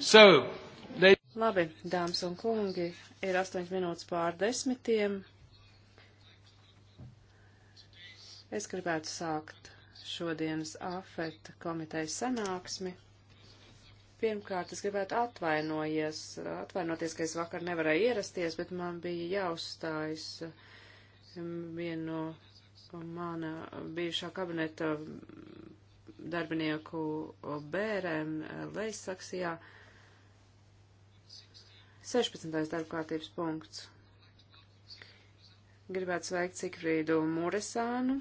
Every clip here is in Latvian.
So, they... Labi, dāmas un kungi, ir 8 minūtes pār desmitiem. Es gribētu sākt šodienas AFET komitejas sanāksmi. Pirmkārt, es gribētu atvainojies, atvainoties, ka es vakar nevarēju ierasties, bet man bija jāuzstājas um, vienu no mana bijušā kabineta darbinieku bērēm Leisaksijā. 16. darbkārtības punkts. Gribētu sveikt Zikfrīdu Muresānu.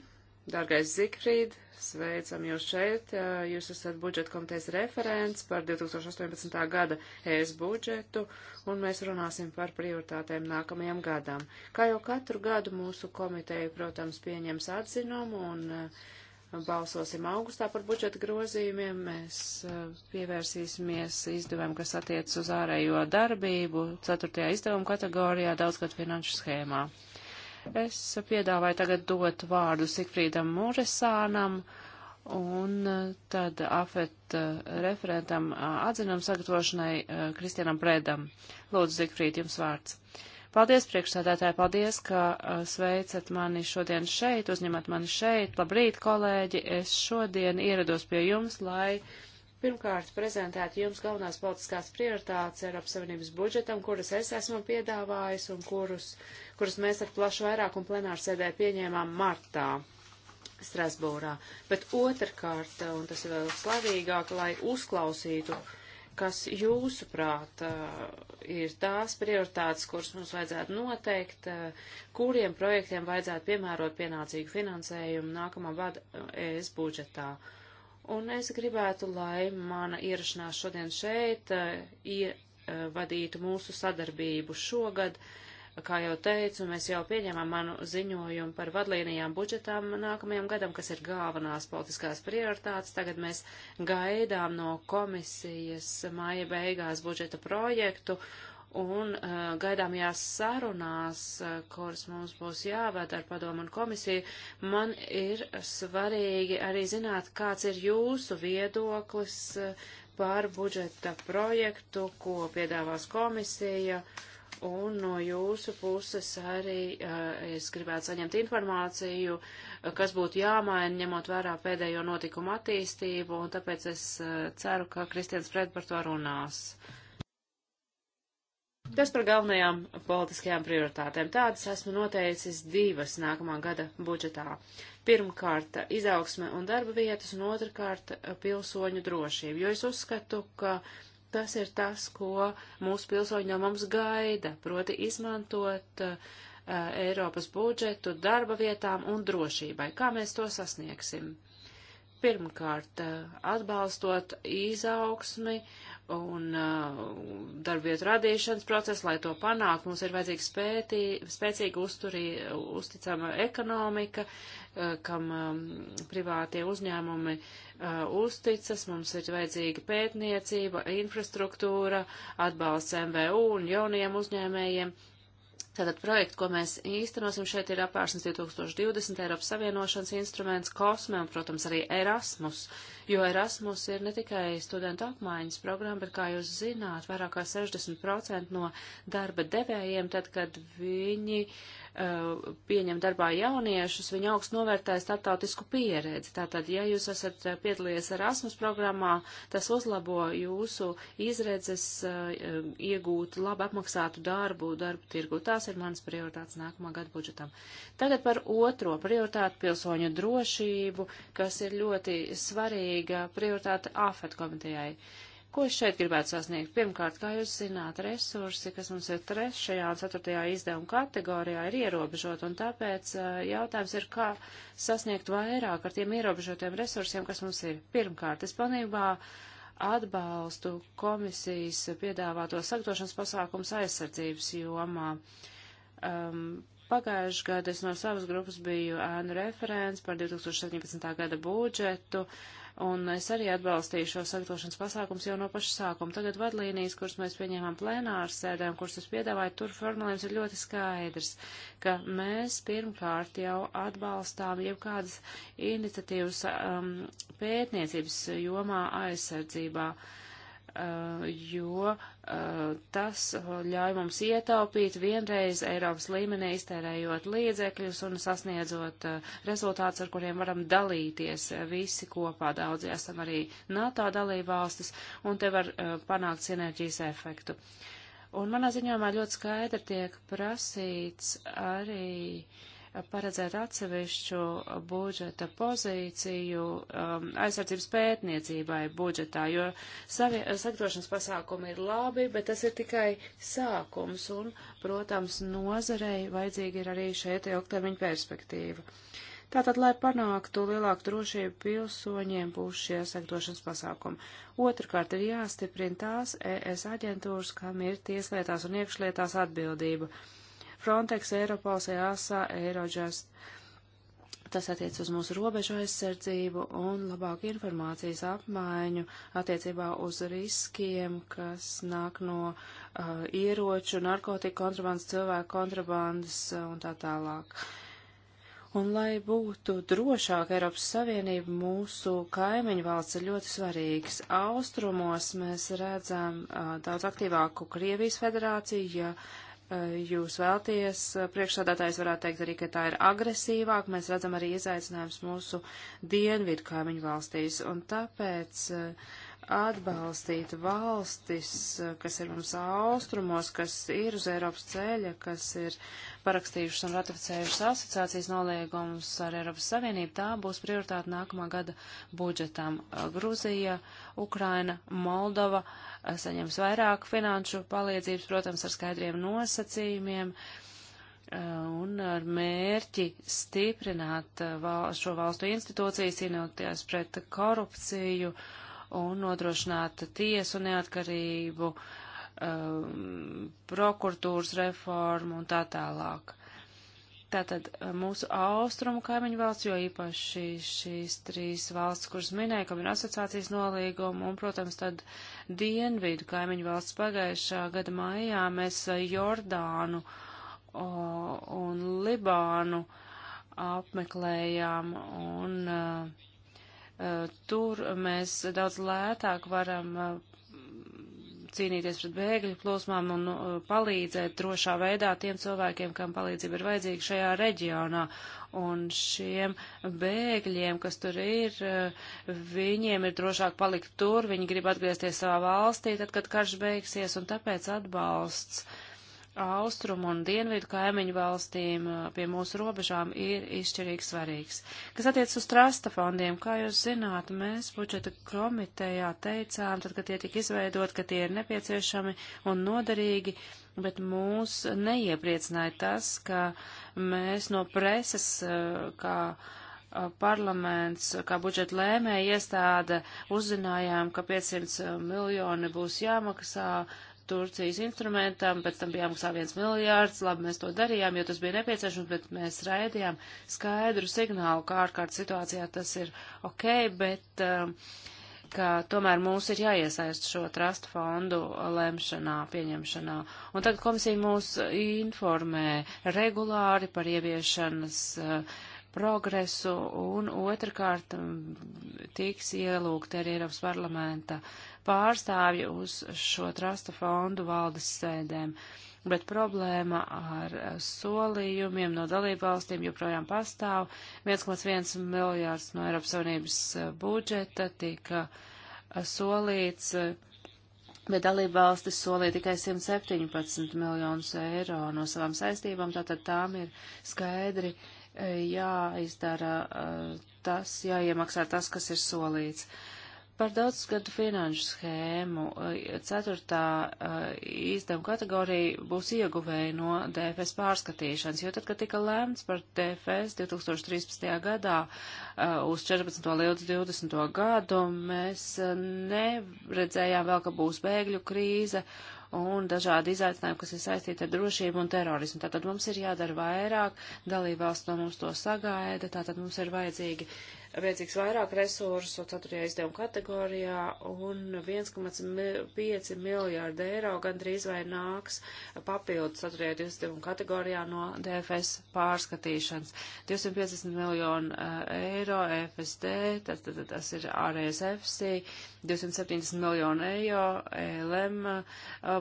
Dārgais Zikfrīd, sveicam jūs šeit. Jūs esat budžeta komitejas referents par 2018. gada ES budžetu, un mēs runāsim par prioritātēm nākamajam gadam. Kā jau katru gadu mūsu komiteja, protams, pieņems atzinumu, un uh, balsosim augustā par budžeta grozījumiem, mēs eh, pievērsīsimies izdevumiem, kas attiec uz ārējo darbību, ceturtajā izdevuma kategorijā, daudzgad finanšu schēmā. Es piedāvāju tagad dot vārdu Sikfrīdam Mūresānam un eh, tad afet eh, referentam atzinam sagatavošanai Kristianam Predam. Lūdzu, Zikfrīd, jums vārds. Paldies, priekšsādātāji, paldies, ka sveicat mani šodien šeit, uzņemat mani šeit. Labrīt, kolēģi, es šodien ierados pie jums, lai pirmkārt prezentētu jums galvenās politiskās prioritātes Eiropas Savienības budžetam, kuras es esmu piedāvājis un kurus, kurus mēs ar plašu vairākumu plenāru sēdē pieņēmām martā. Strasbūrā, bet otrkārt, un tas ir vēl slavīgāk, lai uzklausītu uh, kas jūsuprāt eh, ir tās prioritātes, kuras mums vajadzētu noteikt, eh, kuriem projektiem vajadzētu piemērot pienācīgu finansējumu nākamā gada eh, ES budžetā. Un es gribētu, lai mana ierašanās šodien šeit ievadītu mūsu sadarbību šogad. Uh, Kā jau teicu, mēs jau pieņemam manu ziņojumu par vadlīnijām budžetām nākamajam gadam, kas ir galvenās politiskās prioritātes. Tagad mēs gaidām no komisijas māja beigās budžeta projektu un uh, gaidāmajās sarunās, uh, kuras mums būs jāvērt ar padomu un komisiju, man ir svarīgi arī zināt, kāds ir jūsu viedoklis uh, par budžeta projektu, ko piedāvās komisija. Uh, Un no jūsu puses arī uh, es gribētu saņemt informāciju, kas būtu jāmaina, ņemot vērā pēdējo notikumu attīstību, un tāpēc es uh, ceru, ka Kristians Fred par to runās. Kas par galvenajām politiskajām prioritātēm? Tādas esmu noteicis divas nākamā gada budžetā. Pirmkārt, izaugsme un darba vietas, un otrkārt, pilsoņu drošība, jo es uzskatu, ka uh, Tas ir tas, ko mūsu pilsoņi no mums gaida, proti izmantot uh, Eiropas budžetu darba vietām un drošībai. Kā mēs to sasniegsim? Pirmkārt, uh, atbalstot izaugsmi un uh, darbvietu radīšanas procesu, lai to panākt, mums ir vajadzīga spētī, spēcīga uzturī, uzticama ekonomika, uh, kam um, privātie uzņēmumi uh, uzticas, mums ir vajadzīga pētniecība, infrastruktūra, atbalsts MVU un jauniem uzņēmējiem. Uh, Tātad projekti, ko mēs īstenosim šeit, ir apvērsnes 2020 Eiropas Savienošanas instruments, kosme un, protams, arī Erasmus, jo Erasmus ir ne tikai studentu apmaiņas programma, bet, kā jūs zināt, vairāk kā 60% no darba devējiem, tad, kad viņi uh, Uh, pieņem darbā jauniešus, viņi augstu novērtē startautisku pieredzi. Tātad, ja jūs esat uh, piedalījies Erasmus programmā, tas uzlabo jūsu izredzes uh, um, iegūt labi apmaksātu darbu, darbu tirgu. Tās ir manas prioritātes nākamā gada budžetam. Tagad par otro prioritātu pilsoņu drošību, kas ir ļoti svarīga prioritāte AFET komitejai. Ko es šeit gribētu sasniegt? Pirmkārt, kā jūs zināt, resursi, kas mums ir trešajā un ceturtajā izdevuma kategorijā, ir ierobežot, un tāpēc eh, jautājums ir, kā sasniegt vairāk ar tiem ierobežotiem resursiem, kas mums ir. Pirmkārt, es pilnībā atbalstu komisijas piedāvāto sagatavošanas pasākums aizsardzības jomā. Um, Pagājuši gadu es no savas grupas biju ēnu referents par 2017. gada budžetu, un es arī atbalstīju šo sagatavošanas pasākums jau no paša sākuma. Tagad vadlīnijas, kuras mēs pieņēmām plenāru sēdēm, kuras es piedāvāju, tur formulējums ir ļoti skaidrs, ka mēs pirmkārt jau atbalstām jebkādas iniciatīvas um, pētniecības jomā aizsardzībā. Uh, Uh, jo uh, tas uh, ļauj mums ietaupīt vienreiz Eiropas līmenī iztērējot līdzekļus un sasniedzot rezultātus, ar kuriem varam dalīties visi kopā. Daudzi esam arī NATO dalībvalstis, un te var panākt sinerģijas efektu. Un manā ziņojumā ļoti skaidri tiek prasīts arī uh, paredzēt atsevišķu budžeta pozīciju um, aizsardzības pētniecībai budžetā, jo savie, sagatavošanas pasākumi ir labi, bet tas ir tikai sākums un, protams, nozarei vajadzīga ir arī šeit ilgtermiņa perspektīva. Tātad, lai panāktu lielāku drošību pilsoņiem, būs šie sagatavošanas pasākumi. Otrakārt ir jāstiprina tās ES aģentūras, kam ir tieslietās un iekšlietās atbildība. Uh, Frontex, Eiropols, EASA, Eirojust. Tas attiec uz mūsu robežu aizsardzību un labāku informācijas apmaiņu attiecībā uz riskiem, kas nāk no uh, ieroču, narkotiku kontrabandas, cilvēku kontrabandas uh, un tā tālāk. Un lai būtu drošāk Eiropas Savienība, mūsu kaimiņu valsts ir ļoti svarīgs. Austrumos mēs redzam uh, daudz aktīvāku Krievijas federāciju, ja uh, jūs vēlties. Eh, priekšsādātājs varētu teikt arī, ka tā ir agresīvāk. Mēs redzam arī izaicinājums mūsu dienvidu kaimiņu valstīs. Un tāpēc uh, atbalstītu valstis, eh, kas ir mums austrumos, kas ir uz Eiropas ceļa, kas ir parakstījušas un ratificējušas asociācijas noliegumus ar Eiropas Savienību, tā būs prioritāte nākamā gada budžetam. Eh, Gruzija, Ukraina, Moldova eh, saņems vairāk finanšu palīdzības, protams, ar skaidriem nosacījumiem un ar mērķi stiprināt val, šo valstu institūcijas, cīnoties pret korupciju un nodrošināt tiesu neatkarību, um, prokuratūras reformu un tā tālāk. Tātad uh, mūsu austrumu kaimiņu valsts, jo īpaši šīs trīs valsts, kuras minēja, kam ir asociācijas nolīguma, un, protams, tad dienvidu kaimiņu valsts pagājušā gada maijā mēs uh, Jordānu o, un Libānu apmeklējām, un uh, Eh, tur mēs daudz lētāk varam eh, cīnīties pret bēgļu plūsmām un eh, palīdzēt drošā veidā tiem cilvēkiem, kam palīdzība ir vajadzīga šajā reģionā. Un šiem bēgļiem, kas tur ir, viņiem ir drošāk palikt tur, viņi grib atgriezties savā valstī, tad, kad karš beigsies, un tāpēc atbalsts uh, austrumu un dienvidu kaimiņu valstīm uh, pie mūsu robežām ir izšķirīgi svarīgs. Kas attiec uz trasta fondiem, kā jūs zināt, mēs budžeta komitejā teicām, tad, kad tie tika izveidot, ka tie ir nepieciešami un noderīgi, bet mūs neiepriecināja tas, ka mēs no preses, uh, kā uh, parlaments, kā budžeta lēmēja iestāde, uzzinājām, ka 500 miljoni būs jāmaksā Turcijas instrumentam, pēc tam bija jāmaksā viens miljārds, labi, mēs to darījām, jo tas bija nepieciešams, bet mēs raidījām skaidru signālu, kā ārkārt situācijā tas ir ok, bet um, ka tomēr mūs ir jāiesaist šo trust fondu lemšanā, pieņemšanā. Un tagad komisija mūs informē regulāri par ieviešanas uh, progresu, un otrkārt tiks ielūgti arī Eiropas parlamenta pārstāvji uz šo trasta fondu valdes sēdēm. Bet problēma ar solījumiem no dalību valstīm joprojām pastāv. 1,1 miljārds no Eiropas Savienības eh, budžeta tika eh, solīts eh, bet dalībvalstis solīja tikai 117 miljonus eiro no savām saistībām, tātad tām ir skaidri jāizdara eh, tas, jāiemaksā tas, kas ir solīts. Par daudzgadu finanšu schēmu eh, ceturtā eh, izdevuma kategorija būs ieguvēja no DFS pārskatīšanas, jo tad, kad tika lēmts par DFS 2013. gadā uz 14. līdz 20. gadu, mēs neredzējām vēl, ka būs bēgļu krīze un dažādi izaicinājumi, kas ir saistīti ar drošību un terorismu. Tātad mums ir jādara vairāk, dalībvalsts no mums to sagaida, tātad mums ir vajadzīgi vajadzīgs vairāk resursu 4. izdevuma kategorijā un 1,5 miljārda eiro gandrīz vai nāks papildus 4. izdevuma kategorijā no DFS pārskatīšanas. 250 miljonu eh, eiro FSD, tas, tas, tas ir ārējais FC, 270 miljonu eiro e LM eh,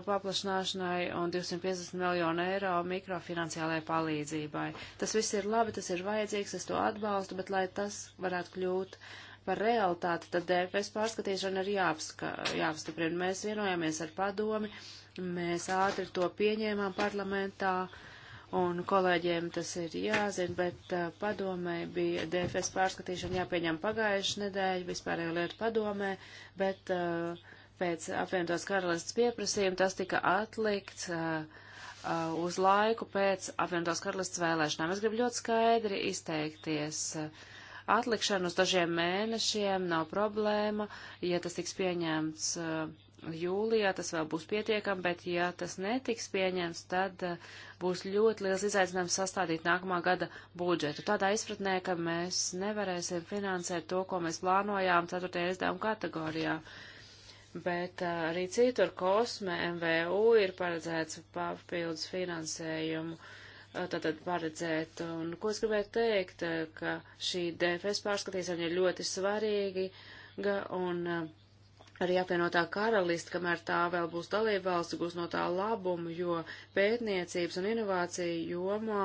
paplašanāšanai un 250 miljonu eiro mikrofinanciālajai palīdzībai. Tas viss ir labi, tas ir vajadzīgs, es to atbalstu, bet lai tas varētu varētu kļūt par realitāti, tad DFS pārskatīšana ir jāapska, jāapstiprina. Mēs vienojāmies ar padomi, mēs ātri to pieņēmām parlamentā, un kolēģiem tas ir jāzina, bet uh, padomē bija DFS pārskatīšana jāpieņem pagājušajā nedēļā, vispārējo lietu padomē, bet uh, pēc apvienotās karalists pieprasījuma tas tika atlikts. Uh, uh, uz laiku pēc apvienotās karalists vēlēšanām. Es gribu ļoti skaidri izteikties. Uh, Atlikšana uz dažiem mēnešiem nav problēma, ja tas tiks pieņemts eh, jūlijā, tas vēl būs pietiekami, bet ja tas netiks pieņemts, tad eh, būs ļoti liels izaicinājums sastādīt nākamā gada budžetu. Tādā izpratnē, ka mēs nevarēsim finansēt to, ko mēs plānojām 4. izdevuma kategorijā. Bet eh, arī citur kosme MVU ir paredzēts papildus finansējumu. Uh, Eh, tātad paredzēt. Un ko es gribēju teikt, eh, ka šī DFS pārskatīšana ir ļoti svarīga un eh, arī apvienotā karalista, kamēr tā vēl būs dalībvalsts, būs no tā labumu, jo pētniecības un inovāciju jomā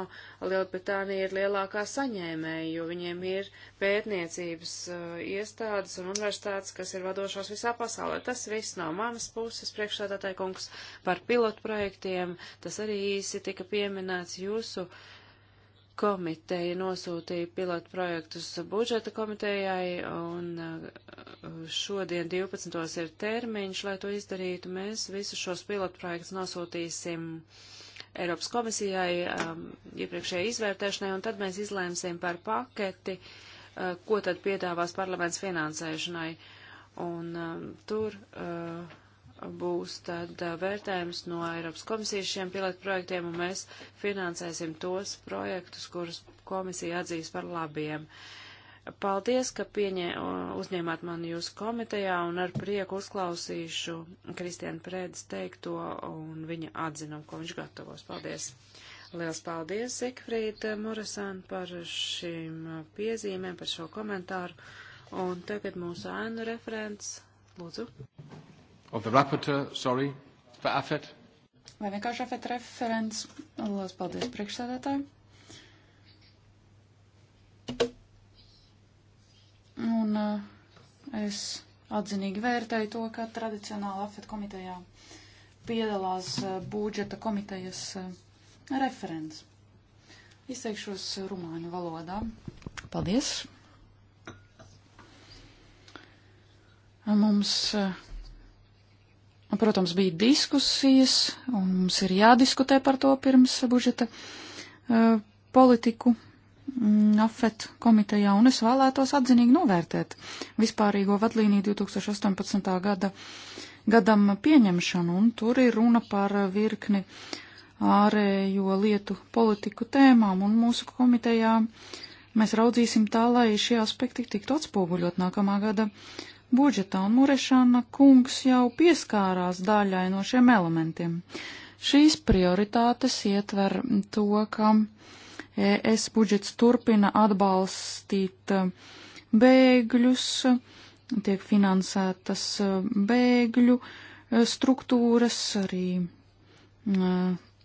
Lielbritānija ir lielākā saņēmēja, jo viņiem ir pētniecības uh, iestādes un universitātes, kas ir vadošās visā pasaulē. Tas viss no manas puses, priekšsādātāja kungs, par pilotu projektiem. Tas arī īsi tika pieminēts jūsu komiteja nosūtīja pilotu projektus budžeta komitejai, un uh, šodien 12. ir termiņš, lai to izdarītu. Mēs visus šos pilotu projektus nosūtīsim Eiropas komisijai um, iepriekšējai izvērtēšanai, un tad mēs izlēmsim par paketi, uh, ko tad piedāvās parlaments finansēšanai. Un um, tur. Uh, būs tad vērtējums no Eiropas komisijas šiem pilotprojektiem, un mēs finansēsim tos projektus, kurus komisija atzīs par labiem. Paldies, ka pieņē, uzņēmāt mani jūsu komitejā, un ar prieku uzklausīšu Kristiāna Prēdes teikto un viņa atzinumu, ko viņš gatavos. Paldies! Liels paldies, Zikfrīd Murasan, par šīm piezīmēm, par šo komentāru. Un tagad mūsu ēnu referents. Lūdzu of the rapporteur, sorry, for AFET. Vai vienkārši AFET referents? Lielas paldies priekšsēdētāji. Un uh, es atzinīgi vērtēju to, ka tradicionāli AFET komitejā piedalās uh, budžeta komitejas uh, referents. Izteikšos rumāņu valodā. Paldies! Mums uh, Protams, bija diskusijas, un mums ir jādiskutē par to pirms budžeta uh, politiku mm, afet komitejā, un es vēlētos atzinīgi novērtēt vispārīgo vadlīniju 2018. gada gadam pieņemšanu, un tur ir runa par virkni ārējo lietu politiku tēmām, un mūsu komitejā mēs raudzīsim tā, lai šie aspekti tiktu atspoguļot nākamā gada uh, budžetā, un Murešana kungs jau pieskārās daļai no šiem elementiem. Šīs prioritātes ietver to, ka ES budžets turpina atbalstīt uh, bēgļus, tiek finansētas uh, bēgļu uh, struktūras arī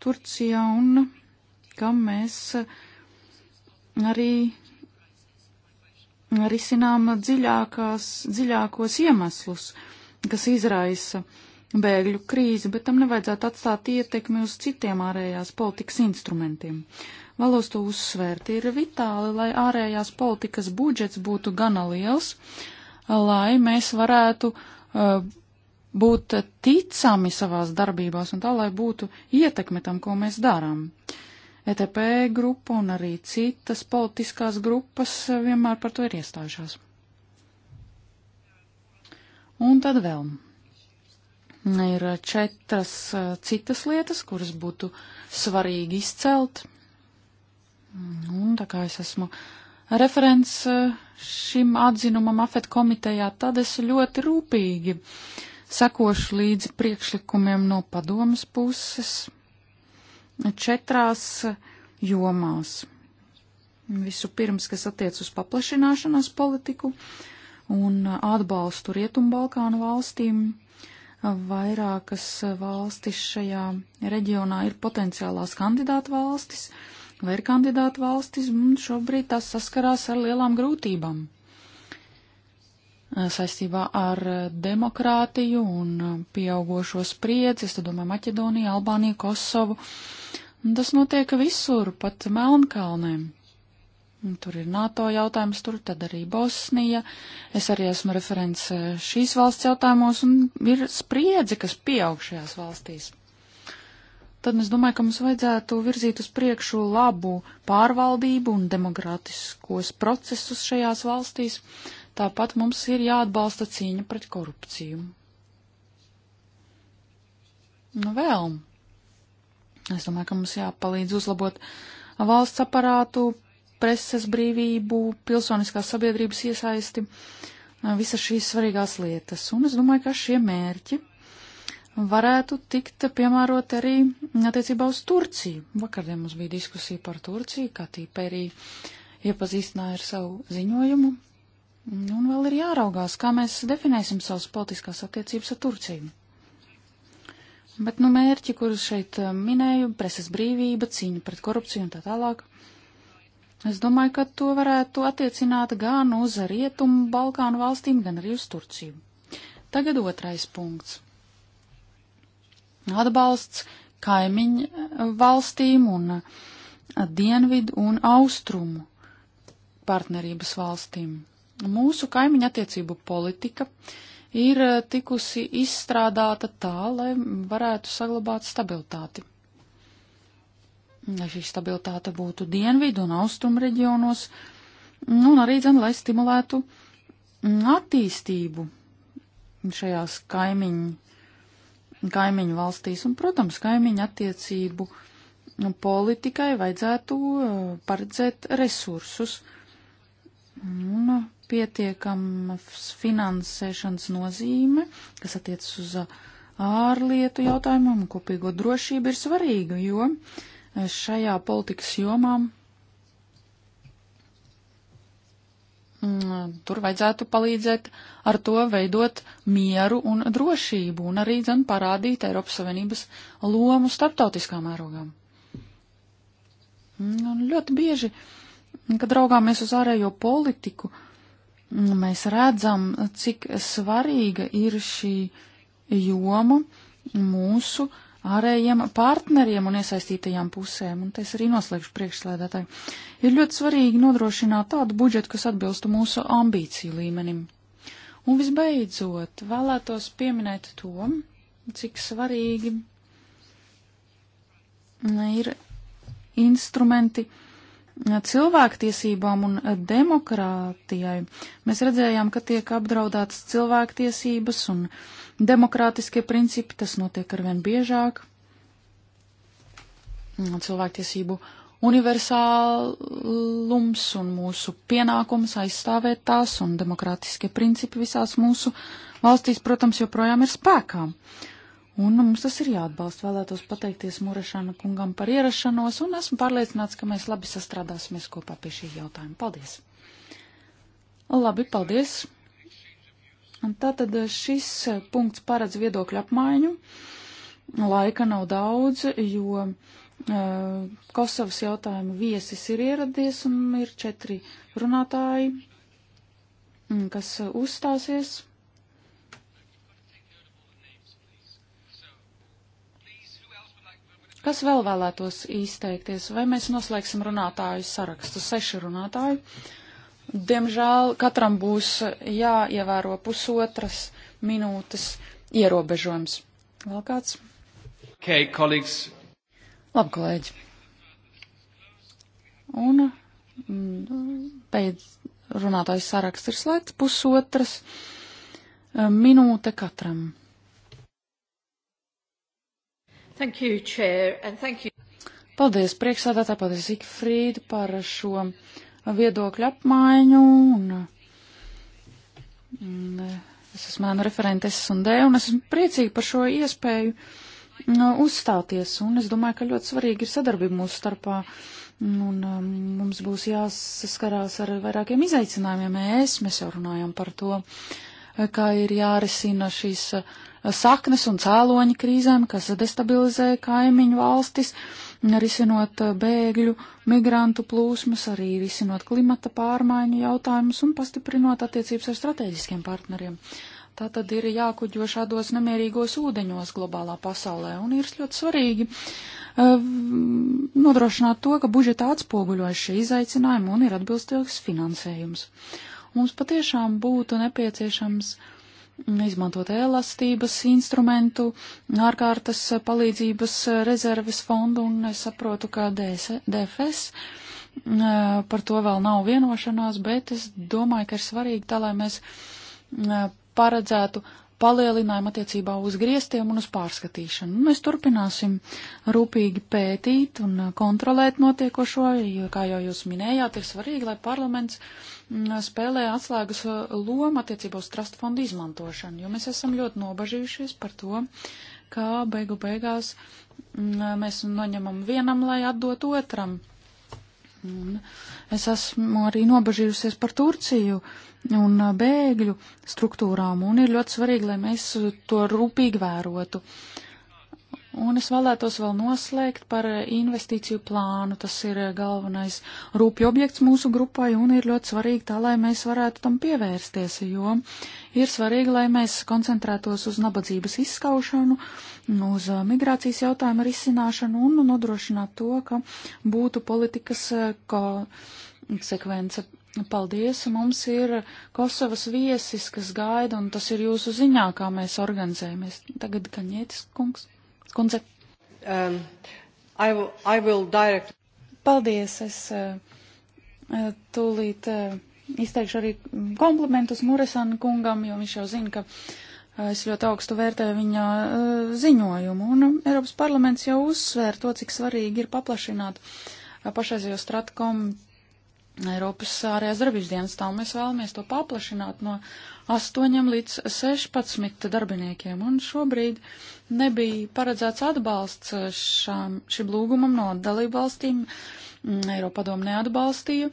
Turcijā, un kam mēs arī risinām dziļākās, dziļākos iemeslus, kas izraisa bēgļu krīzi, bet tam nevajadzētu atstāt ietekmi uz citiem ārējās politikas instrumentiem. Vēlos to uzsvērt. Ir vitāli, lai ārējās politikas budžets būtu gana liels, lai mēs varētu uh, būt ticami savās darbībās un tā, lai būtu ietekme tam, ko mēs darām. ETP grupa un arī citas politiskās grupas e, vienmēr par to ir iestājušās. Un tad vēl ir četras e, citas lietas, kuras būtu svarīgi izcelt. Un tā kā es esmu referents e, šim atzinumam afet komitejā, tad es ļoti rūpīgi sekošu līdzi priekšlikumiem no padomas puses četrās jomās. Vispirms, kas attiec uz paplašināšanās politiku un atbalstu Rietumbalkānu valstīm, vairākas valstis šajā reģionā ir potenciālās kandidātu valstis vai ir kandidātu valstis, un šobrīd tās saskarās ar lielām grūtībām saistībā ar demokrātiju un pieaugošo spriedzi. Es domāju, Maķedonija, Albānija, Kosovu. Uh, Un tas notiek visur, pat Melnkalnēm. Un tur ir NATO jautājums, tur tad arī Bosnija. Es arī esmu referents eh, šīs valsts jautājumos, un ir spriedzi, kas pieaug šajās valstīs. Tad es domāju, ka mums vajadzētu virzīt uz priekšu labu pārvaldību un demokrātiskos procesus šajās valstīs. Tāpat mums ir jāatbalsta cīņa pret korupciju. Nu vēl. Es domāju, ka mums jāpalīdz uzlabot valsts aparātu, preses brīvību, pilsoniskās sabiedrības iesaisti, visas šīs svarīgās lietas. Un es domāju, ka šie mērķi varētu tikt piemērot arī attiecībā uz Turciju. Vakardien mums bija diskusija par Turciju, kā tīpa arī iepazīstināja ar savu ziņojumu. Un vēl ir jāraugās, kā mēs definēsim savas politiskās attiecības ar Turciju. Bet nu, mērķi, kurus šeit eh, minēju, preses brīvība, cīņa pret korupciju un tā tālāk, es domāju, ka to varētu attiecināt gan uz Rietumu Balkānu valstīm, gan arī uz Turciju. Tagad otrais punkts. Atbalsts kaimiņu eh, valstīm un eh, dienvidu un austrumu partnerības valstīm. Mūsu kaimiņu attiecību politika uh, ir eh, tikusi izstrādāta tā, lai varētu saglabāt stabilitāti. Lai šī stabilitāte būtu dienvidu un austrumu reģionos, nu, un arī, zin, lai stimulētu mm, attīstību šajās kaimiņu, kaimiņu valstīs. Un, protams, kaimiņu attiecību mm, politikai vajadzētu eh, paredzēt resursus. Uh, Un nu, pietiekams finansēšanas nozīme, kas attiecas uz ārlietu jautājumam, kopīgo drošību ir svarīga, jo eh, šajā politikas jomā mm, tur vajadzētu palīdzēt ar to veidot mieru un drošību un arī dzen parādīt Eiropas Savienības lomu starptautiskā mērogā. Mm, un ļoti bieži uh, Kad raugāmies uz ārējo politiku, mēs redzam, cik svarīga ir šī joma mūsu ārējiem partneriem un iesaistītajām pusēm, un es arī noslēgšu priekšslēdētāju. Ir ļoti svarīgi nodrošināt tādu budžetu, kas atbilstu mūsu ambīciju līmenim. Un visbeidzot, vēlētos pieminēt to, cik svarīgi ir instrumenti, uh, cilvēktiesībām un demokrātijai. Mēs redzējām, ka tiek apdraudētas cilvēktiesības un demokrātiskie principi, tas notiek arvien biežāk. Cilvēktiesību universālums un mūsu pienākums aizstāvēt tās un demokrātiskie principi visās mūsu valstīs, protams, joprojām ir spēkā. Uh, Un mums tas ir jāatbalsta. Vēlētos pateikties Murešana kungam par ierašanos, un esmu pārliecināts, ka mēs labi sastrādāsimies kopā pie šī jautājuma. Paldies! Labi, paldies! Un tātad šis punkts paredz viedokļu apmaiņu. Laika nav daudz, jo eh, Kosovas jautājuma viesis ir ieradies un ir četri runātāji, mm, kas uzstāsies. Kas vēl vēlētos izteikties? Vai mēs noslēgsim runātāju sarakstu? Seši runātāji. Diemžēl katram būs jāievēro pusotras minūtes ierobežojums. Vēl kāds? Okay, colleagues. Labi, kolēģi. Un pēc mm, runātājs saraksts ir slēgts pusotras eh, minūte katram. Thank you, Chair, and thank you. Paldies, priekšsādātā, paldies Ikfrīd par šo viedokļu apmaiņu. Un, un, es esmu ēnu referente S&D, un esmu priecīgi par šo iespēju nu, uzstāties, un es domāju, ka ļoti svarīgi ir sadarbība mūsu starpā. Un um, mums būs jāsaskarās ar vairākiem izaicinājumiem. Mēs, mēs jau runājam par to. Uh, kā ir jārisina šīs eh, saknes un cēloņi krīzēm, kas destabilizē kaimiņu valstis, risinot eh, bēgļu, migrantu plūsmas, arī risinot klimata pārmaiņu jautājumus un pastiprinot attiecības ar strateģiskiem partneriem. Tā tad ir jākuģo šādos nemierīgos ūdeņos globālā pasaulē un ir ļoti svarīgi eh, nodrošināt to, ka budžetā atspoguļojas šie izaicinājumi un ir atbilstīgs finansējums. Mums patiešām būtu nepieciešams izmantot elastības instrumentu, ārkārtas palīdzības rezerves fondu, un es saprotu, ka DS, DFS par to vēl nav vienošanās, bet es domāju, ka ir svarīgi tā, lai mēs paredzētu palielinājumu attiecībā uz griestiem un uz pārskatīšanu. Nu, mēs turpināsim rūpīgi pētīt un kontrolēt notiekošo, jo, kā jau jūs minējāt, ir svarīgi, lai parlaments uh, spēlē atslēgas uh, loma attiecībā uz trust fondu izmantošanu, jo mēs esam ļoti nobažījušies par to, kā beigu beigās mm, mēs noņemam vienam, lai atdot otram. Un es esmu arī nobažījusies par Turciju un bēgļu struktūrām, un ir ļoti svarīgi, lai mēs to rūpīgi vērotu. Uh, Un es vēlētos vēl noslēgt par eh, investīciju plānu. Tas ir eh, galvenais rūpju objekts mūsu grupai un ir ļoti svarīgi tā, lai mēs varētu tam pievērsties, jo ir svarīgi, lai mēs koncentrētos uz nabadzības izskaušanu, uz eh, migrācijas jautājumu risināšanu un nodrošinātu to, ka būtu politikas konsekvence. Paldies, mums ir Kosovas viesis, kas gaida, un tas ir jūsu ziņā, kā mēs organizējamies. Tagad Kaņietis kungs. Skundze. Um, I will, I will direct... Paldies, es uh, uh tūlīt uh, izteikšu arī komplimentus Muresana kungam, jo viņš jau zina, ka uh, es ļoti augstu vērtēju viņa uh, ziņojumu. Un uh, Eiropas parlaments jau uzsvēr to, cik svarīgi ir paplašināt uh, pašreizējo stratkom Eiropas ārējās darbības dienestā, un mēs vēlamies to paplašināt no 8 līdz 16 darbiniekiem, un šobrīd nebija paredzēts atbalsts šām, šim lūgumam no dalību valstīm. Mm, Eiropadomu neatbalstīja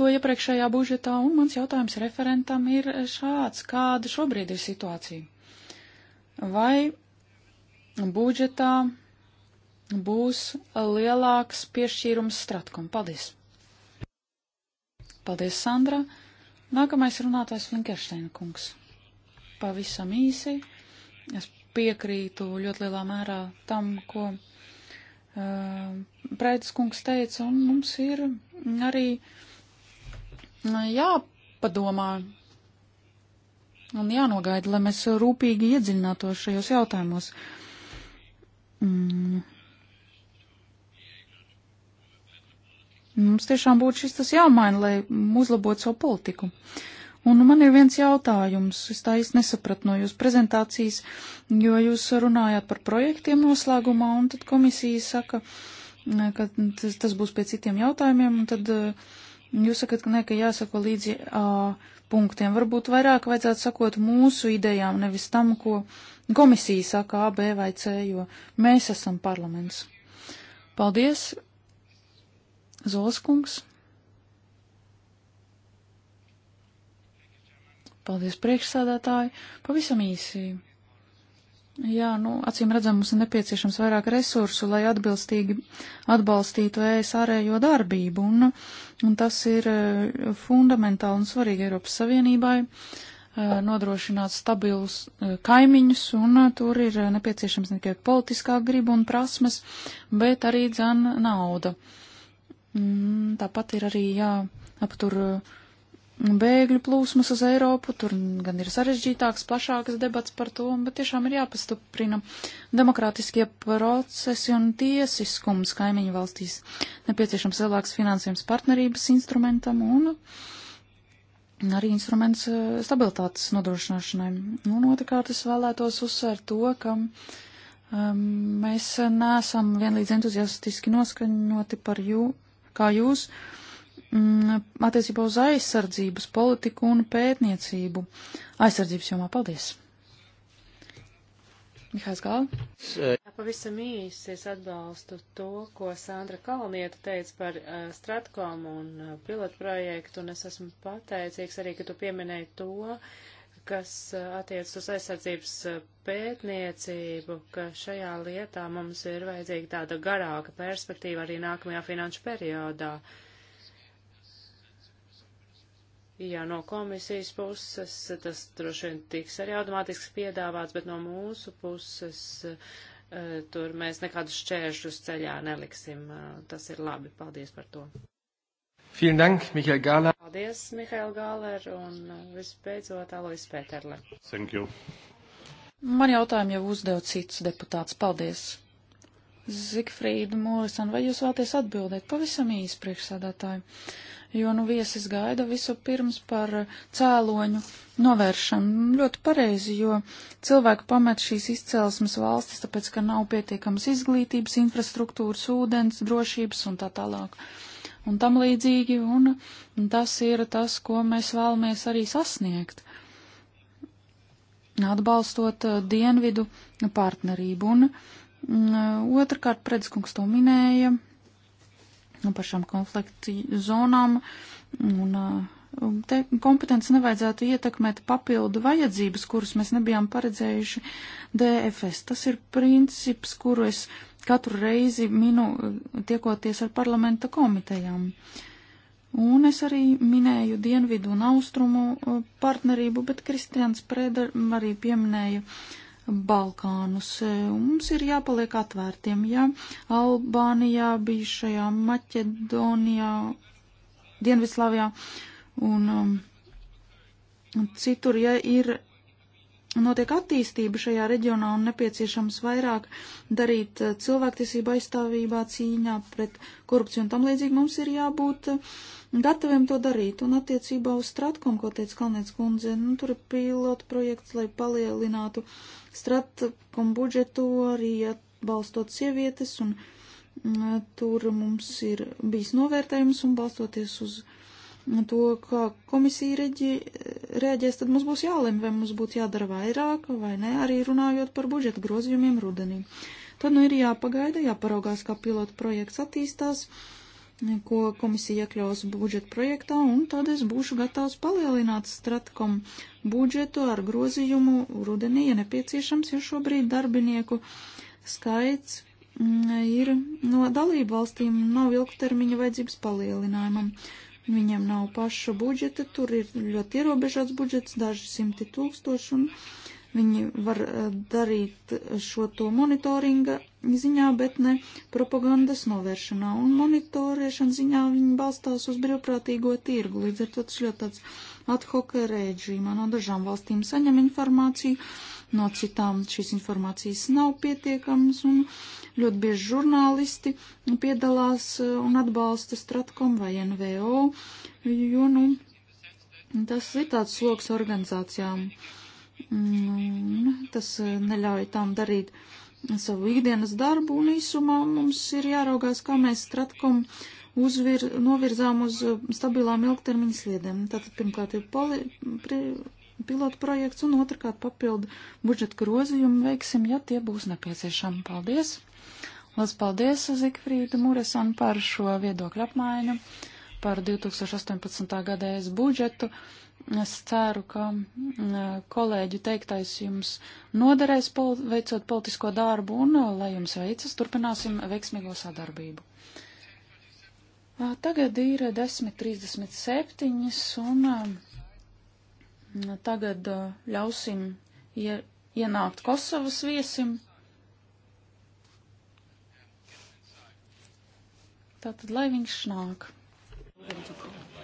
to iepriekšējā budžetā, un mans jautājums referentam ir šāds, kāda šobrīd ir situācija? Vai budžetā būs lielāks piešķīrums stratkom? Paldies! Paldies, Sandra. Nākamais runātājs Flinkersteina kungs. Pavisam īsi. Es piekrītu ļoti lielā mērā tam, ko uh, Prēdis kungs teica, un mums ir arī uh, jāpadomā un jānogaida, lai mēs rūpīgi iedziļinātos šajos jautājumos. Mm Mums tiešām būtu šis tas jāmaina, lai uzlabotu savu politiku. Un man ir viens jautājums, es tā īsti nesapratu no jūsu prezentācijas, jo jūs runājāt par projektiem noslēgumā, un tad komisija saka, ka tas, tas būs pie citiem jautājumiem, un tad eh, jūs sakat, ka ne, ka jāsako līdzi a, punktiem. Varbūt vairāk vajadzētu sakot mūsu idejām, nevis tam, ko komisija saka A, B vai C, jo mēs esam parlaments. Paldies, Zolskungs. Paldies priekšsādātāji. Pavisam īsi. Jā, nu, acīm redzam, mums ir nepieciešams vairāk resursu, lai atbilstīgi atbalstītu ES ārējo darbību, un, un tas ir eh, fundamentāli un svarīgi Eiropas Savienībai eh, nodrošināt stabilus eh, kaimiņus, un tur ir nepieciešams ne tikai politiskā griba un prasmes, bet arī dzan nauda. Uh, Mm, tāpat ir arī jāaptur uh, bēgļu plūsmas uz Eiropu, tur gan ir sarežģītāks, plašāks debats par to, bet tiešām ir jāpastuprina demokrātiskie procesi un tiesiskums kaimiņu valstīs. Nepieciešams lielāks finansējums partnerības instrumentam un arī instruments uh, stabilitātes nodrošināšanai. Nu, un otrkārt es vēlētos uzsvērt to, ka um, mēs neesam vienlīdz entuziastiski noskaņoti par jū, kā jūs mm, attiecībā uz aizsardzības politiku un pētniecību aizsardzības jomā. Paldies! Mihāls Gala. Jā, pavisam īsi es atbalstu to, ko Sandra Kalnieta teica par uh, Stratkom un uh, pilotprojektu, un es esmu pateicīgs arī, ka tu pieminēji to, uh, kas eh, attiec uz aizsardzības eh, pētniecību, ka šajā lietā mums ir vajadzīga tāda garāka perspektīva arī nākamajā finanšu periodā. Jā, no komisijas puses eh, tas droši vien tiks arī automātiski piedāvāts, bet no mūsu puses tur mēs nekādus šķēršļus ceļā neliksim. Tas ir labi. Paldies par to. Vielen Dank, Mihail Gāler. Paldies, Mihail Gāler, un uh, visbeidzot, Alois Pēterle. Thank you. Man jautājumu jau uzdev cits deputāts. Paldies. Zigfrīda Morisan, vai jūs vēlaties atbildēt pavisam īsi priekšsādātāju? Jo, nu, viesis gaida visu pirms par cēloņu novēršanu. Ļoti pareizi, jo cilvēki pamet šīs izcelsmes valstis, tāpēc, ka nav pietiekams izglītības, infrastruktūras, ūdens, drošības un tā tālāk. Uh, un tam līdzīgi, un, un tas ir tas, ko mēs vēlamies arī sasniegt, atbalstot uh, dienvidu partnerību. Un, mm, un uh, otrkārt, Predskungs to minēja nu, par šām konfliktu zonām, un uh, te kompetenci nevajadzētu ietekmēt papildu vajadzības, kuras mēs nebijām paredzējuši DFS. Tas ir princips, kuru es katru reizi minu tiekoties ar parlamenta komitejām. Un es arī minēju dienvidu un austrumu uh, partnerību, bet Kristians Prēder arī pieminēja Balkānus. E, mums ir jāpaliek atvērtiem, ja Albānijā, bijušajā Maķedonijā, Dienvidslāvijā un um, citur, ja ir notiek attīstība šajā reģionā un nepieciešams vairāk darīt eh, cilvēktiesību aizstāvībā cīņā pret korupciju un tam līdzīgi mums ir jābūt eh, gataviem to darīt. Un attiecībā uz stratkom, ko teica Kalniec kundze, nu, tur ir pilota projekts, lai palielinātu stratkom budžetu arī atbalstot sievietes un mm, tur mums ir bijis novērtējums un balstoties uz to, kā komisija reģi, rēģēs, tad mums būs jālem, vai mums būtu jādara vairāk vai nē, arī runājot par budžeta grozījumiem rudenī. Tad nu ir jāpagaida, jāparaugās, kā pilotu projekts attīstās, ko komisija iekļaus budžeta projektā, un tad es būšu gatavs palielināt stratkom budžetu ar grozījumu rudenī, ja nepieciešams, jo šobrīd darbinieku skaits mm, ir no dalību valstīm nav ilgtermiņa vajadzības palielinājumam. Viņiem nav paša budžeta, tur ir ļoti ierobežots budžets, daži simti tūkstoši, un Viņi var eh, darīt šo to monitoringa ziņā, bet ne propagandas novēršanā. Un monitorēšana ziņā viņi balstās uz brīvprātīgo tirgu. Līdz ar to tas ļoti tāds ad hoc režīmā no dažām valstīm saņem informāciju, no citām šīs informācijas nav pietiekamas. Un ļoti bieži žurnālisti piedalās eh, un atbalsta Stratkom vai NVO, jo, nu, tas ir tāds sloks organizācijām. Uh, Mm, tas eh, neļauj tām darīt savu ikdienas darbu, un īsumā mums ir jāraugās, kā mēs stratkom uzvir, novirzām uz eh, stabilām ilgtermiņa sliedēm. Tātad pirmkārt ir poli, pri, pilotu projekts, un otrkārt papildu budžeta grozījumu veiksim, ja tie būs nepieciešami. Paldies! Lielas paldies Zikfrīda Muresan par šo viedokļu apmaiņu, par 2018. gada budžetu. Es ceru, ka mm, kolēģi teiktais jums noderēs pol veicot politisko darbu un, uh, lai jums veicas, turpināsim veiksmīgo sadarbību. Uh, tagad ir 10.37 un um, tagad uh, ļausim ienākt Kosovas viesim. Tātad, lai viņš nāk. Thank you.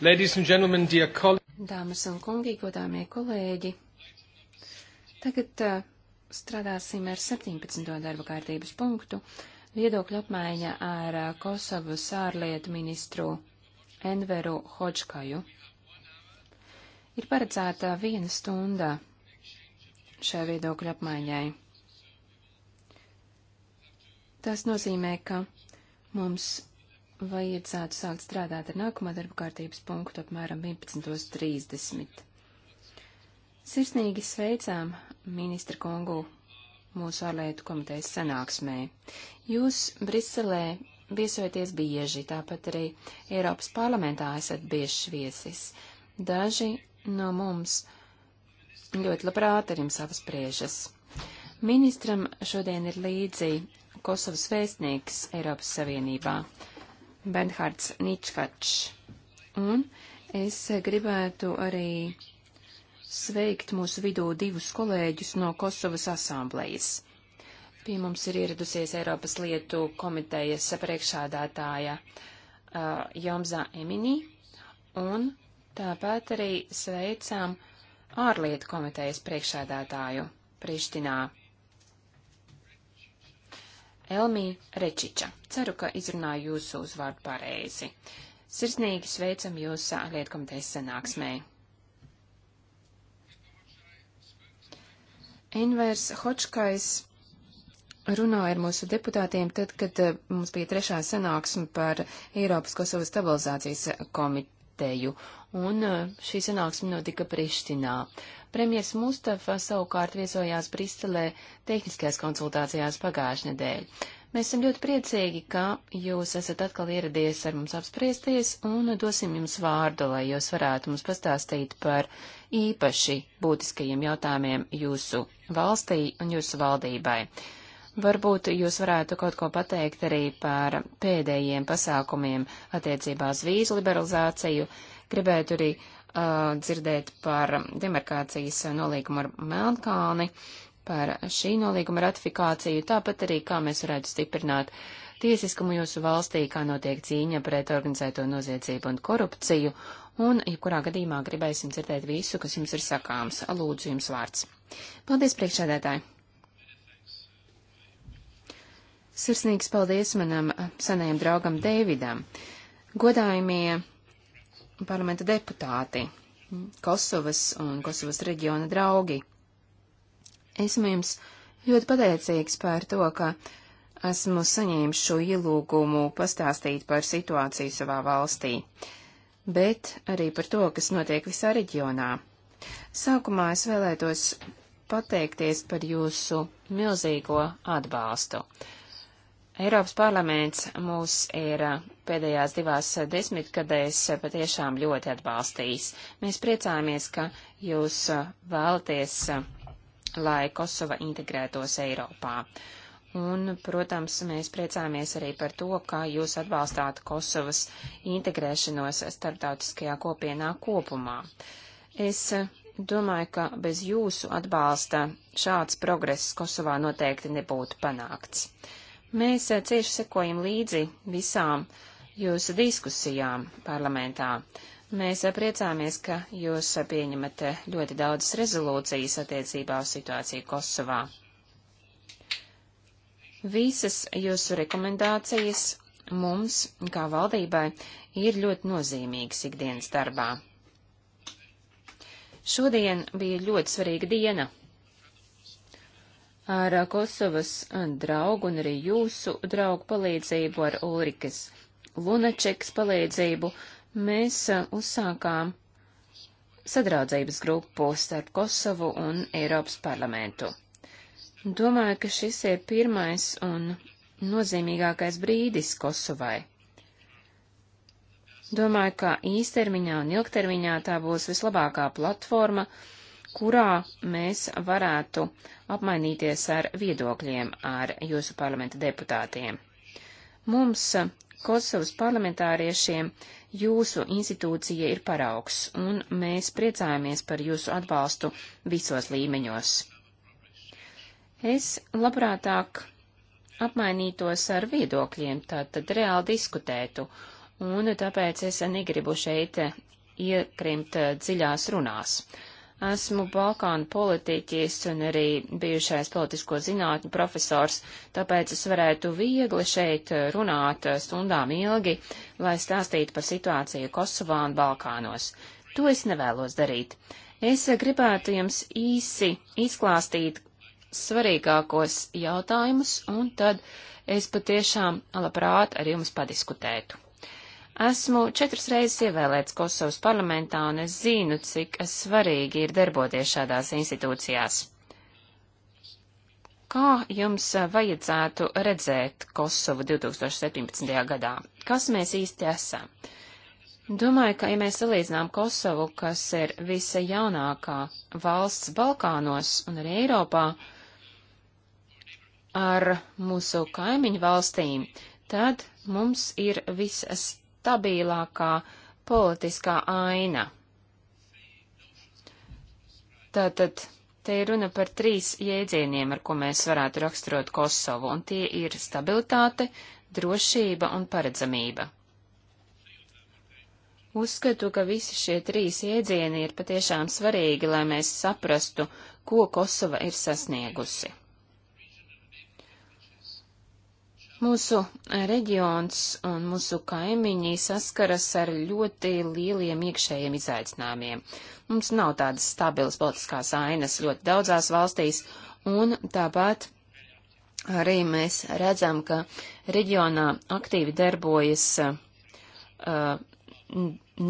Ladies and gentlemen, dear colleagues. Dāmas un kungi, godāmie kolēģi. Tagad uh, strādāsim ar 17. darba kārtības punktu - viedokļu apmaiņa ar uh, Kosovas ārlietu ministru Enveru Hočkaju. Ir paredzēta viena stunda šai viedokļu apmaiņai. Tas nozīmē, ka mums vai iedzētu sākt strādāt ar nākamā darba kārtības punktu apmēram 11.30. Sirsnīgi sveicām ministra kungu mūsu ārlietu komitejas sanāksmē. Jūs Briselē viesojaties bieži, tāpat arī Eiropas parlamentā esat biežs viesis. Daži no mums ļoti labprāt ar jums apspriežas. Ministram šodien ir līdzi Kosovas vēstnieks Eiropas Savienībā. Benhards Ničkačs. Un es gribētu arī sveikt mūsu vidū divus kolēģus no Kosovas asamblejas. Pie mums ir ieradusies Eiropas lietu komitejas priekšādātāja uh, Jomza Emini, un tāpat arī sveicām ārlietu komitejas priekšādātāju Prištinā. Elmī Rečiča. Ceru, ka izrunāju jūsu uzvārdu pareizi. Sirsnīgi sveicam jūs ārlietu komitejas sanāksmē. Envers Hočkais runāja ar mūsu deputātiem tad, kad mums bija trešā sanāksme par Eiropas Kosovas stabilizācijas komiteju, un šī sanāksme notika Prištinā. Uh, Premjers Mustafa savukārt viesojās Briselē tehniskajās konsultācijās pagājušajā nedēļā. Mēs esam ļoti priecīgi, ka jūs esat atkal ieradies ar mums apspriesties un dosim jums vārdu, lai jūs varētu mums pastāstīt par īpaši būtiskajiem jautājumiem jūsu valstī un jūsu valdībai. Varbūt jūs varētu kaut ko pateikt arī par pēdējiem pasākumiem attiecībās vīzu liberalizāciju. Gribētu arī Uh, dzirdēt par demarkācijas nolīgumu ar Melnkalni, par šī nolīguma ratifikāciju, tāpat arī kā mēs varētu stiprināt tiesiskumu jūsu valstī, kā notiek cīņa pret organizēto noziedzību un korupciju, un, ja kurā gadījumā gribēsim dzirdēt visu, kas jums ir sakāms, lūdzu jums vārds. Paldies, priekšsēdētāji! Sirsnīgs paldies manam senajam draugam Deividam! Godājumie parlamenta deputāti, Kosovas un Kosovas reģiona draugi. Esmu jums ļoti pateicīgs par to, ka esmu saņēmis šo ielūgumu pastāstīt par situāciju savā valstī, bet arī par to, kas notiek visā reģionā. Sākumā es vēlētos pateikties par jūsu milzīgo atbalstu. Eiropas parlaments mūs ir pēdējās divās desmitgadēs patiešām ļoti atbalstījis. Mēs priecājamies, ka jūs uh, vēlaties, uh, lai Kosova integrētos Eiropā. Un, protams, mēs priecājamies arī par to, ka jūs atbalstāt Kosovas integrēšanos starptautiskajā kopienā kopumā. Es uh, domāju, ka bez jūsu atbalsta šāds progress Kosovā noteikti nebūtu panākts. Mēs cieši sekojam līdzi visām uh, jūsu diskusijām parlamentā. Mēs priecāmies, ka jūs pieņemat ļoti daudzas rezolūcijas attiecībā uz situāciju Kosovā. Visas jūsu rekomendācijas mums, kā valdībai, ir ļoti nozīmīgas ikdienas darbā. Šodien bija ļoti svarīga diena. Ar Kosovas draugu un arī jūsu draugu palīdzību ar Ulrikas Lunačekas palīdzību mēs uh, uzsākām sadraudzības grupu starp Kosovu un Eiropas parlamentu. Domāju, ka šis ir pirmais un nozīmīgākais brīdis Kosovai. Domāju, ka īstermiņā un ilgtermiņā tā būs vislabākā platforma, kurā mēs varētu apmainīties ar viedokļiem ar jūsu parlamenta deputātiem. Mums Kosovas parlamentāriešiem jūsu institūcija ir paraugs, un mēs priecājamies par jūsu atbalstu visos līmeņos. Es labprātāk apmainītos ar viedokļiem, tātad reāli diskutētu, un tāpēc es negribu šeit iekrimt eh, dziļās runās. Esmu Balkānu politiķis un arī bijušais politisko zinātņu profesors, tāpēc es varētu viegli šeit runāt stundām ilgi, lai stāstītu par situāciju Kosovā un Balkānos. To es nevēlos darīt. Es gribētu jums īsi izklāstīt svarīgākos jautājumus, un tad es patiešām labprāt ar jums padiskutētu. Esmu četras reizes ievēlēts Kosovas parlamentā, un es zinu, cik svarīgi ir darboties šādās institūcijās. Kā jums vajadzētu redzēt Kosovu 2017. gadā? Kas mēs īsti esam? Domāju, ka, ja mēs salīdzinām Kosovu, kas ir visa jaunākā valsts Balkānos un arī Eiropā, ar mūsu kaimiņu valstīm, tad mums ir visas stabilākā politiskā aina. Tātad te ir runa par trīs jēdzieniem, ar ko mēs varētu raksturot Kosovu, un tie ir stabilitāte, drošība un paredzamība. Uzskatu, ka visi šie trīs jēdzieni ir patiešām svarīgi, lai mēs saprastu, ko Kosova ir sasniegusi. Mūsu reģions un mūsu kaimiņi saskaras ar ļoti lieliem iekšējiem izaicinājumiem. Mums nav tādas stabilas politiskās ainas ļoti daudzās valstīs, un tāpat arī mēs redzam, ka reģionā aktīvi darbojas uh,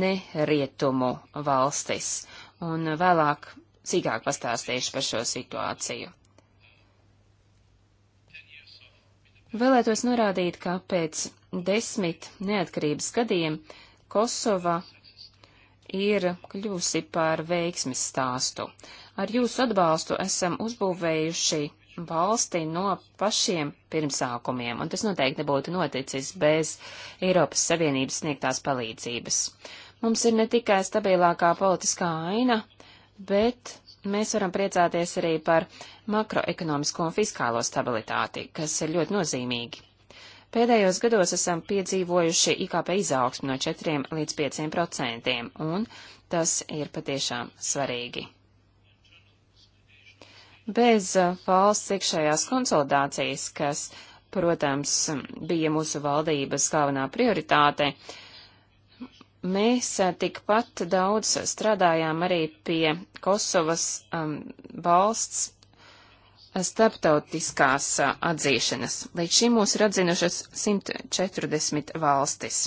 nerietumu valstis, un vēlāk cīkāk pastāstīšu par šo situāciju. Vēlētos norādīt, ka pēc desmit neatkarības gadiem Kosova ir kļūsi par veiksmes stāstu. Ar jūsu atbalstu esam uzbūvējuši valstī no pašiem pirmsākumiem, un tas noteikti nebūtu noticis bez Eiropas Savienības sniegtās palīdzības. Mums ir ne tikai stabilākā politiskā aina, bet Mēs varam priecāties arī par makroekonomisko un fiskālo stabilitāti, kas ir ļoti nozīmīgi. Pēdējos gados esam piedzīvojuši IKP izaugsmu no 4 līdz 5 procentiem, un tas ir patiešām svarīgi. Bez uh, valsts iekšējās konsolidācijas, kas, protams, bija mūsu valdības galvenā prioritāte, uh, Mēs eh, tikpat daudz strādājām arī pie Kosovas um, valsts eh, starptautiskās eh, atzīšanas. Līdz šim mūs ir atzinušas 140 valstis.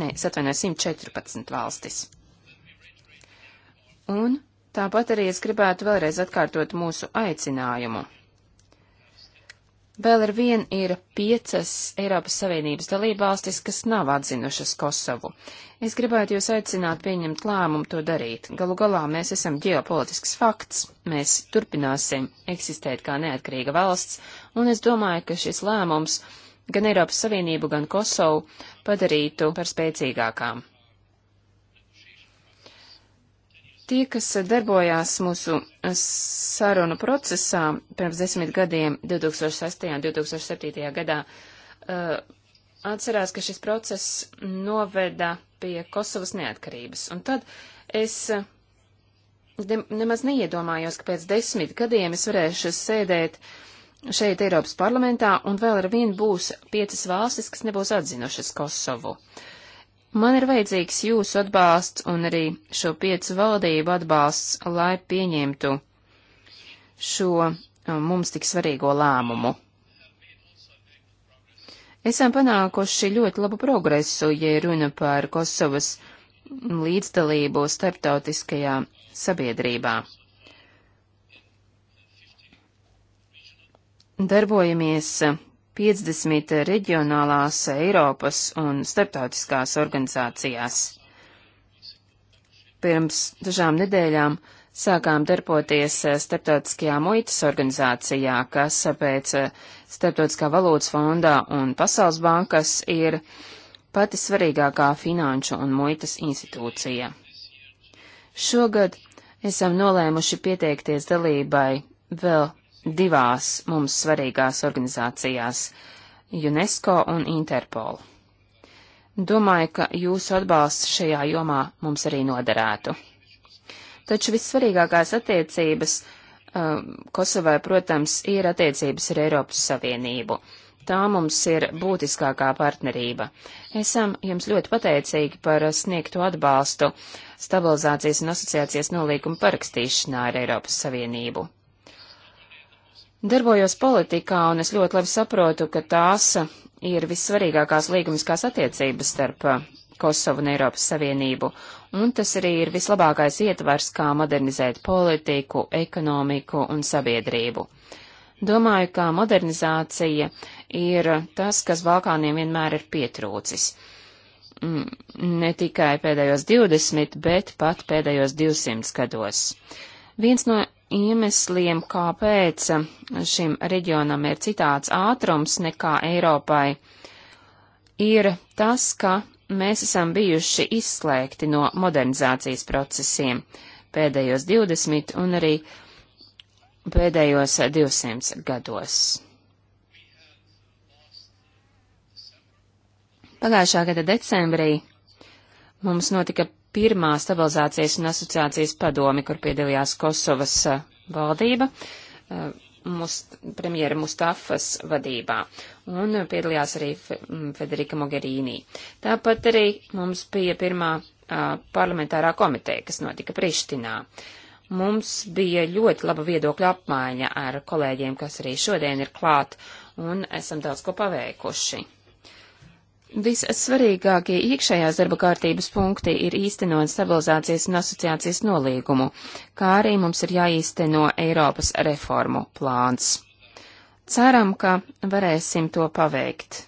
Nē, es atvainoju, 114 valstis. Un tāpat arī es gribētu vēlreiz atkārtot mūsu aicinājumu. Vēl ar vien ir piecas Eiropas Savienības dalībvalstis, kas nav atzinušas Kosovu. Es gribētu jūs aicināt pieņemt lēmumu to darīt. Galu galā mēs esam ģeopolitisks fakts, mēs turpināsim eksistēt kā neatkarīga valsts, un es domāju, ka šis lēmums gan Eiropas Savienību, gan Kosovu padarītu par spēcīgākām. Tie, kas darbojās mūsu sarunu procesā pirms desmit gadiem, 2006. un 2007. gadā, eh, atcerās, ka šis process noveda pie Kosovas neatkarības. Un tad es eh, nemaz neiedomājos, ka pēc desmit gadiem es varēšu sēdēt šeit Eiropas parlamentā un vēl ar vienu būs piecas valstis, kas nebūs atzinušas Kosovu. Uh, Man ir vajadzīgs jūsu atbalsts un arī šo piecu valdību atbalsts, lai pieņemtu šo um, mums tik svarīgo lēmumu. Esam panākuši ļoti labu progresu, ja runa par Kosovas līdzdalību starptautiskajā sabiedrībā. Darbojamies 50 reģionālās Eiropas un starptautiskās organizācijās. Pirms dažām nedēļām sākām darboties eh, starptautiskajā muitas organizācijā, kas eh, pēc eh, Starptautiskā valūtas fonda un Pasaules bankas ir pati svarīgākā finanšu un muitas institūcija. Šogad esam nolēmuši pieteikties dalībai vēl divās mums svarīgās organizācijās - UNESCO un Interpolu. Domāju, ka jūsu atbalsts šajā jomā mums arī noderētu. Taču vissvarīgākās attiecības uh, Kosovai, protams, ir attiecības ar Eiropas Savienību. Tā mums ir būtiskākā partnerība. Esam jums ļoti pateicīgi par sniegto atbalstu stabilizācijas un asociācijas nolīguma parakstīšanā ar Eiropas Savienību. Darbojos politikā, un es ļoti labi saprotu, ka tās ir vissvarīgākās līgumiskās attiecības starp uh, Kosovu un Eiropas Savienību, un tas arī ir vislabākais ietvars, kā modernizēt politiku, ekonomiku un sabiedrību. Domāju, ka modernizācija ir tas, kas Balkāniem vienmēr ir pietrūcis. Mm, ne tikai pēdējos 20, bet pat pēdējos 200 gados. Viens no iemesliem, kāpēc šim reģionam ir citāds ātrums nekā Eiropai, ir tas, ka mēs esam bijuši izslēgti no modernizācijas procesiem pēdējos 20 un arī pēdējos 200 gados. Pagājušā gada decembrī mums notika pirmā stabilizācijas un asociācijas padomi, kur piedalījās Kosovas eh, valdība eh, must, premjera Mustafas vadībā, un piedalījās arī mm, Federika Mogherīnī. Tāpat arī mums bija pirmā a, eh, parlamentārā komiteja, kas notika Prištinā. Mums bija ļoti laba viedokļa apmaiņa ar kolēģiem, kas arī šodien ir klāt, un esam daudz ko paveikuši. Vissvarīgākie iekšējās darba kārtības punkti ir īstenot stabilizācijas un asociācijas nolīgumu, kā arī mums ir jāīsteno Eiropas reformu plāns. Ceram, ka varēsim to paveikt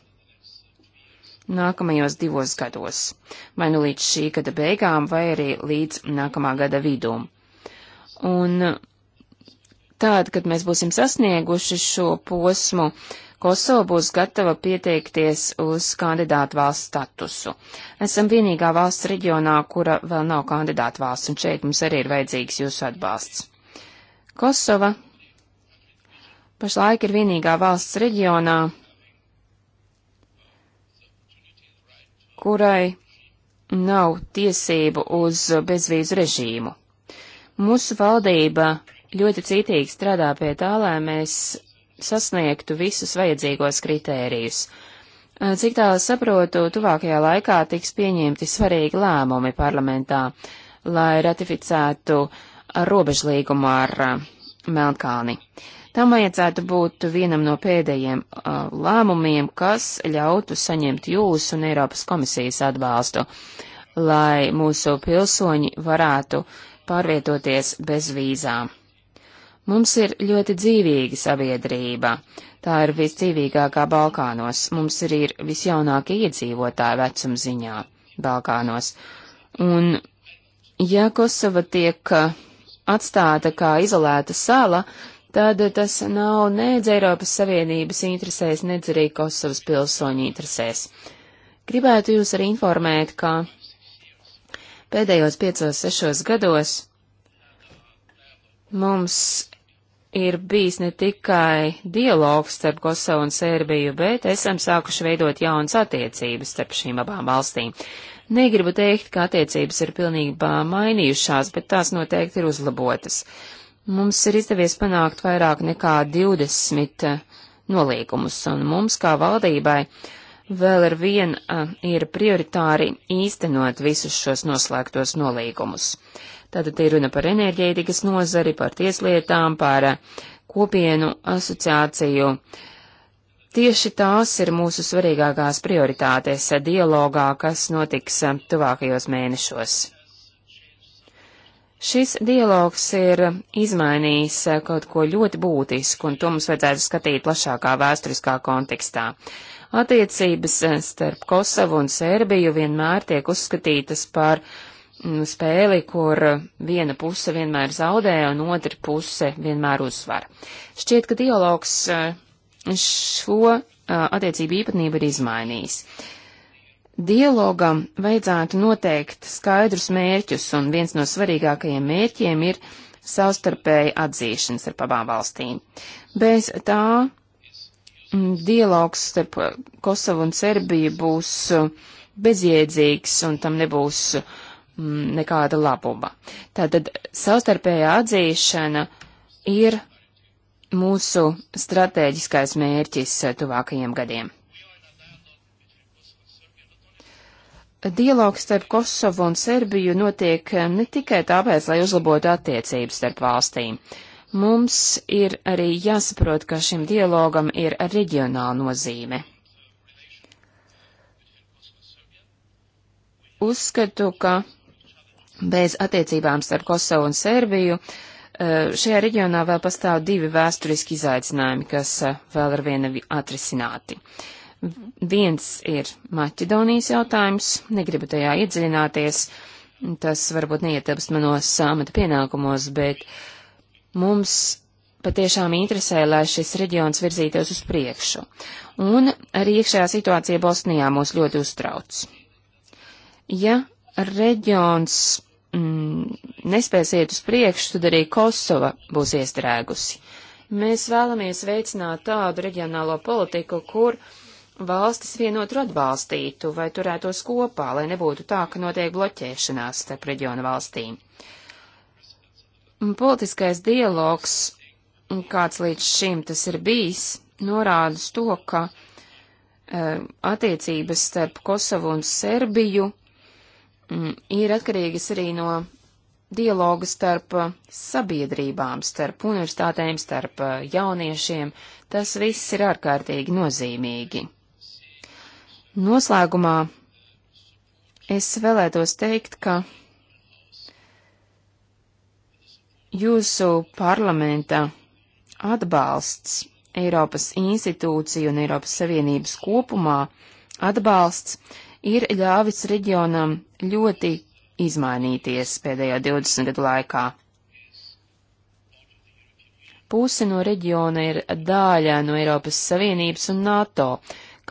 nākamajos divos gados, vai nu līdz šī gada beigām, vai arī līdz nākamā gada vidum. Un tad, kad mēs būsim sasnieguši šo posmu, uh, Kosova būs gatava pieteikties uz kandidātu valsts statusu. Esam vienīgā valsts reģionā, kura vēl nav kandidātu valsts, un šeit mums arī ir vajadzīgs jūsu atbalsts. Kosova pašlaik ir vienīgā valsts reģionā, kurai nav tiesību uz bezvīzu režīmu. Mūsu valdība ļoti cītīgi strādā pie tā, lai mēs sasniegtu visus vajadzīgos kritērijus. Cik tālu saprotu, tuvākajā laikā tiks pieņemti svarīgi lēmumi parlamentā, lai ratificētu robežlīgumu ar Melnkalni. Tam vajadzētu būt vienam no pēdējiem lēmumiem, kas ļautu saņemt jūsu un Eiropas komisijas atbalstu, lai mūsu pilsoņi varētu pārvietoties bez vīzām. Mums ir ļoti dzīvīga sabiedrība. Tā ir visdzīvīgākā Balkānos. Mums ir, ir visjaunākie iedzīvotāji vecumziņā Balkānos. Un, ja Kosova tiek uh, atstāta kā izolēta sala, tad tas nav nedz Eiropas Savienības interesēs, nedz arī Kosovas pilsoņu interesēs. Gribētu jūs arī informēt, ka pēdējos piecos, sešos gados mums ir bijis ne tikai dialogs starp Kosovu un Sērbiju, bet esam sākuši veidot jaunas attiecības starp šīm abām valstīm. Negribu teikt, ka attiecības ir pilnībā mainījušās, bet tās noteikti ir uzlabotas. Mums ir izdevies panākt vairāk nekā 20 eh, nolīgumus, un mums kā valdībai vēl ar vien a, eh, ir prioritāri īstenot visus šos noslēgtos nolīgumus. Tātad ir runa par enerģētikas nozari, par tieslietām, par eh, kopienu asociāciju. Tieši tās ir mūsu svarīgākās prioritātes dialogā, kas notiks eh, tuvākajos mēnešos. Šis dialogs ir izmainījis eh, kaut ko ļoti būtisku, un to mums vajadzētu skatīt plašākā vēsturiskā kontekstā. Attiecības starp Kosovu un Sērbiju vienmēr tiek uzskatītas par uh, spēli, kur viena puse vienmēr zaudē un otra puse vienmēr uzvar. Šķiet, ka dialogs eh, šo eh, attiecību īpatnību ir izmainījis. Dialogam vajadzētu noteikt skaidrus mērķus, un viens no svarīgākajiem mērķiem ir savstarpēja atzīšanas ar abām valstīm. Bez tā mm, dialogs starp eh, Kosovu un Serbiju būs bezjēdzīgs, un tam nebūs uh, Mm, nekāda labuma. Tātad savstarpējā atzīšana ir mūsu stratēģiskais mērķis eh, tuvākajiem gadiem. Dialogs starp Kosovu un Serbiju notiek eh, ne tikai tāpēc, lai uzlabotu attiecības starp valstīm. Mums ir arī jāsaprot, ka šim dialogam ir reģionāla nozīme. Uzskatu, ka bez attiecībām starp Kosovu un Serbiju, eh, šajā reģionā vēl pastāv divi vēsturiski izaicinājumi, kas eh, vēl ar vienu atrisināti. Viens ir Maķedonijas jautājums, negribu tajā iedziļināties, tas varbūt neietilpst manos samata pienākumos, bet mums patiešām interesē, lai šis reģions virzītos uz priekšu. Un arī iekšējā situācija Bosnijā mūs ļoti uztrauc. Ja reģions mm, nespēs iet uz priekšu, tad arī Kosova būs iestrēgusi. Mēs vēlamies veicināt tādu reģionālo politiku, kur valstis vienotru atbalstītu vai turētos kopā, lai nebūtu tā, ka notiek bloķēšanās starp reģionu valstīm. Politiskais dialogs, kāds līdz šim tas ir bijis, norāda to, ka uh, attiecības starp Kosovu un Serbiju Mm, ir atkarīgas arī no dialogu starp uh, sabiedrībām, starp universitātēm, starp uh, jauniešiem. Tas viss ir ārkārtīgi nozīmīgi. Noslēgumā es vēlētos teikt, ka jūsu parlamenta atbalsts Eiropas institūciju un Eiropas Savienības kopumā atbalsts ir ļāvis reģionam ļoti izmainīties pēdējo 20 gadu laikā. Puse no reģiona ir daļa no Eiropas Savienības un NATO,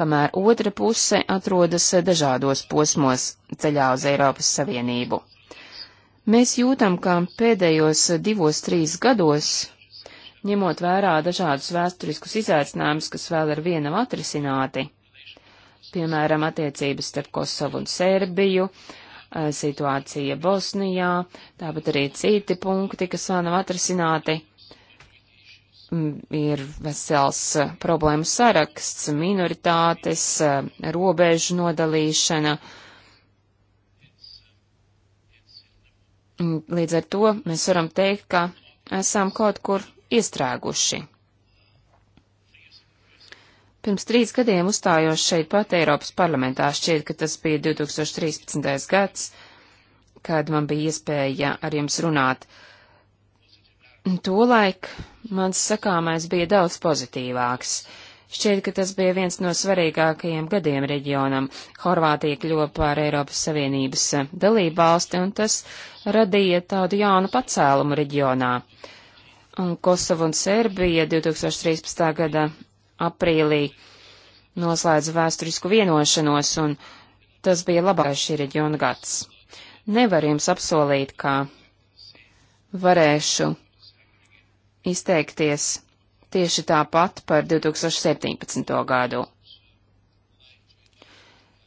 kamēr otra puse atrodas dažādos posmos ceļā uz Eiropas Savienību. Mēs jūtam, ka pēdējos divos, trīs gados, ņemot vērā dažādus vēsturiskus izaicinājumus, kas vēl ar vienam atrisināti, piemēram, attiecības starp Kosovu un Serbiju, eh, situācija Bosnijā, tāpat arī citi punkti, kas vēl nav atrasināti. Mm, ir vesels eh, problēmu saraksts, minoritātes, eh, robežu nodalīšana. Mm, līdz ar to mēs varam teikt, ka esam kaut kur iestrēguši. Pirms trīs gadiem uzstājos šeit pat Eiropas parlamentā, šķiet, ka tas bija 2013. gads, kad man bija iespēja ar jums runāt. Tolaik mans sakāmais bija daudz pozitīvāks. Šķiet, ka tas bija viens no svarīgākajiem gadiem reģionam. Horvātija kļuva par Eiropas Savienības dalību valsti, un tas radīja tādu jaunu pacēlumu reģionā. Un Kosova un Serbija 2013. gada aprīlī noslēdza vēsturisku vienošanos, un tas bija labākais šī reģiona gads. Nevaru jums apsolīt, ka varēšu izteikties tieši tāpat par 2017. gadu.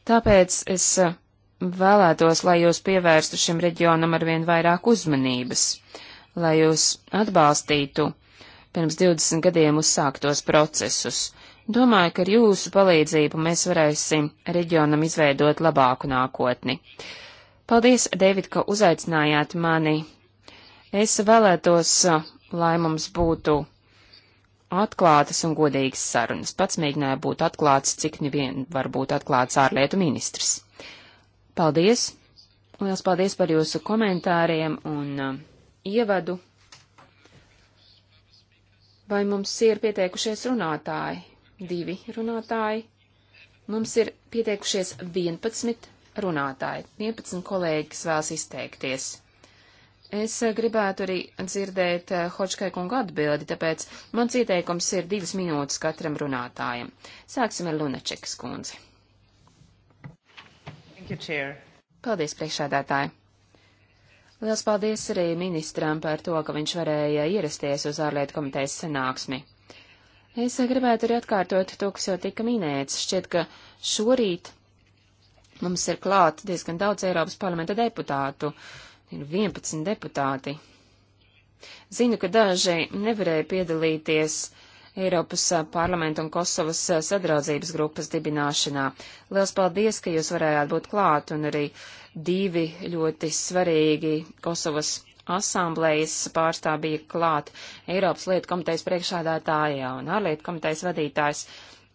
Tāpēc es eh, vēlētos, lai jūs pievērstu šim reģionam arvien vairāk uzmanības, lai jūs atbalstītu pirms 20 gadiem uzsāktos procesus. Domāju, ka ar jūsu palīdzību mēs varēsim reģionam izveidot labāku nākotni. Paldies, David, ka uzaicinājāt mani. Es vēlētos, lai mums būtu atklātas un godīgas sarunas. Pats mēģināja būt atklāts, cik nu vien var būt atklāts ārlietu ministrs. Paldies! Liels paldies par jūsu komentāriem un uh, ievadu! Vai mums ir pieteikušies runātāji? Divi runātāji. Mums ir pieteikušies 11 runātāji, 11 kolēģi, kas vēlas izteikties. Es eh, gribētu arī dzirdēt eh, Hočkai kunga atbildi, tāpēc mans ieteikums ir divas minūtes katram runātājam. Sāksim ar Lunačekas kundzi. You, Paldies, priekšādātāji! Liels paldies arī ministram par to, ka viņš varēja ierasties uz ārlietu komitejas sanāksmi. Es gribētu arī atkārtot to, kas jau tika minēts. Šķiet, ka šorīt mums ir klāt diezgan daudz Eiropas parlamenta deputātu. Ir 11 deputāti. Zinu, ka daži nevarēja piedalīties uh, Eiropas parlamenta un Kosovas sadraudzības grupas dibināšanā. Liels paldies, ka jūs varējāt būt klāt un arī divi ļoti svarīgi Kosovas asamblējas pārstāv bija klāt Eiropas lietu komitejas priekšādātājā un ārlietu komitejas vadītājs.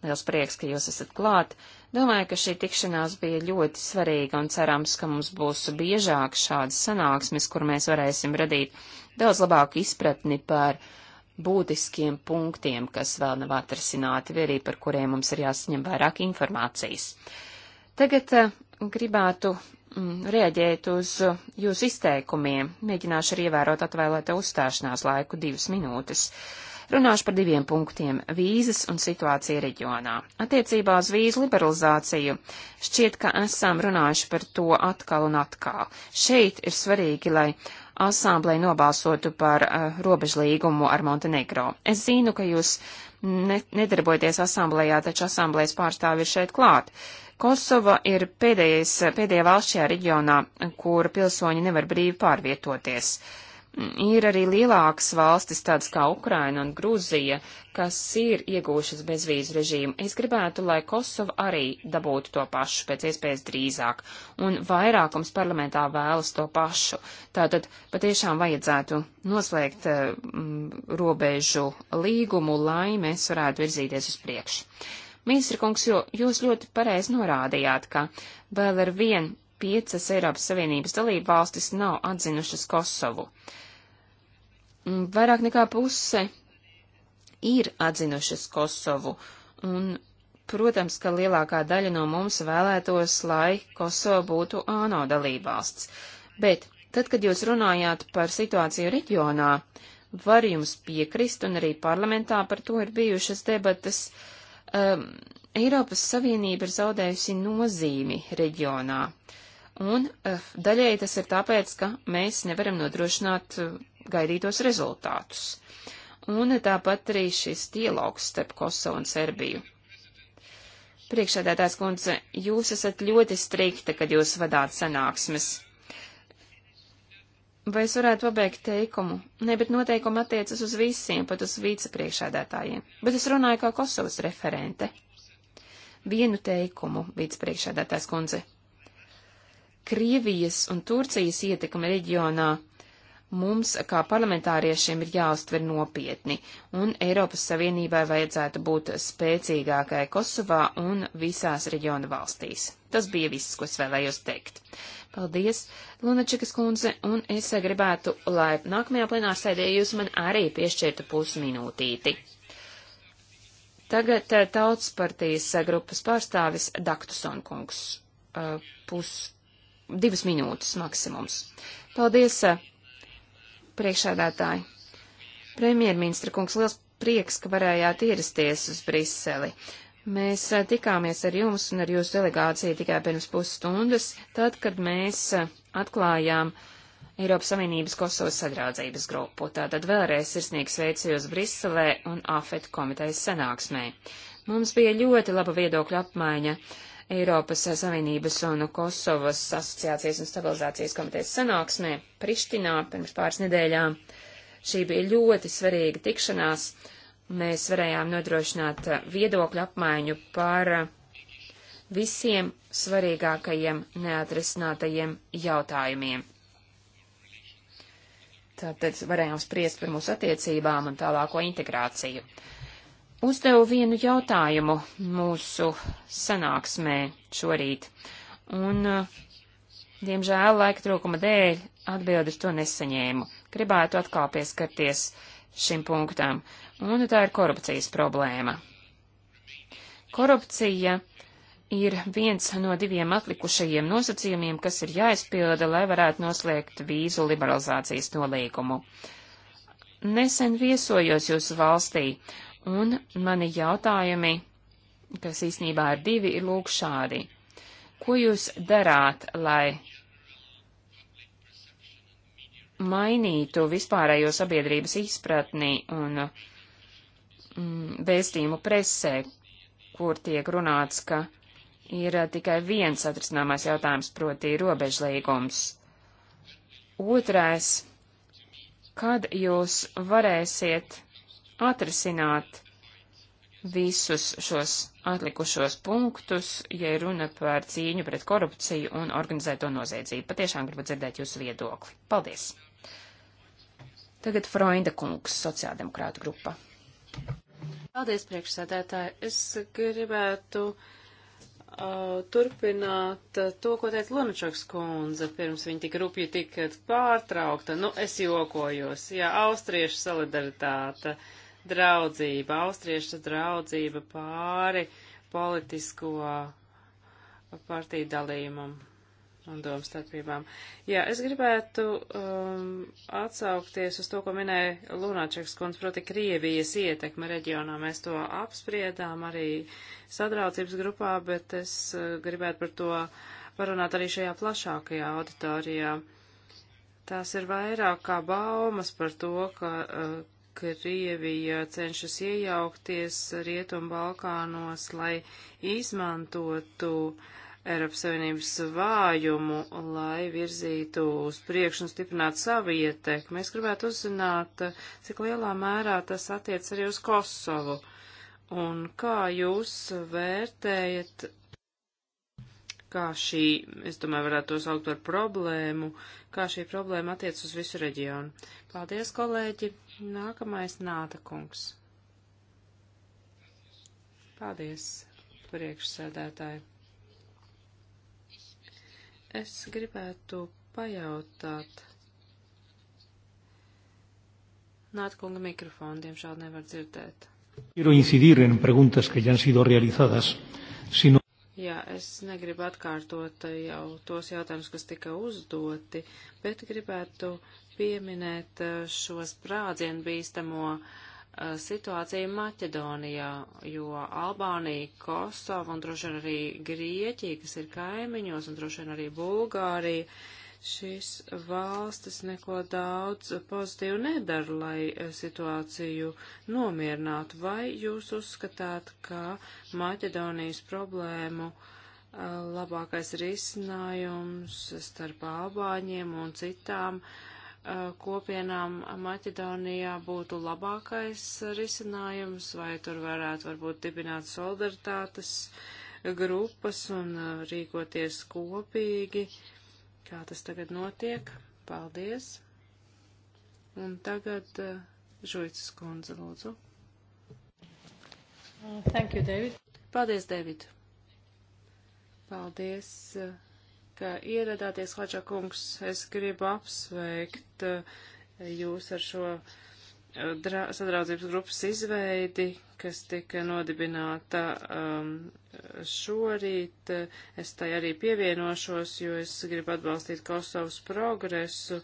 Liels prieks, ka jūs esat klāt. Domāju, ka šī tikšanās bija ļoti svarīga un cerams, ka mums būs biežāk šādas sanāksmes, kur mēs varēsim radīt daudz labāku izpratni par uh, būtiskiem punktiem, kas vēl nav atrasināti, vai arī par kuriem mums ir jāsaņem vairāk informācijas. Tagad eh, gribētu mm, reaģēt uz eh, jūsu izteikumiem. Mēģināšu arī ievērot atvēlēto uzstāšanās laiku divas minūtes. Runāšu par diviem punktiem - vīzas un situācija reģionā. Attiecībā uz vīzu liberalizāciju šķiet, ka esam runājuši par to atkal un atkal. Šeit ir svarīgi, lai uh, asamblē nobalsotu par uh, robežlīgumu ar Montenegro. Es zinu, ka jūs ne, nedarbojaties asamblējā, taču asamblējas pārstāvi ir šeit klāt. Kosova ir pēdējais, pēdējā valsts šajā reģionā, kur pilsoņi nevar brīvi pārvietoties. Uh, Ir arī lielākas valstis, tādas kā Ukraina un Grūzija, kas ir iegūšas bezvīzu režīmu. Es gribētu, lai Kosova arī dabūtu to pašu pēc iespējas drīzāk, un vairākums parlamentā vēlas to pašu. Tātad patiešām vajadzētu noslēgt mm, robežu līgumu, lai mēs varētu virzīties uz priekšu. Ministra kungs, jo jūs ļoti pareizi norādījāt, ka vēl ar vien piecas Eiropas Savienības dalība valstis nav atzinušas Kosovu. Mm, vairāk nekā puse ir atzinušas Kosovu, un, protams, ka lielākā daļa no mums vēlētos, lai Kosova būtu ANO dalībvalsts. Bet, tad, kad jūs runājāt par situāciju reģionā, var jums piekrist, un arī parlamentā par to ir bijušas debatas. Um, Eiropas Savienība ir zaudējusi nozīmi reģionā. Uh, un eh, daļēji tas ir tāpēc, ka mēs nevaram nodrošināt eh, gaidītos rezultātus. Un eh, tāpat arī šis dialogs starp Kosovu un Serbiju. Priekšādātājs kundze, jūs esat ļoti strikta, kad jūs vadāt sanāksmes. Vai es varētu pabeigt teikumu? Nē, bet noteikumi attiecas uz visiem, pat uz vicepriekšādātājiem. Bet es runāju kā Kosovas referente. Vienu teikumu, vicepriekšādātājs kundze. Krievijas un Turcijas ietekme reģionā mums, kā parlamentāriešiem, ir jāuztver nopietni, un Eiropas Savienībai vajadzētu būt spēcīgākai Kosovā un visās reģiona valstīs. Tas bija viss, ko es vēlējos teikt. Paldies, Lunačikas kundze, un es gribētu, lai nākamajā plenārsēdē jūs man arī piešķirtu pusminūtīti. Tagad eh, tautas partijas eh, grupas pārstāvis Daktuson kungs. Uh, pus divas minūtes maksimums. Paldies, eh, priekšādātāji. Premjerministra kungs, liels prieks, ka varējāt ierasties uz Briseli. Mēs eh, tikāmies ar jums un ar jūsu delegāciju tikai pirms pusstundas, tad, kad mēs eh, atklājām Eiropas Savienības Kosovas sadraudzības grupu. Tātad vēlreiz sirsnīgs veicījos Briselē un AFET komitejas sanāksmē. Mums bija ļoti laba viedokļa apmaiņa. Uh, Eiropas Savienības un Kosovas asociācijas un stabilizācijas komitejas sanāksmē Prištinā pirms pāris nedēļām. Šī bija ļoti svarīga tikšanās. Mēs varējām nodrošināt viedokļu apmaiņu par visiem svarīgākajiem neatrisinātajiem jautājumiem. Tātad varējām spriest par mūsu attiecībām un tālāko integrāciju uzdevu vienu jautājumu mūsu sanāksmē šorīt, un, eh, diemžēl, laika trūkuma dēļ atbildes to nesaņēmu. Gribētu atkal pieskarties šim punktam, un tā ir korupcijas problēma. Korupcija ir viens no diviem atlikušajiem nosacījumiem, kas ir jāizpilda, lai varētu noslēgt vīzu liberalizācijas nolīgumu. Nesen viesojos jūsu valstī, Un mani jautājumi, kas īsnībā ir divi, ir lūk šādi. Ko jūs darāt, lai mainītu vispārējo sabiedrības izpratni un mm, vēstījumu presē, kur tiek runāts, ka ir tikai viens atrisināmais jautājums, proti robežlīgums. Otrais, kad jūs varēsiet atrisināt visus šos atlikušos punktus, ja runa par cīņu pret korupciju un organizēto noziedzību. Patiešām gribu dzirdēt jūsu viedokli. Paldies! Tagad Freunda kungs, sociāldemokrāta grupa. Paldies, priekšsēdētāji. Es gribētu uh, turpināt uh, to, ko teica Lunačaks kundze, pirms viņa tik rupji tika pārtraukta. Nu, es jokojos. Jā, austriešu solidaritāte. Uh, draudzība, austrieša draudzība pāri politisko partiju dalījumam un domstarpībām. Jā, es gribētu um, atsaukties uz to, ko minēja Lunačeks kundze, proti Krievijas ietekme reģionā. Mēs to apspriedām arī sadraudzības grupā, bet es uh, gribētu par to parunāt arī šajā plašākajā auditorijā. Tās ir vairāk kā baumas par to, ka uh, Krievija cenšas iejaukties Rietumbalkānos, lai izmantotu Eiropas Savienības vājumu, lai virzītu uz priekšu un stiprinātu savu ietekmi. Mēs gribētu uzzināt, cik lielā mērā tas attiec arī uz Kosovu. Un kā jūs vērtējat, kā šī, es domāju, varētu to saukt par problēmu, kā šī problēma attiec uz visu reģionu? Paldies, kolēģi! Nākamais nāta kungs. Paldies, priekšsēdētāji. Es gribētu pajautāt. Nāta kunga mikrofonu, diemžēl nevar dzirdēt. Quiero incidir en preguntas que ya han sido realizadas, sino Jā, es negribu atkārtot jau tos jautājumus, kas tika uzdoti, bet gribētu pieminēt eh, šo sprādzienu bīstamo eh, situāciju Maķedonijā, jo Albānija, Kosova un droši vien arī Grieķija, kas ir kaimiņos, un droši vien arī Bulgārija, šīs valstis neko daudz pozitīvu nedara, lai eh, situāciju nomierinātu. Vai jūs uzskatāt, ka Maķedonijas problēmu uh, labākais risinājums starp albāņiem un citām kopienām Maķedonijā būtu labākais risinājums, vai tur varētu varbūt dibināt solidaritātes grupas un rīkoties kopīgi, kā tas tagad notiek. Paldies! Un tagad Žuicas kundze, lūdzu. Thank you, David. Paldies, David. Paldies. Uh, ka ieradāties, Lača kungs. Es gribu apsveikt eh, jūs ar šo eh, sadraudzības grupas izveidi, kas tika nodibināta um, šorīt. Es tai arī pievienošos, jo es gribu atbalstīt Kosovas progresu.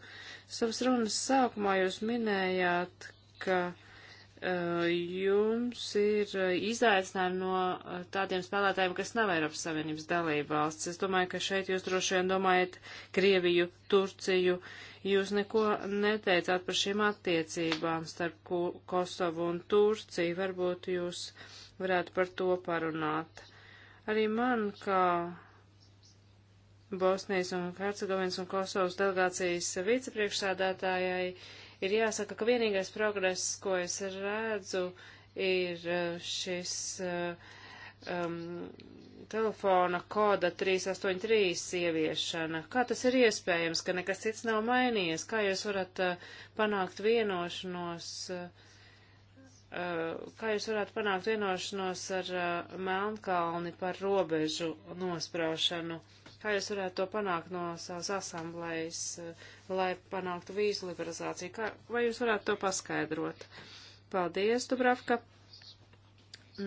Savas runas sākumā jūs minējāt, ka uh, Eh, jums ir eh, izaicinājumi no eh, tādiem spēlētājiem, kas nav Eiropas Savienības dalība valsts. Es domāju, ka šeit jūs droši vien domājat Krieviju, Turciju. Jūs neko neteicāt par šīm attiecībām starp Kosovu un Turciju. Varbūt jūs varētu par to parunāt. Arī man, kā Bosnijas un Hercegovinas un Kosovas delegācijas vicepriekšsādātājai, uh, ir jāsaka, ka vienīgais progress, ko es redzu, ir uh, šis uh, um, telefona koda 383 ieviešana. Kā tas ir iespējams, ka nekas cits nav mainījies? Kā jūs varat uh, panākt vienošanos? Uh, uh kā jūs varētu panākt vienošanos ar uh, Melnkalni par robežu nospraušanu? Uh, Kā jūs varētu to panākt no savas asamblējas, eh, lai panāktu vīzu liberalizāciju? Kā, vai jūs varētu to paskaidrot? Paldies, Dubravka.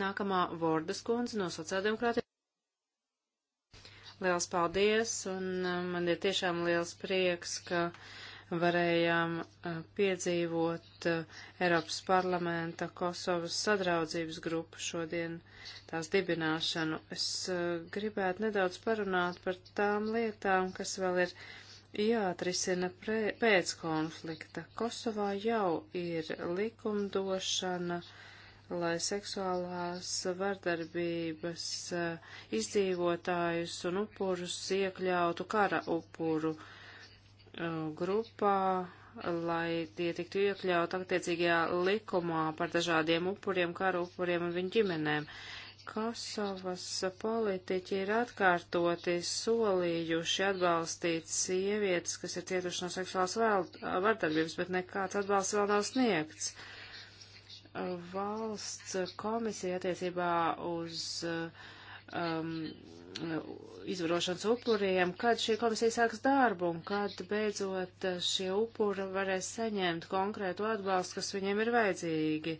Nākamā Vordas kundze no sociāldemokrātiem. Liels paldies, un eh, man ir tiešām liels prieks, ka uh, varējām eh, piedzīvot eh, Eiropas parlamenta Kosovas sadraudzības grupu šodien tās dibināšanu. Es eh, gribētu nedaudz parunāt par tām lietām, kas vēl ir jāatrisina pēc konflikta. Kosovā jau ir likumdošana lai seksuālās vardarbības izdzīvotājus un upurus iekļautu kara upuru uh, grupā, lai tie tiktu iekļaut attiecīgajā likumā par dažādiem upuriem, kara upuriem un viņu ģimenēm. Kosovas politiķi ir atkārtoti solījuši atbalstīt sievietes, kas ir cietuši no seksuālas vardarbības, bet nekāds atbalsts vēl nav sniegts. Valsts komisija attiecībā uz uh, um, izvarošanas upuriem, kad šī komisija sāks darbu un kad beidzot šie upuri varēs saņemt konkrētu atbalstu, kas viņiem ir vajadzīgi.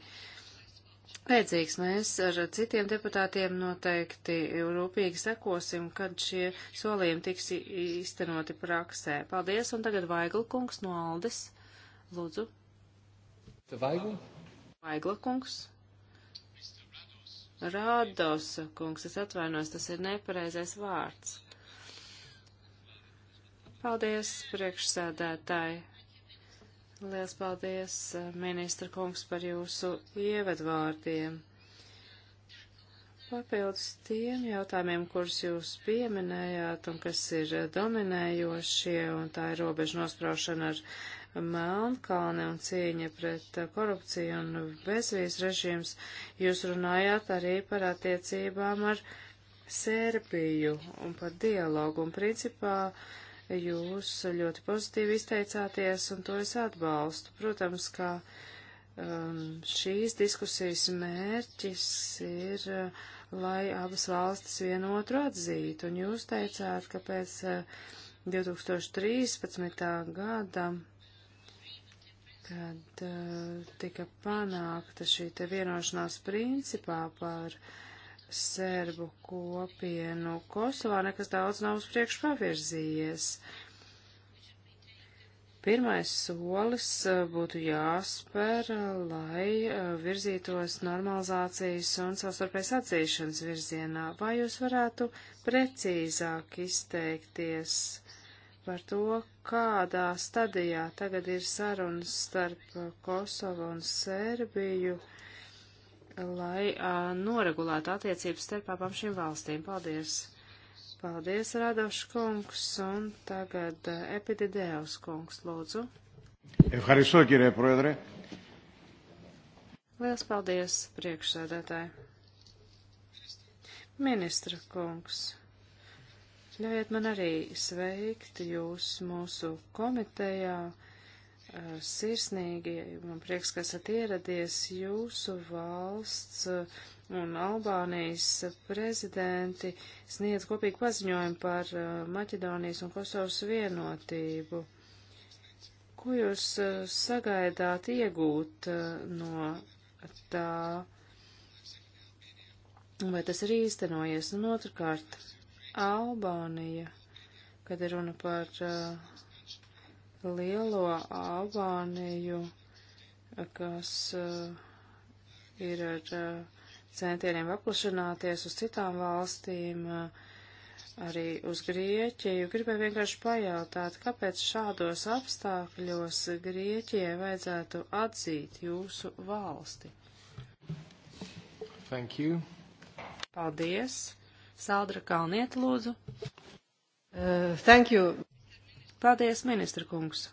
Pēcīgs mēs ar citiem deputātiem noteikti rūpīgi sekosim, kad šie solījumi tiks īstenoti praksē. Paldies, un tagad Vaigla kungs no Aldes. Lūdzu. Vaigla? Vaigla kungs. Rādos, kungs, es atvainos, tas ir nepareizais vārds. Paldies, priekšsēdētāji. Liels paldies, eh, ministra kungs, par jūsu ievedvārdiem. Papildus tiem jautājumiem, kurus jūs pieminējāt un kas ir eh, dominējošie, un tā ir robežu nospraušana ar Melnkalne un cīņa pret uh, korupciju un bezvīs režīms. Jūs runājāt arī par attiecībām ar Sērbiju un par dialogu, un principā jūs ļoti pozitīvi izteicāties, un to es atbalstu. Protams, ka um, šīs diskusijas mērķis ir, uh, lai abas valstis vienotru atzītu, un jūs teicāt, ka pēc uh, 2013. gada kad eh, tika panākta šī te vienošanās principā par serbu kopienu Kosovā, nekas daudz nav uz priekšu pavirzījies. Pirmais solis eh, būtu jāspēr, lai eh, virzītos normalizācijas un savstarpējas atzīšanas virzienā. Vai jūs varētu precīzāk izteikties? par to, kādā stadijā tagad ir sarunas starp Kosovu un Sērbiju, lai uh, noregulētu attiecības starp abām šīm valstīm. Paldies! Paldies, Radošs kungs, un tagad Epididēvs kungs, lūdzu. Evhariso, kirē, proedre. Liels paldies, priekšsēdētāji. Ministra kungs. Ļaujiet man arī sveikt jūs mūsu komitejā sirsnīgi. Man prieks, ka esat ieradies jūsu valsts un Albānijas prezidenti sniedz kopīgu paziņojumu par Maķedonijas un Kosovas vienotību. Ko jūs sagaidāt iegūt no tā? Vai tas ir īstenojies? Un otrkārt, Albānija, kad ir runa par uh, lielo Albāniju, kas uh, ir ar uh, centieniem paplašināties uz citām valstīm, uh, arī uz Grieķiju. Gribēju vienkārši pajautāt, kāpēc šādos apstākļos Grieķijai vajadzētu atzīt jūsu valsti? Thank you. Paldies. Saldra Kalniet, lūdzu. Uh, thank you. Paldies, ministra kungs.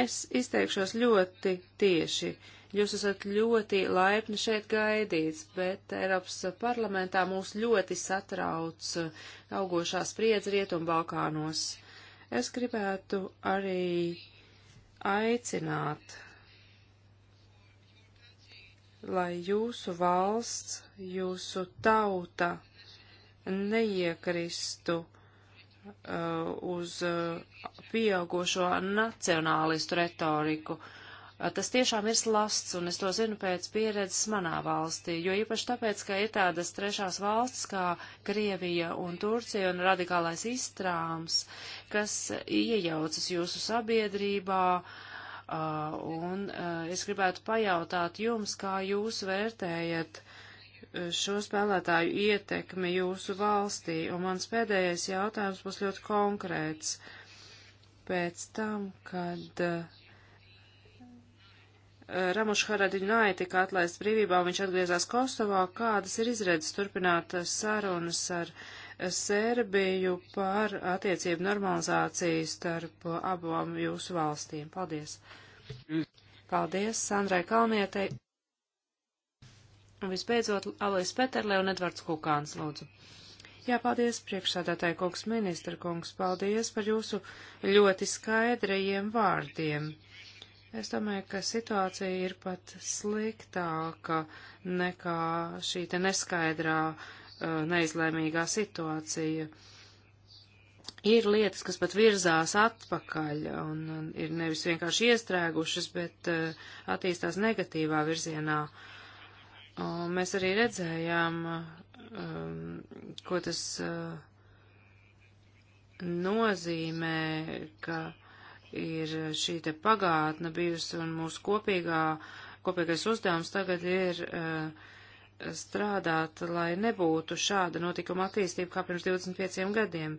Es izteikšos ļoti tieši. Jūs esat ļoti laipni šeit gaidīts, bet Eiropas parlamentā mūs ļoti satrauc augošā spriedze Rietumbalkānos. Es gribētu arī aicināt, lai jūsu valsts jūsu tauta neiekristu uh, uz uh, pieaugušo nacionālistu retoriku. Uh, tas tiešām ir slasts, un es to zinu pēc pieredzes manā valstī, jo īpaši tāpēc, ka ir tādas trešās valsts kā Krievija un Turcija un radikālais izstrāms, kas iejaucas jūsu sabiedrībā, uh, Uh, un uh, es gribētu pajautāt jums, kā jūs vērtējat šo spēlētāju ietekmi jūsu valstī, un mans pēdējais jautājums būs ļoti konkrēts. Pēc tam, kad eh, Ramuš Haradiņai tika atlaists brīvībā, viņš atgriezās Kosovā, kādas ir izredzes turpināt sarunas ar Serbiju par attiecību normalizāciju starp abām jūsu valstīm? Paldies! Paldies Sandrai Kalnietei! Un visbeidzot, Alīs Peterle un Edvards Kukāns, lūdzu. Jā, paldies, priekšsādātāja kungs, ministra kungs, paldies par jūsu ļoti skaidrajiem vārdiem. Es domāju, ka situācija ir pat sliktāka nekā šī te neskaidrā, uh, neizlēmīgā situācija ir lietas, kas pat virzās atpakaļ un ir nevis vienkārši iestrēgušas, bet uh, attīstās negatīvā virzienā. Un mēs arī redzējām, um, ko tas uh, nozīmē, ka ir šī te pagātne bijusi un mūsu kopīgā, kopīgais uzdevums tagad ir uh, strādāt, lai nebūtu šāda notikuma attīstība kā pirms 25 gadiem.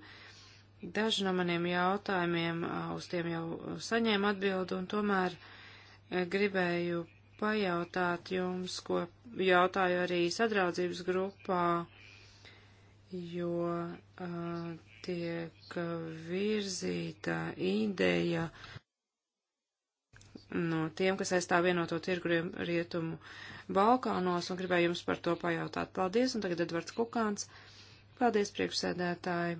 Daži no maniem jautājumiem uh, uz tiem jau saņēma atbildi un tomēr uh, gribēju pajautāt jums, ko jautāju arī sadraudzības grupā, jo uh, tiek virzīta ideja no tiem, kas aizstāv vienoto tirgu rietumu Balkānos, un gribēju jums par to pajautāt. Paldies, un tagad Edvards Kukāns. Paldies, priekšsēdētāji.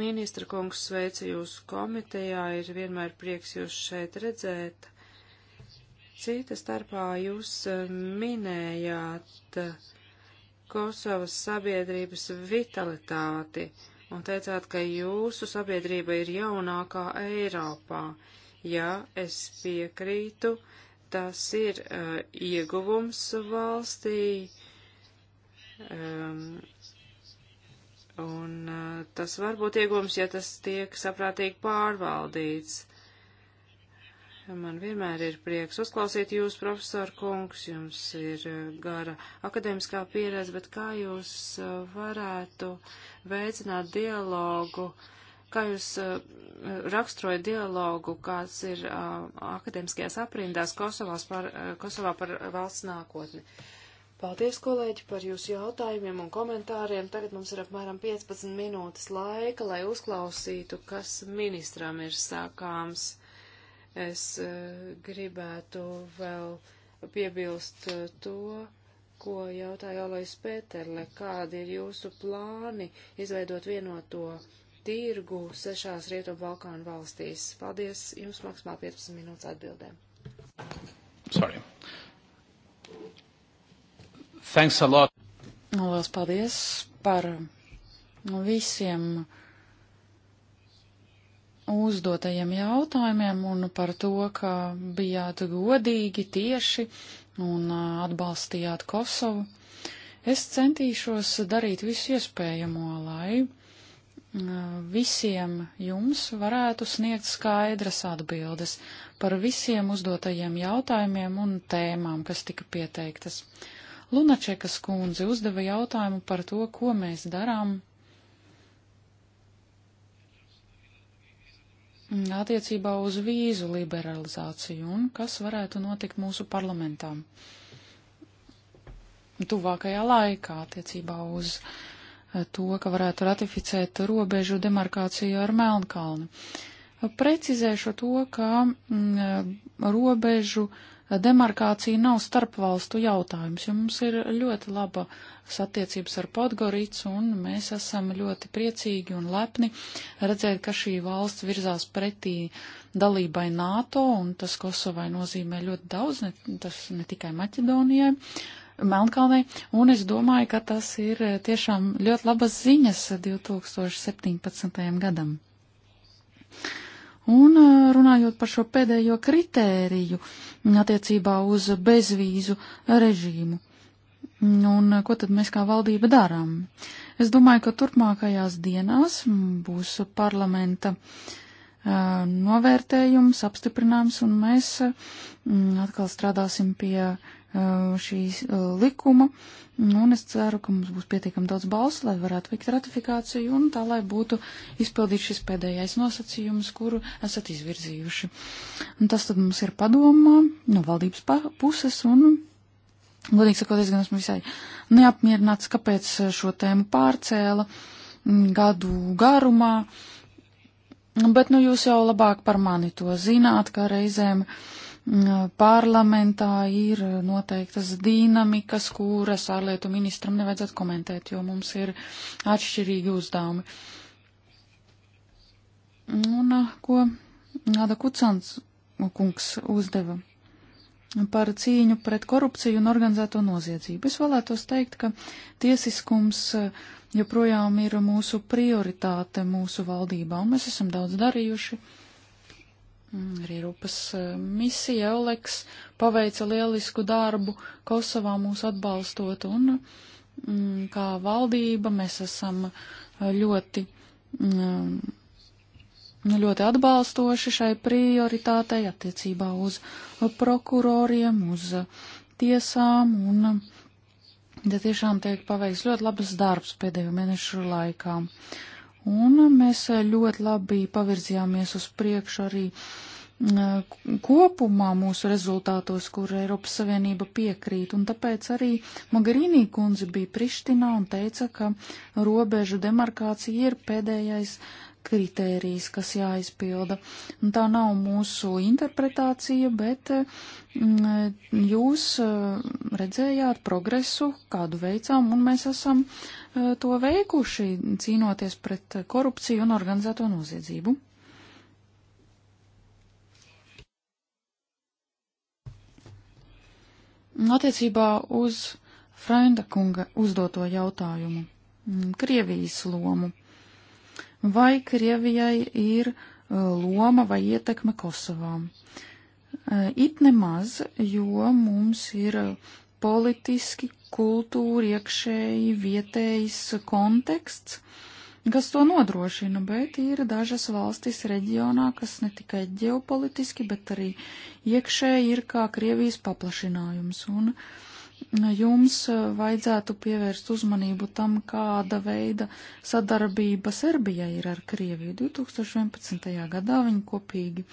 Ministra kungs sveicu jūs komitejā, ir vienmēr prieks jūs šeit redzēt. Cita starpā jūs eh, minējāt eh, Kosovas sabiedrības vitalitāti un teicāt, ka jūsu sabiedrība ir jaunākā Eiropā. Jā, es piekrītu, tas ir uh, ieguvums valstī, um, un uh, tas var būt ieguvums, ja tas tiek saprātīgi pārvaldīts. Man vienmēr ir prieks uzklausīt jūs, profesor kungs, jums ir eh, gara akadēmiskā pieredze, bet kā jūs eh, varētu veicināt dialogu, kā jūs eh, raksturojat dialogu, kāds ir akadēmiskajās aprindās Kosovās par, Kosovā par valsts nākotni? Paldies, kolēģi, par jūsu jautājumiem un komentāriem. Tagad mums ir apmēram 15 minūtes laika, lai uzklausītu, kas ministram ir sākāms. Es eh, gribētu vēl piebilst eh, to, ko jautāja Alois Pēterle, kādi ir jūsu plāni izveidot vienoto tirgu sešās Rietu Balkānu valstīs? Paldies, jums maksimāli 15 minūtes atbildēm. Sorry. Thanks a lot. Lielas paldies par visiem uzdotajiem jautājumiem un par to, ka bijāt godīgi, tieši un atbalstījāt Kosovu. Es centīšos darīt visu iespējamo, lai visiem jums varētu sniegt skaidras atbildes par visiem uzdotajiem jautājumiem un tēmām, kas tika pieteiktas. Lunačekas kundze uzdeva jautājumu par to, ko mēs darām attiecībā uz vīzu liberalizāciju un kas varētu notikt mūsu parlamentām tuvākajā laikā attiecībā uz eh, to, ka varētu ratificēt robežu demarkāciju ar Melnkalni. Precizēšu to, ka mm, eh, robežu uh, demarkācija nav starpvalstu jautājums, jo mums ir ļoti laba satiecības ar Podgoricu, un mēs esam ļoti priecīgi un lepni redzēt, ka šī valsts virzās pretī dalībai NATO, un tas Kosovai nozīmē ļoti daudz, ne, tas ne tikai Maķedonijai. Melnkalnei, un es domāju, ka tas ir tiešām ļoti labas ziņas 2017. gadam. Un uh, runājot par šo pēdējo kritēriju, uh, attiecībā uz bezvīzu režīmu. Un ko tad mēs kā valdība darām? Es domāju, ka turpmākajās dienās būs parlamenta novērtējums, apstiprinājums, un mēs atkal strādāsim pie Uh, šīs uh, likuma, un es ceru, ka mums būs pietiekami daudz balsu, lai varētu veikt ratifikāciju, un tā, lai būtu izpildīts šis pēdējais nosacījums, kuru esat izvirzījuši. Un tas tad mums ir padomā no valdības puses, un, godīgi sakot, es gan esmu visai neapmierināts, kāpēc šo tēmu pārcēla gadu garumā, bet, nu, jūs jau labāk par mani to zināt, kā reizēm. Uh, parlamentā ir noteiktas dinamikas, kuras ārlietu ministram nevajadzētu komentēt, jo mums ir atšķirīgi uzdevumi. Un ko Nāda Kucans kungs uzdeva par cīņu pret korupciju un organizēto noziedzību. Es vēlētos teikt, ka tiesiskums joprojām ir mūsu prioritāte mūsu valdībā, un mēs esam daudz darījuši. Uh, Mm, arī Rūpas eh, misija Euleks paveica lielisku darbu Kosovā mūs atbalstot, un mm, kā valdība mēs esam eh, ļoti, mm, nu, ļoti atbalstoši šai prioritātei attiecībā uz prokuroriem, uz tiesām, un ja tiešām tiek paveiks ļoti labs darbs pēdējo mēnešu laikā. Uh, Un mēs ļoti labi pavirzījāmies uz priekšu arī mm, kopumā mūsu rezultātos, kur Eiropas Savienība piekrīt, un tāpēc arī Magarīnī kundze bija Prištinā un teica, ka robežu demarkācija ir pēdējais kritērijas, kas jāizpilda. Un tā nav mūsu interpretācija, bet mm, jūs eh, redzējāt progresu, kādu veicām, un mēs esam eh, to veikuši, cīnoties pret korupciju un organizēto noziedzību. Attiecībā uz Freinda kunga uzdoto jautājumu, mm, Krievijas lomu vai Krievijai ir uh, loma vai ietekme Kosovā. Uh, it nemaz, jo mums ir uh, politiski, kultūra, iekšēji vietējs konteksts, kas to nodrošina, bet ir dažas valstis reģionā, kas ne tikai ģeopolitiski, bet arī iekšēji ir kā Krievijas paplašinājums. Un uh, jums eh, vajadzētu pievērst uzmanību tam, kāda veida sadarbība Serbijai ir ar Krieviju. 2011. gadā viņi kopīgi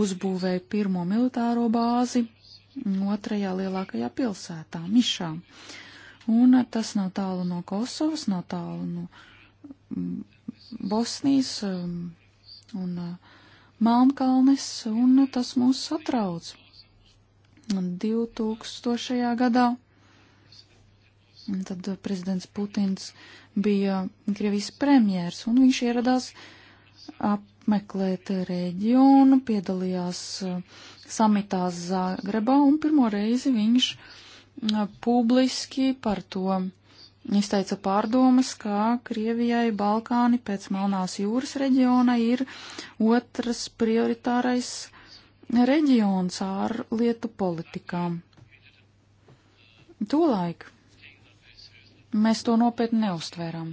uzbūvēja pirmo militāro bāzi otrajā lielākajā pilsētā, Mišā. Un eh, tas nav tālu no Kosovas, nav tālu no mm, Bosnijas mm, un eh, Melnkalnes, un tas mūs satrauc. 2000. gadā. Un tad prezidents Putins bija Krievijas premjērs, un viņš ieradās apmeklēt reģionu, piedalījās eh, samitā Zagrebā, un pirmo reizi viņš eh, publiski par to izteica pārdomas, ka Krievijai Balkāni pēc Melnās jūras reģiona ir otrs prioritārais reģions ārlietu politikām. Tolaik mēs to nopietni neustvērām,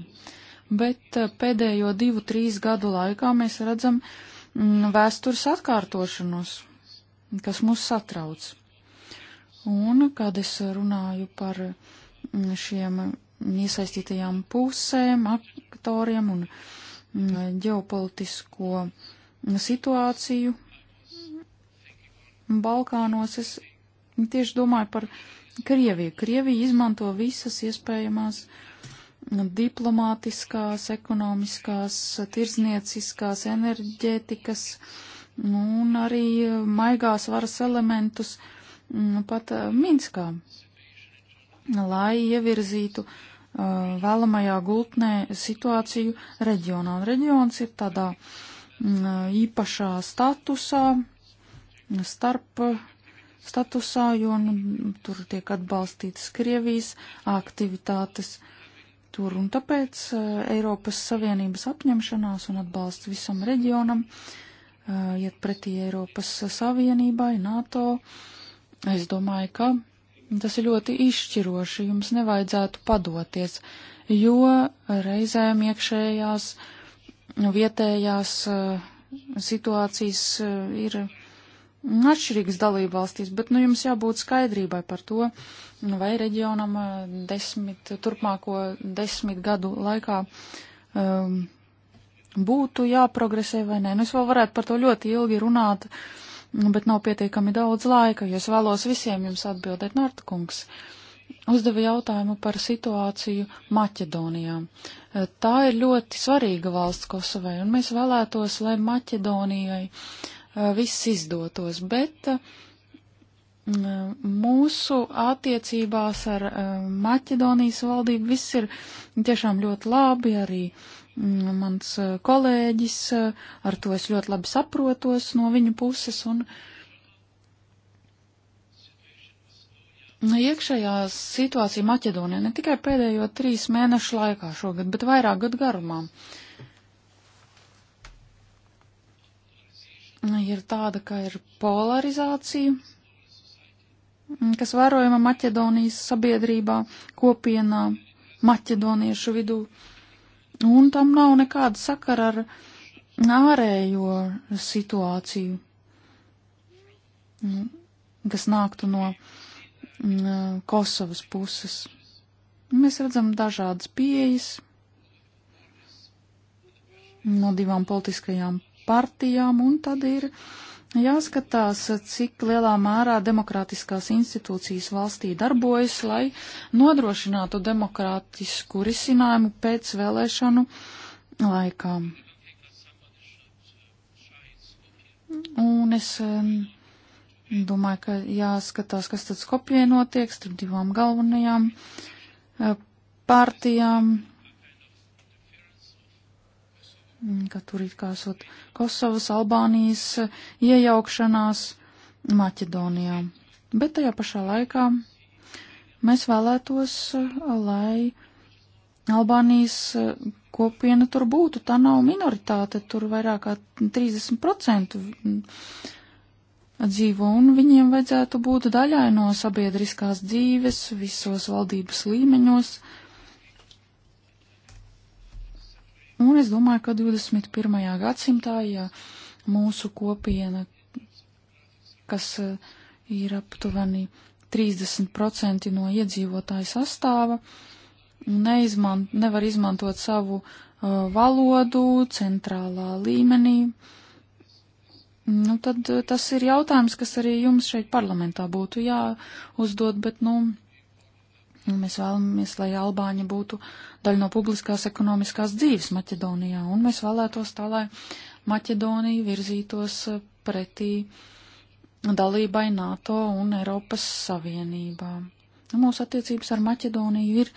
bet eh, pēdējo divu, trīs gadu laikā mēs redzam mm, vēstures atkārtošanos, kas mūs satrauc. Un, kad es runāju par mm, šiem iesaistītajām pusēm, aktoriem un mm, ģeopolitisko situāciju, Balkānos. Es tieši domāju par Krieviju. Krievija izmanto visas iespējamās diplomātiskās, ekonomiskās, tirdznieciskās, enerģētikas nu, un arī maigās varas elementus mm, pat Minskā, lai ievirzītu vēlamajā gultnē situāciju reģionā. Un reģions ir tādā mm, īpašā statusā, starp uh, statusā, jo nu, tur tiek atbalstītas Krievijas aktivitātes. Tur un tāpēc uh, Eiropas Savienības apņemšanās un atbalsts visam reģionam uh, iet pretī Eiropas Savienībai, NATO. Es domāju, ka tas ir ļoti izšķiroši. Jums nevajadzētu padoties, jo reizēm iekšējās vietējās situācijas ir atšķirīgas dalībvalstīs, bet nu, jums jābūt skaidrībai par to, nu, vai reģionam desmit, turpmāko desmit gadu laikā um, būtu jāprogresē vai nē. Nu, es vēl varētu par to ļoti ilgi runāt, bet nav pietiekami daudz laika, jo es vēlos visiem jums atbildēt, Nārtakungs. Uzdeva jautājumu par situāciju Maķedonijā. Tā ir ļoti svarīga valsts Kosovai, un mēs vēlētos, lai Maķedonijai uh, Eh, viss izdotos, bet eh, mūsu attiecībās ar eh, Maķedonijas valdību viss ir tiešām ļoti labi, arī mm, mans kolēģis, ar to es ļoti labi saprotos no viņa puses, un nu, iekšējā situācija Maķedonijā ne tikai pēdējo trīs mēnešu laikā šogad, bet vairāk gadu garumā. Uh, Nu, ir tāda, ka ir polarizācija, kas vērojama Maķedonijas sabiedrībā, kopienā, maķedoniešu vidū, un tam nav nekāda sakara ar ārējo situāciju, nu, kas nāktu no Kosovas puses. Mēs redzam dažādas pieejas no divām politiskajām partijām, un tad ir jāskatās, cik lielā mērā demokrātiskās institūcijas valstī darbojas, lai nodrošinātu demokrātisku risinājumu pēc vēlēšanu laikā. Un es um, domāju, ka jāskatās, kas tad Skopjē notiek starp divām galvenajām uh, partijām Mm, ka tur it kā esot Kosovas, Albānijas eh, iejaukšanās Maķedonijā. Bet tajā pašā laikā mēs vēlētos, eh, lai Albānijas eh, kopiena tur būtu. Tā nav minoritāte, tur vairāk kā 30% mm, dzīvo, un viņiem vajadzētu būt daļai no sabiedriskās dzīves visos valdības līmeņos. Uh, Un es domāju, ka 21. gadsimtā, ja mūsu kopiena, kas eh, ir aptuveni 30% no iedzīvotāju sastāva, neizman, nevar izmantot savu uh, valodu centrālā līmenī. Nu, tad eh, tas ir jautājums, kas arī jums šeit parlamentā būtu jāuzdod, bet, nu, Nu, mēs vēlamies, lai Albāņa būtu daļa no publiskās ekonomiskās dzīves Maķedonijā, un mēs vēlētos tā, lai Maķedonija virzītos eh, pretī dalībai NATO un Eiropas Savienībā. Nu, mūsu attiecības ar Maķedoniju ir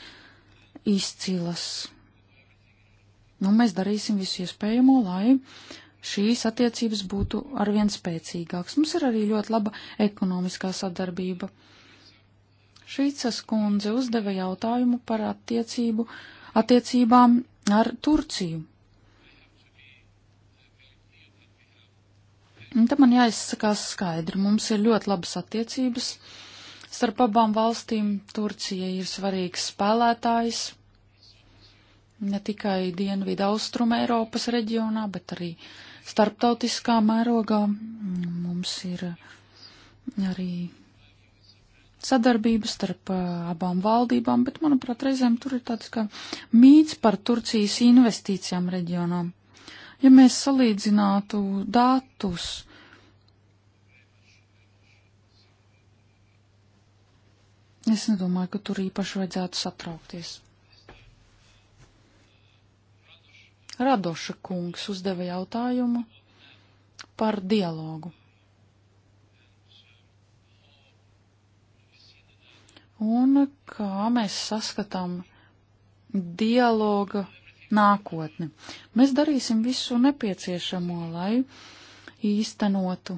izcilas. Un nu, mēs darīsim visu iespējamo, lai šīs attiecības būtu arvien spēcīgākas. Mums ir arī ļoti laba ekonomiskā sadarbība Šīcas kundze uzdeva jautājumu par attiecību, attiecībām ar Turciju. Un te man jāizsakās skaidri, mums ir ļoti labas attiecības starp abām valstīm. Turcija ir svarīgs spēlētājs ne tikai Dienvidu Austrum Eiropas reģionā, bet arī starptautiskā mērogā. Mums ir arī sadarbība starp uh, abām valdībām, bet, manuprāt, reizēm tur ir tāds kā mīts par Turcijas investīcijām reģionā. Ja mēs salīdzinātu datus, es nedomāju, ka tur īpaši vajadzētu satraukties. Radoša kungs uzdeva jautājumu par dialogu. un kā mēs saskatām dialoga nākotni. Mēs darīsim visu nepieciešamo, lai īstenotu,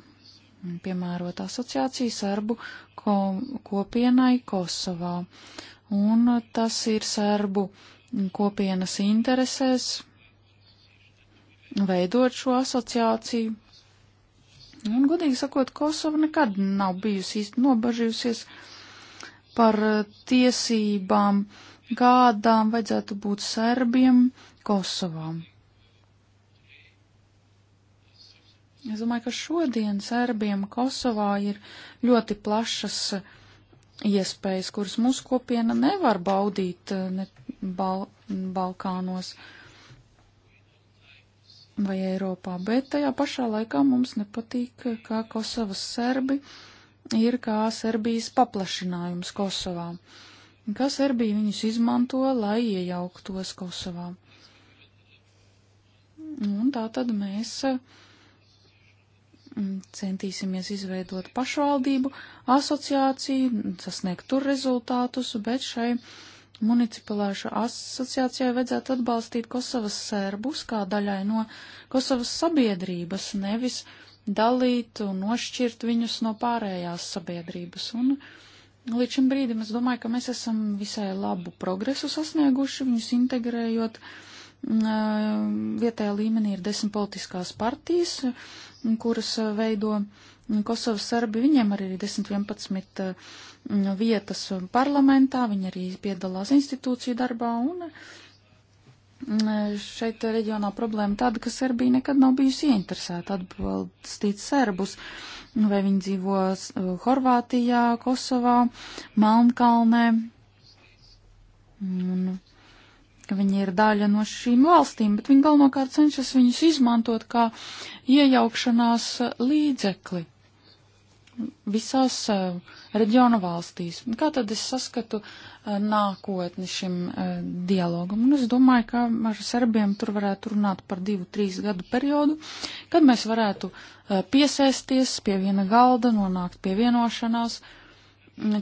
piemērot asociācijas serbu ko, kopienai Kosovā. Un tas ir serbu kopienas interesēs veidot šo asociāciju. Un, godīgi sakot, Kosova nekad nav bijusi īsti nobažījusies uh, par eh, tiesībām, kādām vajadzētu būt serbiem Kosovā. Es domāju, ka šodien serbiem Kosovā ir ļoti plašas eh, iespējas, kuras mūsu kopiena nevar baudīt eh, ne Bal Balkānos vai Eiropā, bet tajā pašā laikā mums nepatīk, kā Kosovas serbi uh, ir kā Serbijas paplašinājums Kosovā, kā Serbija viņus izmanto, lai iejauktos Kosovā. Un tā tad mēs eh, centīsimies izveidot pašvaldību asociāciju, sasniegt tur rezultātus, bet šai municipalāšu asociācijai vajadzētu atbalstīt Kosovas sērbus kā daļai no Kosovas sabiedrības, nevis uh, dalīt un nošķirt viņus no pārējās sabiedrības. Un līdz šim brīdim es domāju, ka mēs esam visai labu progresu sasnieguši, viņus integrējot. Vietējā līmenī ir desmit politiskās partijas, kuras veido Kosovas serbi, viņiem arī ir 10-11 vietas parlamentā, viņi arī piedalās institūciju darbā, un šeit reģionā problēma tāda, ka Serbija nekad nav bijusi ieinteresēta atbalstīt serbus, nu, vai viņi dzīvo uh, Horvātijā, Kosovā, Melnkalnē, un ka viņi ir daļa no šīm valstīm, bet viņi galvenokārt cenšas viņus izmantot kā iejaukšanās līdzekli visās reģiona valstīs. Kā tad es saskatu nākotni šim dialogam? Un es domāju, ka ar serbiem tur varētu runāt par divu, trīs gadu periodu, kad mēs varētu piesēsties pie viena galda, nonākt pie vienošanās,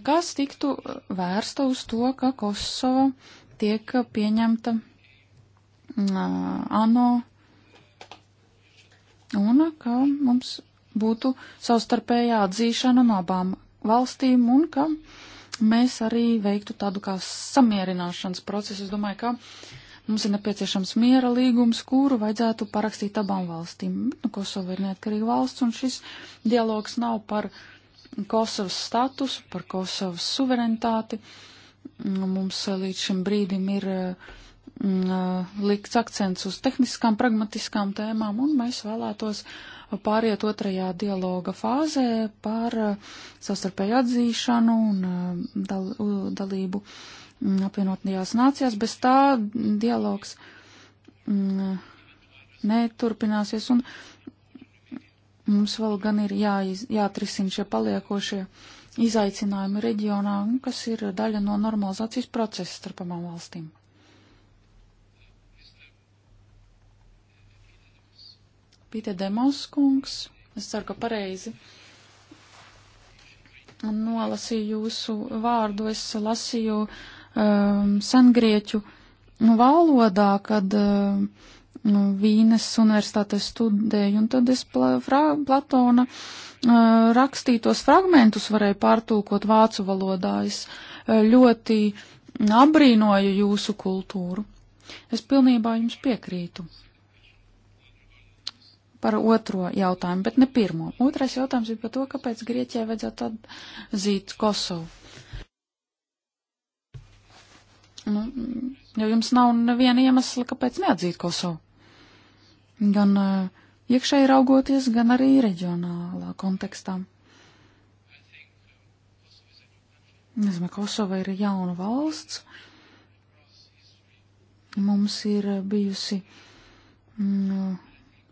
kas tiktu vērsta uz to, ka Kosova tiek pieņemta ANO un ka mums būtu savstarpējā atzīšana no abām valstīm un ka mēs arī veiktu tādu kā samierināšanas procesu. Es domāju, ka mums ir nepieciešams miera līgums, kuru vajadzētu parakstīt abām valstīm. Nu, Kosova ir neatkarīga valsts, un šis dialogs nav par Kosovas statusu, par Kosovas suverenitāti. Nu, mums eh, līdz šim brīdim ir uh, Mm, likts akcents uz tehniskām, pragmatiskām tēmām, un mēs vēlētos pāriet otrajā dialoga fāzē par savstarpēju atzīšanu un dal, dalību mm, apvienotajās nācijās. Bez tā dialogs mm, neturpināsies, un mums vēl gan ir jāiz, jāatrisina šie paliekošie izaicinājumi reģionā, kas ir daļa no normalizācijas procesa starp abām valstīm. Pīte Demoskungs, es ceru, ka pareizi nolasīju jūsu vārdu, es lasīju um, sengrieķu valodā, kad um, nu, Vīnes universitātē studēju, un tad es pla fra Platona uh, rakstītos fragmentus varēju pārtulkot vācu valodā. Es uh, ļoti abrīnoju jūsu kultūru. Es pilnībā jums piekrītu par otro jautājumu, bet ne pirmo. Otrais jautājums bija par to, kāpēc Grieķijai vajadzētu atzīt Kosovu. Nu, jo jums nav neviena iemesla, kāpēc neatzīt Kosovu. Gan uh, iekšēji raugoties, gan arī reģionālā kontekstā. Nezinu, Kosova ir jauna valsts. Mums ir bijusi. Mm,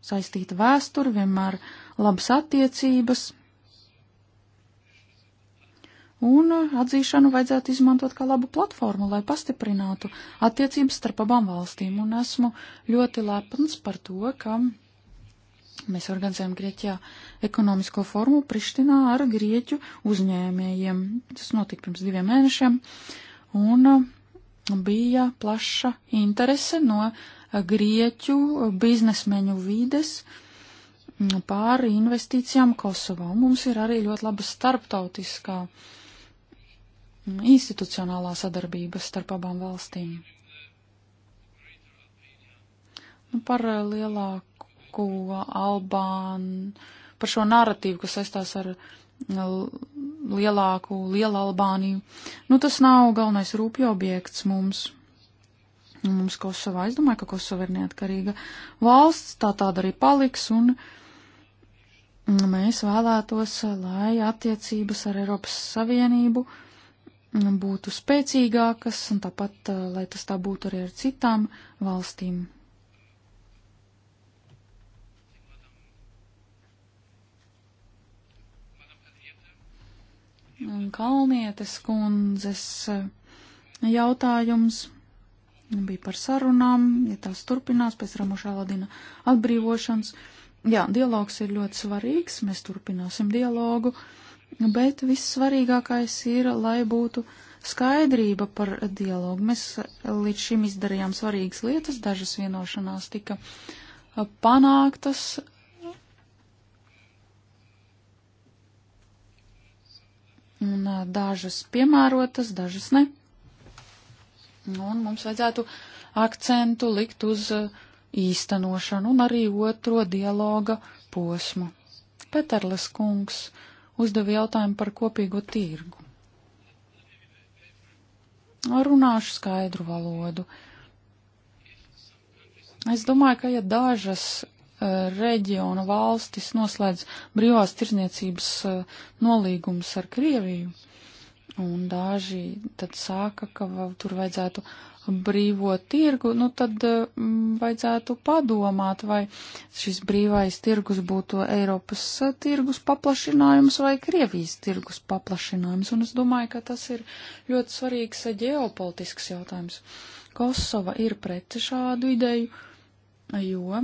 saistīta vēsture, vienmēr labas attiecības. Un atzīšanu vajadzētu izmantot kā labu platformu, lai pastiprinātu attiecības starp abām valstīm. Un esmu ļoti lepns par to, ka mēs organizējam Grieķijā ekonomisko formu Prištinā ar grieķu uzņēmējiem. Tas notika pirms diviem mēnešiem. Un bija plaša interese no uh, grieķu biznesmeņu vides mm, pāri investīcijām Kosovā. Un mums ir arī ļoti laba starptautiskā mm, institucionālā sadarbība starp abām valstīm. Nu, par lielāku Albānu, par šo narratīvu, kas saistās ar mm, lielāku, lielu Albāniju. Nu, tas nav galvenais rūpju objekts mums mums Kosovā. Es domāju, ka Kosova ir neatkarīga valsts, tā tāda arī paliks, un mēs vēlētos, lai attiecības ar Eiropas Savienību būtu spēcīgākas, un tāpat, eh, lai tas tā būtu arī ar citām valstīm. Kalnietes kundzes eh, jautājums bija par sarunām, ja tās turpinās pēc Ramuša Aladina atbrīvošanas. Jā, dialogs ir ļoti svarīgs, mēs turpināsim dialogu, bet vissvarīgākais ir, lai būtu skaidrība par dialogu. Mēs līdz šim izdarījām svarīgas lietas, dažas vienošanās tika panāktas. Un dažas piemērotas, dažas ne. Nu, un mums vajadzētu akcentu likt uz uh, īstenošanu un arī otro dialoga posmu. Peterles kungs uzdeva jautājumu par kopīgo tirgu. Runāšu skaidru valodu. Es domāju, ka ja dažas uh, reģiona valstis noslēdz brīvās tirzniecības uh, nolīgumus ar Krieviju, un daži tad sāka, ka tur vajadzētu brīvo tirgu, nu tad mm, vajadzētu padomāt, vai šis brīvais tirgus būtu Eiropas eh, tirgus paplašinājums vai Krievijas tirgus paplašinājums, un es domāju, ka tas ir ļoti svarīgs eh, ģeopolitisks jautājums. Kosova ir pret šādu ideju, jo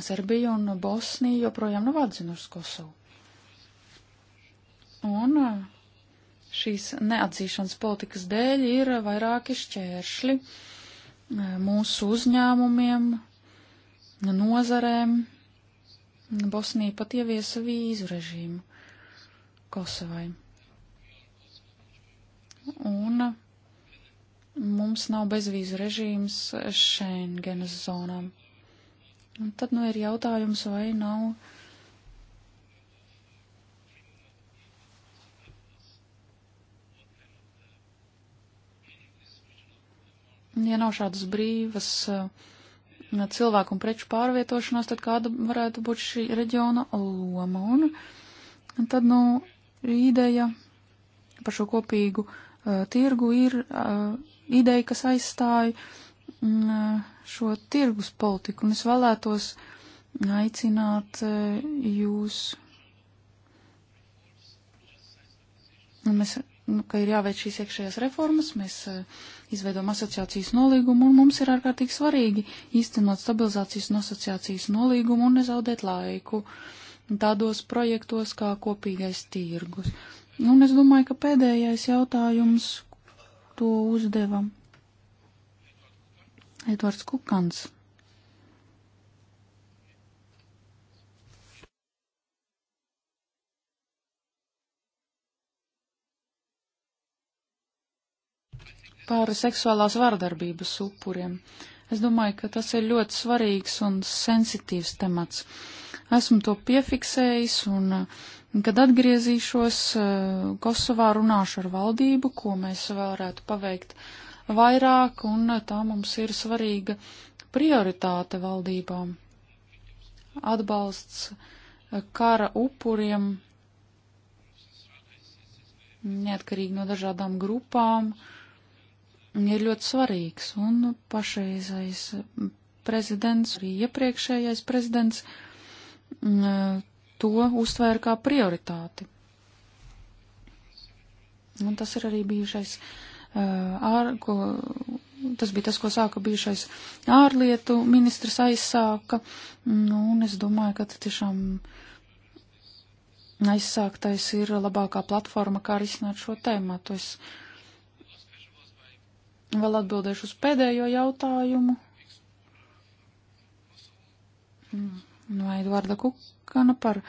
Serbija un Bosnija joprojām nav atzinušas Kosovu. Un uh, šīs neatzīšanas politikas dēļ ir vairāki šķēršļi e, mūsu uzņēmumiem, nozarēm. Bosnija pat ieviesa vīzu režīmu Kosovai. Un mums nav bezvīzu režīms Schengenas zonām. Un tad nu ir jautājums, vai nav Ja nav šādas brīvas eh, cilvēku un preču pārvietošanās, tad kāda varētu būt šī reģiona loma? Un tad, nu, ideja par šo kopīgu uh, tirgu ir uh, ideja, kas aizstāja uh, šo tirgus politiku, un es vēlētos aicināt uh, jūs. Un mēs nu, ka ir jāveic šīs iekšējās reformas, mēs uh, izveidojam asociācijas nolīgumu, un mums ir ārkārtīgi svarīgi īstenot stabilizācijas un asociācijas nolīgumu un nezaudēt laiku tādos projektos kā kopīgais tirgus. Un es domāju, ka pēdējais jautājums to uzdeva Edvards Kukans. par seksuālās vardarbības upuriem. Es domāju, ka tas ir ļoti svarīgs un sensitīvs temats. Esmu to piefiksējis un, uh, kad atgriezīšos uh, Kosovā, runāšu ar valdību, ko mēs varētu paveikt vairāk, un uh, tā mums ir svarīga prioritāte valdībām. Atbalsts kara upuriem, neatkarīgi no dažādām grupām, uh, ir ļoti svarīgs, un pašreizais prezidents, arī iepriekšējais prezidents mm, to uztvēra kā prioritāti. Un tas ir arī bijušais, ār, ko, tas bija tas, ko sāka bijušais ārlietu ministrs aizsāka, nu, un es domāju, ka tiešām aizsāktais ir labākā platforma, kā risināt šo tēmu. Es Vēl atbildēšu uz pēdējo jautājumu. Mm, no Edvarda Kukana par,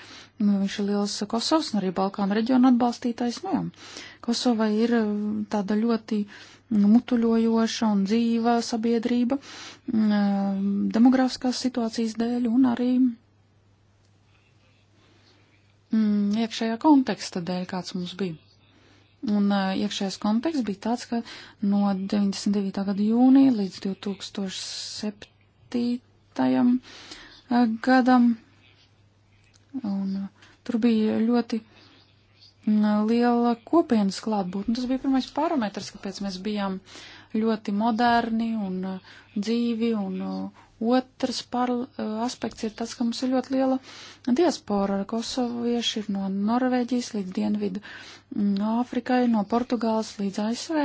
nu, viņš ir liels Kosovas un arī Balkāna reģiona atbalstītājs. Nu, jā, Kosova ir mm, tāda ļoti mm, mutuļojoša un dzīva sabiedrība demografiskās situācijas dēļ un arī iekšējā konteksta dēļ, kāds mums bija. Un iekšējais konteksts bija tāds, ka no 99. gada jūnija līdz 2007. gadam, un tur bija ļoti liela kopienas klātbūtne. Tas bija pirmais parametrs, kāpēc mēs bijām ļoti moderni un dzīvi un Otrs par, eh, aspekts ir tas, ka mums ir ļoti liela diaspora. Kosovieši ir no Norvēģijas līdz Dienvidu mm, Āfrikai, no Portugāles līdz ASV.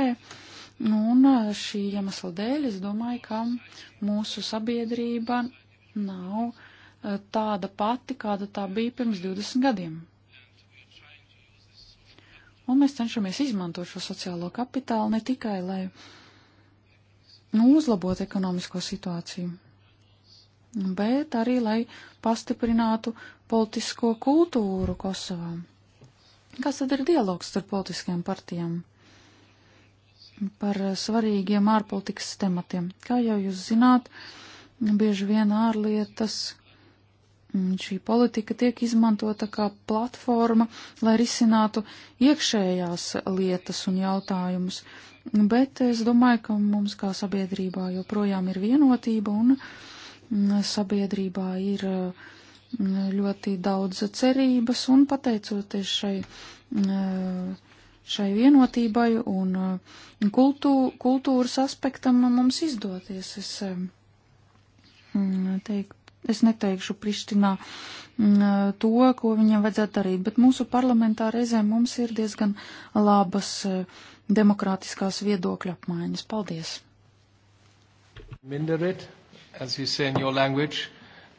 Nu, un eh, šī iemesla dēļ es domāju, ka mūsu sabiedrība nav eh, tāda pati, kāda tā bija pirms 20 gadiem. Un mēs cenšamies izmantot šo sociālo kapitālu ne tikai, lai nu, uzlabotu ekonomisko situāciju, bet arī, lai pastiprinātu politisko kultūru Kosovā. Kas tad ir dialogs ar politiskajām partijām par svarīgiem ārpolitikas tematiem? Kā jau jūs zināt, bieži vien ārlietas mm, šī politika tiek izmantota kā platforma, lai risinātu iekšējās lietas un jautājumus. Bet es domāju, ka mums kā sabiedrībā joprojām ir vienotība un uh, sabiedrībā ir mm, ļoti daudz cerības un pateicoties šai, mm, šai vienotībai un mm, kultū, kultūras aspektam mums izdoties. Es, teik, es neteikšu Prištinā to, ko viņam vajadzētu darīt, bet mūsu parlamentā reizē mums ir diezgan labas demokrātiskās viedokļa apmaiņas. Paldies! Minderet as you say in your language.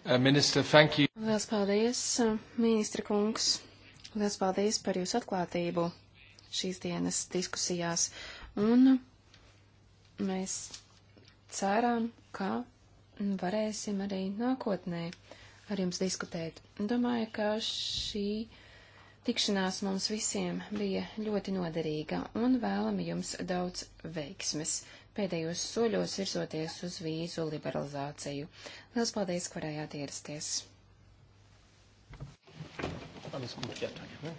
Uh, minister, thank you. Liels paldies, uh, ministra kungs. Liels paldies par jūsu atklātību šīs dienas diskusijās. Un mēs ceram, ka varēsim arī nākotnē ar jums diskutēt. Domāju, ka šī tikšanās mums visiem bija ļoti noderīga un vēlami jums daudz veiksmes pēdējos soļos virzoties uz vīzu liberalizāciju. Lielas paldies, ka varējāt ierasties. Alles gut, ja, danke. Ne?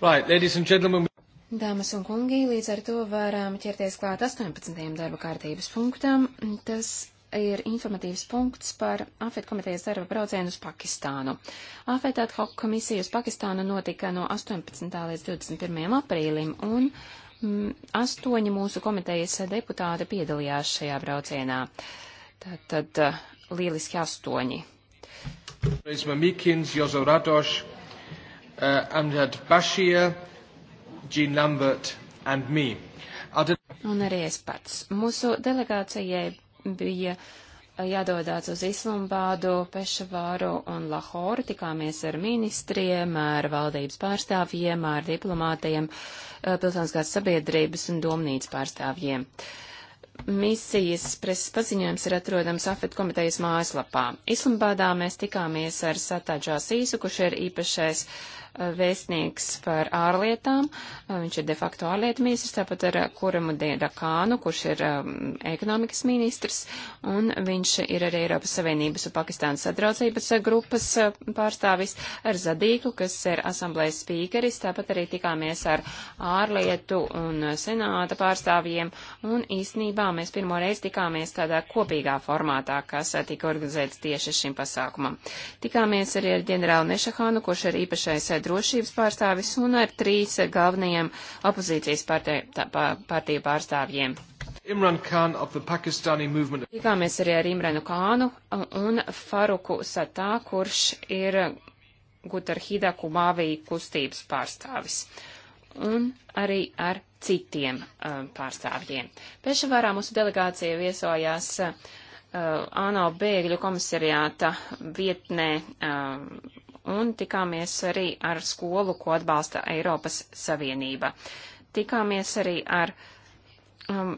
Right, ladies and gentlemen. Dāmas un kungi, līdz ar to varam ķerties klāt 18. darba kārtības punktam. Tas ir informatīvs punkts par AFET komitejas darba braucienu uz Pakistānu. AFET ad hoc komisija uz Pakistānu notika no 18. līdz 21. aprīlim, un mm, astoņi mūsu komitejas deputāti piedalījās šajā braucienā. Tātad eh, lieliski astoņi. Reizma Mikins, Jozo Radoš, uh, Amjad Bashir, Jean Lambert and me. Un arī es pats. Mūsu delegācijai bija jādodās uz Islumbādu, Pešavāru un Lahoru. Tikāmies ar ministriem, ar valdības pārstāvjiem, ar diplomātiem, eh, pilsoniskās sabiedrības un domnīcas pārstāvjiem. Misijas preses paziņojums ir atrodams Afet komitejas mājaslapā. Islumbādā mēs tikāmies ar Satā Džāsīsu, kurš ir īpašais uh, vēstnieks par ārlietām, viņš ir de facto ārlietu ministrs, tāpat ar Kuramu Dēdakānu, kurš ir um, ekonomikas ministrs, un viņš ir arī Eiropas Savienības un Pakistānas sadraudzības grupas pārstāvis ar Zadīku, kas ir asamblējas spīkeris, tāpat arī tikāmies ar ārlietu un senāta pārstāvjiem, un īsnībā mēs pirmo reizi tikāmies tādā kopīgā formātā, kas tika organizēts tieši šim pasākumam. Tikāmies arī ar ģenerālu Nešahānu, kurš ir īpašais drošības pārstāvis un ar trīs galvenajiem opozīcijas partiju pārstāvjiem. Imran Khan of the Pakistani movement. Tikāmies arī ar Imranu Kānu un Faruku Satā, kurš ir Gutarhida Kumāvī kustības pārstāvis. Un arī ar citiem um, pārstāvjiem. Pešavarā mūsu delegācija viesojās uh, ANO bēgļu komisariāta vietnē um, un tikāmies arī ar skolu, ko atbalsta Eiropas Savienība. Tikāmies arī ar um,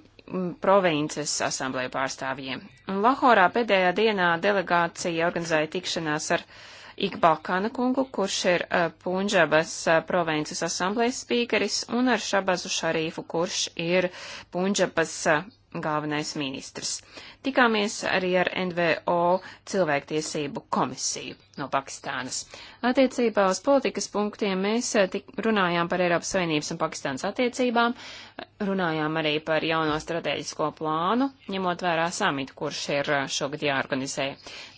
provinces asamblēju pārstāvjiem. Un Lahorā pēdējā dienā delegācija organizēja tikšanās ar Ikbalkana kungu, kurš ir uh, Punžabas uh, provinces asamblējas spīkeris, un ar Šabazu Šarīfu, kurš ir Punžabas uh, galvenais ministrs. Tikāmies arī ar NVO cilvēktiesību komisiju no Pakistānas. Attiecībā uz politikas punktiem mēs eh, runājām par Eiropas Savienības un Pakistānas attiecībām, runājām arī par jauno strateģisko plānu, ņemot vērā samitu, kurš ir eh, šogad jāorganizē.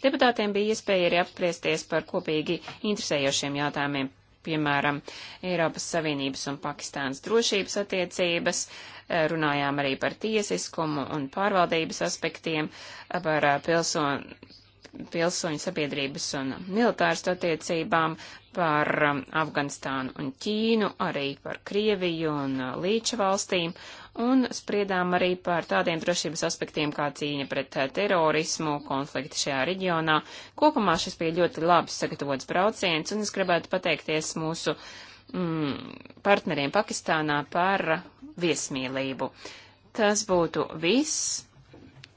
Deputātiem bija iespēja arī apspriesties par kopīgi interesējošiem jautājumiem piemēram, Eiropas Savienības un Pakistānas drošības attiecības, uh, runājām arī par tiesiskumu un pārvaldības aspektiem, par pilson, pilsoņu sabiedrības un militārstu attiecībām, par Afganistānu un Ķīnu, arī par Krieviju un Līča valstīm, un spriedām arī par tādiem drošības aspektiem kā cīņa pret terorismu, konflikti šajā reģionā. Kopumā šis bija ļoti labi sagatavots brauciens, un es gribētu pateikties mūsu uh, mm, partneriem Pakistānā par viesmīlību. Tas būtu viss.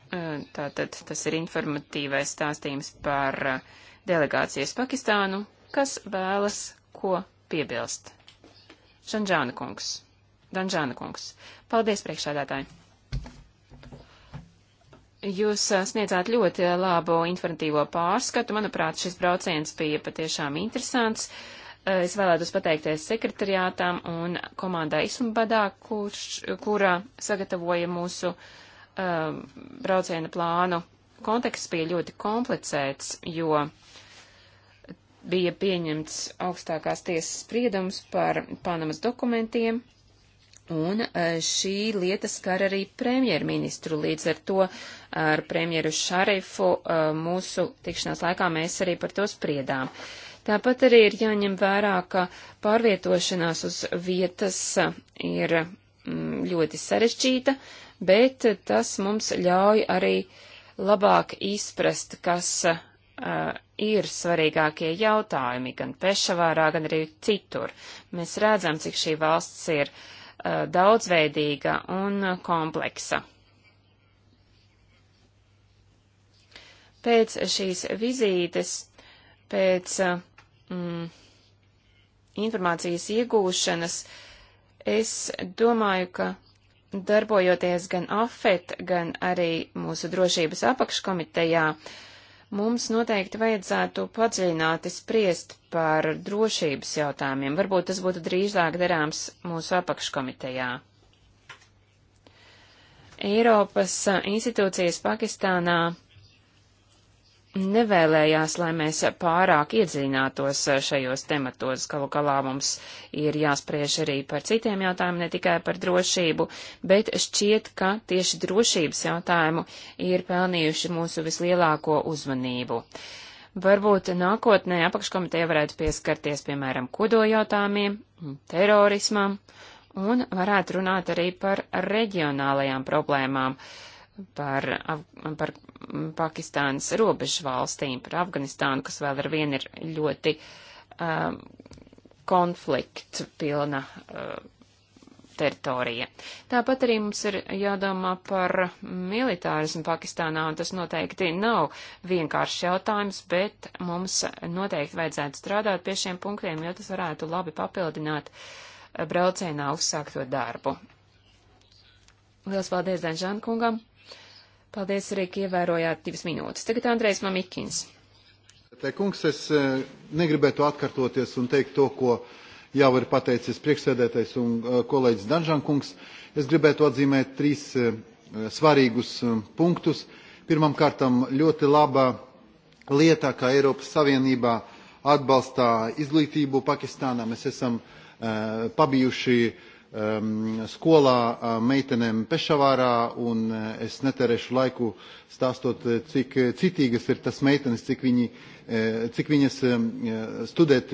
Eh, tātad tas ir informatīvais stāstījums par eh, delegācijas Pakistānu, kas vēlas ko piebilst. Šanģāna kungs. Danžāna kungs. Paldies priekšādātāji. Jūs eh, sniedzāt ļoti labu informatīvo pārskatu. Manuprāt, šis brauciens bija patiešām interesants. Uh, Es vēlētos pateikties sekretariātām un komandai Isumbadā, kurš, kura sagatavoja mūsu um, brauciena plānu. Konteksts bija ļoti komplicēts, jo bija pieņemts augstākās tiesas spriedums par Panamas dokumentiem, un uh, šī lieta skar arī premjerministru. Līdz ar to ar premjeru Šarifu uh, mūsu tikšanās laikā mēs arī par to spriedām. Uh, Tāpat arī ir jāņem vērā, ka pārvietošanās uz vietas uh, ir mm, ļoti sarežģīta, bet tas mums ļauj arī labāk izprast, kas uh, ir svarīgākie jautājumi gan Pešavārā, gan arī citur. Mēs redzam, cik šī valsts ir uh, daudzveidīga un kompleksa. Pēc šīs vizītes, pēc uh, mm, informācijas iegūšanas, es domāju, ka darbojoties gan AFET, gan arī mūsu drošības apakškomitejā, mums noteikti vajadzētu padziļināti spriest par drošības jautājumiem. Varbūt tas būtu drīzāk darāms mūsu apakškomitejā. Eiropas institūcijas Pakistānā nevēlējās, lai mēs pārāk iedziļinātos šajos tematos. Galu galā mums ir jāspriež arī par citiem jautājumiem, ne tikai par drošību, bet šķiet, ka tieši drošības jautājumu ir pelnījuši mūsu vislielāko uzmanību. Varbūt nākotnē apakškomiteja varētu pieskarties, piemēram, kodojautājumiem, terorismam, un varētu runāt arī par reģionālajām problēmām. Uh, par, par Pakistānas robežu valstīm, par Afganistānu, kas vēl ar vienu ir ļoti um, konfliktu pilna uh, teritorija. Tāpat arī mums ir jādomā par militārismu Pakistānā, un tas noteikti nav vienkāršs jautājums, bet mums noteikti vajadzētu strādāt pie šiem punktiem, jo tas varētu labi papildināt uh, braucienā uzsākto darbu. Liels paldies Danžānkungam! Paldies arī, ka ievērojāt divas minūtes. Tagad Andrejs Mamikins. Te kungs, es eh, negribētu atkārtoties un teikt to, ko jau ir pateicis priekšsēdētais un eh, kolēģis Danžan kungs. Es gribētu atzīmēt trīs eh, svarīgus punktus. Pirmkārt, ļoti laba lieta, ka Eiropas Savienībā atbalstā izglītību Pakistānā. Mēs esam pabijuši uh, um, skolā meitenēm Pešavārā, un e, es neterēšu laiku stāstot, e, cik e, citīgas ir tas meitenes, cik, viņi, cik viņas studēt,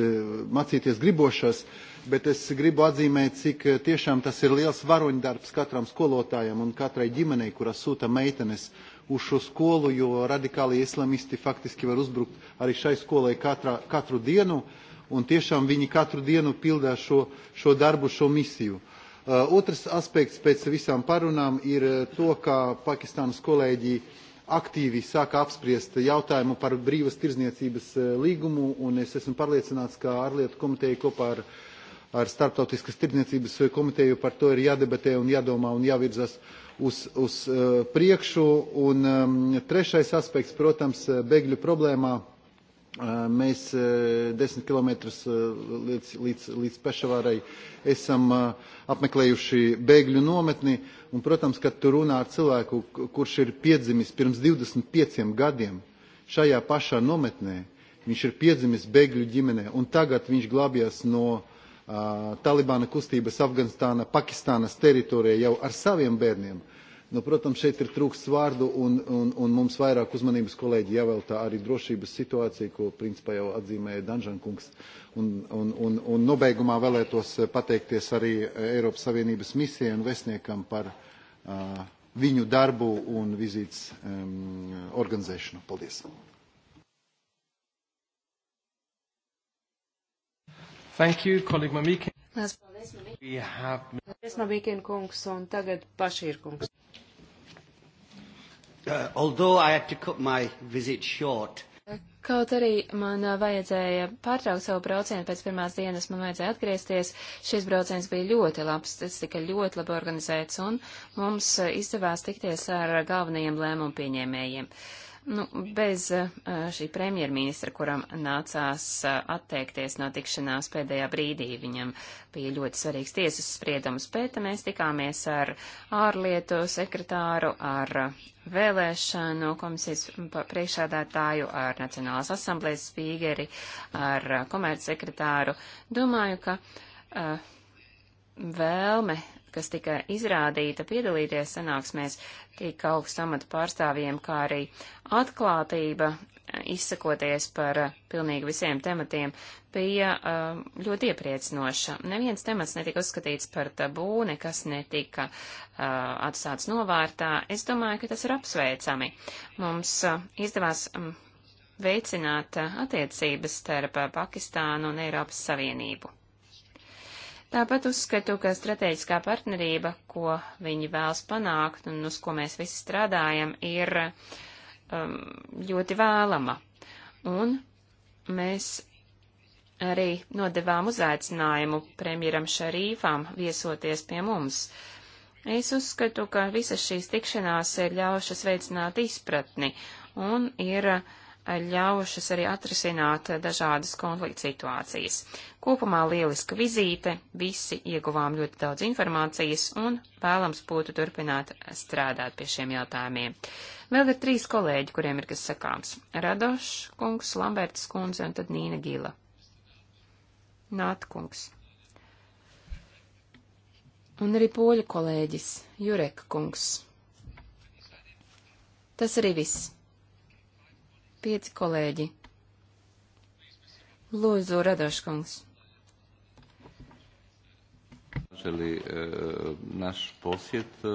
mācīties gribošas, bet es gribu atzīmēt, cik tiešām tas ir liels varoņdarbs katram skolotājam un katrai ģimenei, kuras sūta meitenes uz šo skolu, jo radikāli islamisti faktiski var uzbrukt arī šai skolai katrā, katru dienu. Uh, un tiešām viņi katru dienu pildā šo, šo darbu, šo misiju. Uh, otrs aspekts pēc visām parunām ir uh, to, kā Pakistānas kolēģi aktīvi sāka apspriest jautājumu par brīvas tirzniecības uh, līgumu, un es esmu pārliecināts, ka ārlietu komiteja kopā ar ar starptautiskas tirdzniecības komiteju par to ir jādebatē un jādomā un jāvirzās uz, uz uh, priekšu. Un um, trešais aspekts, protams, uh, bēgļu problēmā mēs 10 km līdz, līdz, līdz Pešavārai esam apmeklējuši bēgļu nometni. Un, protams, kad tu runā ar cilvēku, kurš ir piedzimis pirms 25 gadiem šajā pašā nometnē, viņš ir piedzimis bēgļu ģimenē, un tagad viņš glābjas no uh, Talibāna kustības Afganistāna, Pakistānas teritorijā jau ar saviem bērniem – Nu, protams, šeit ir trūksts vārdu un, un, un mums vairāk uzmanības kolēģi jāveltā arī drošības situācija, ko principā jau atzīmēja Danžankungs. Un, un, un, un nobeigumā vēlētos eh, pateikties arī eh, Eiropas Savienības misijai un vēstniekam par uh, viņu darbu un vizītes um, organizēšanu. Paldies! Thank you, colleague Mamike. Paldies, Mamike. Have... Paldies, Mamike kungs, un tagad Bašīr kungs. Uh, although I had to cut my visit short. Kaut arī man uh, vajadzēja pārtraukt savu braucienu pēc pirmās dienas, man vajadzēja atgriezties. Šis brauciens bija ļoti labs, tas tika ļoti labi organizēts, un mums uh, izdevās tikties ar galvenajiem lēmumu pieņēmējiem. Uh, Nu, bez eh, šī premjerministra, kuram nācās eh, atteikties no tikšanās pēdējā brīdī, viņam bija ļoti svarīgs tiesas spriedums, bet mēs tikāmies ar ārlietu sekretāru, ar vēlēšanu komisijas priekšādātāju, ar Nacionālās asamblējas spīgeri, ar eh, komercsekretāru. Domāju, ka uh, vēlme kas tika izrādīta piedalīties sanāksmēs, tika augstamata pārstāvjiem, kā arī atklātība, izsakoties par eh, pilnīgi visiem tematiem, bija eh, ļoti iepriecinoša. Neviens temats netika uzskatīts par tabū, nekas netika eh, atstāts novārtā. Es domāju, ka tas ir apsveicami. Mums izdevās mm, veicināt attiecības starp Pakistānu un Eiropas Savienību. Tāpat uzskatu, ka strateģiskā partnerība, ko viņi vēlas panākt un uz ko mēs visi strādājam, ir um, ļoti vēlama. Un mēs arī nodevām uzaicinājumu premjeram Šarīfam viesoties pie mums. Es uzskatu, ka visas šīs tikšanās ir ļaušas veicināt izpratni un ir uh, ļaušas arī atrisināt dažādas konflikta situācijas. Kopumā lieliska vizīte, visi ieguvām ļoti daudz informācijas un vēlams būtu turpināt strādāt pie šiem jautājumiem. Vēl ir trīs kolēģi, kuriem ir kas sakāms - Radošs kungs, Lamberts kundze un tad Nīna Gila. Nāt kungs. Un arī poļu kolēģis Jurek kungs. Tas arī viss pieci kolēģi. Lūdzu, Radoškungs. Želi e, naš posjet, e,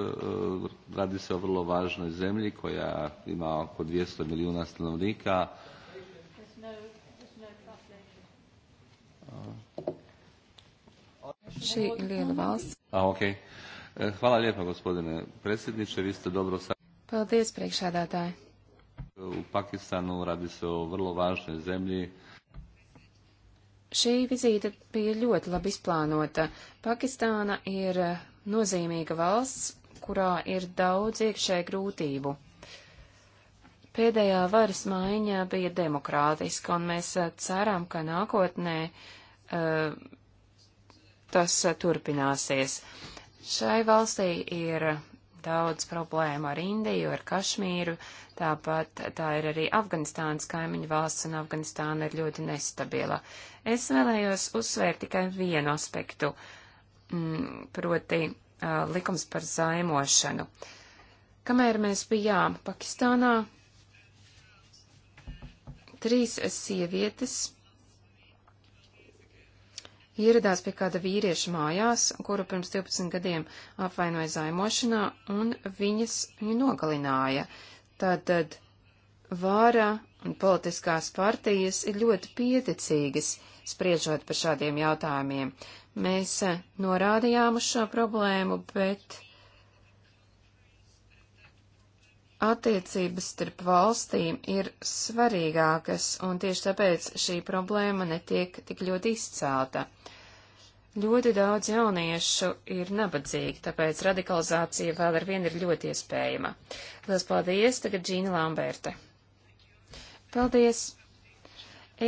radi se o vrlo važnoj zemlji koja ima oko 200 milijuna stanovnika. Šī liela valsts. Ah, okay. E, hvala lijepa, gospodine predsjedniče. Vi ste dobro sa... Paldies, priekšādātāji. U Pakistanu radi se o vrlo važnoj zemlji. Šī vizīte bija ļoti labi izplānota. Pakistāna ir nozīmīga valsts, kurā ir daudz iekšēju grūtību. Pēdējā varas maiņa bija demokrātiska, un mēs eh, ceram, ka nākotnē uh, tas eh, turpināsies. Šai valstī ir daudz problēmu ar Indiju, ar Kašmīru, tāpat tā ir arī Afganistānas kaimiņu valsts, un Afganistāna ir ļoti nestabila. Es vēlējos uzsvērt tikai vienu aspektu, mm, proti uh, likums par zaimošanu. Kamēr mēs bijām Pakistānā, trīs sievietes ieradās pie kāda vīrieša mājās, kuru pirms 12 gadiem apvainoja zaimošanā, un viņas viņu nogalināja. Tātad vāra un politiskās partijas ir ļoti pieticīgas, spriežot par šādiem jautājumiem. Mēs eh, norādījām uz šo problēmu, bet attiecības starp valstīm ir svarīgākas, un tieši tāpēc šī problēma netiek tik ļoti izcēlta. Ļoti daudz jauniešu ir nabadzīgi, tāpēc radikalizācija vēl ar vienu ir ļoti iespējama. Lielas paldies, tagad Džīna Lamberte. Paldies!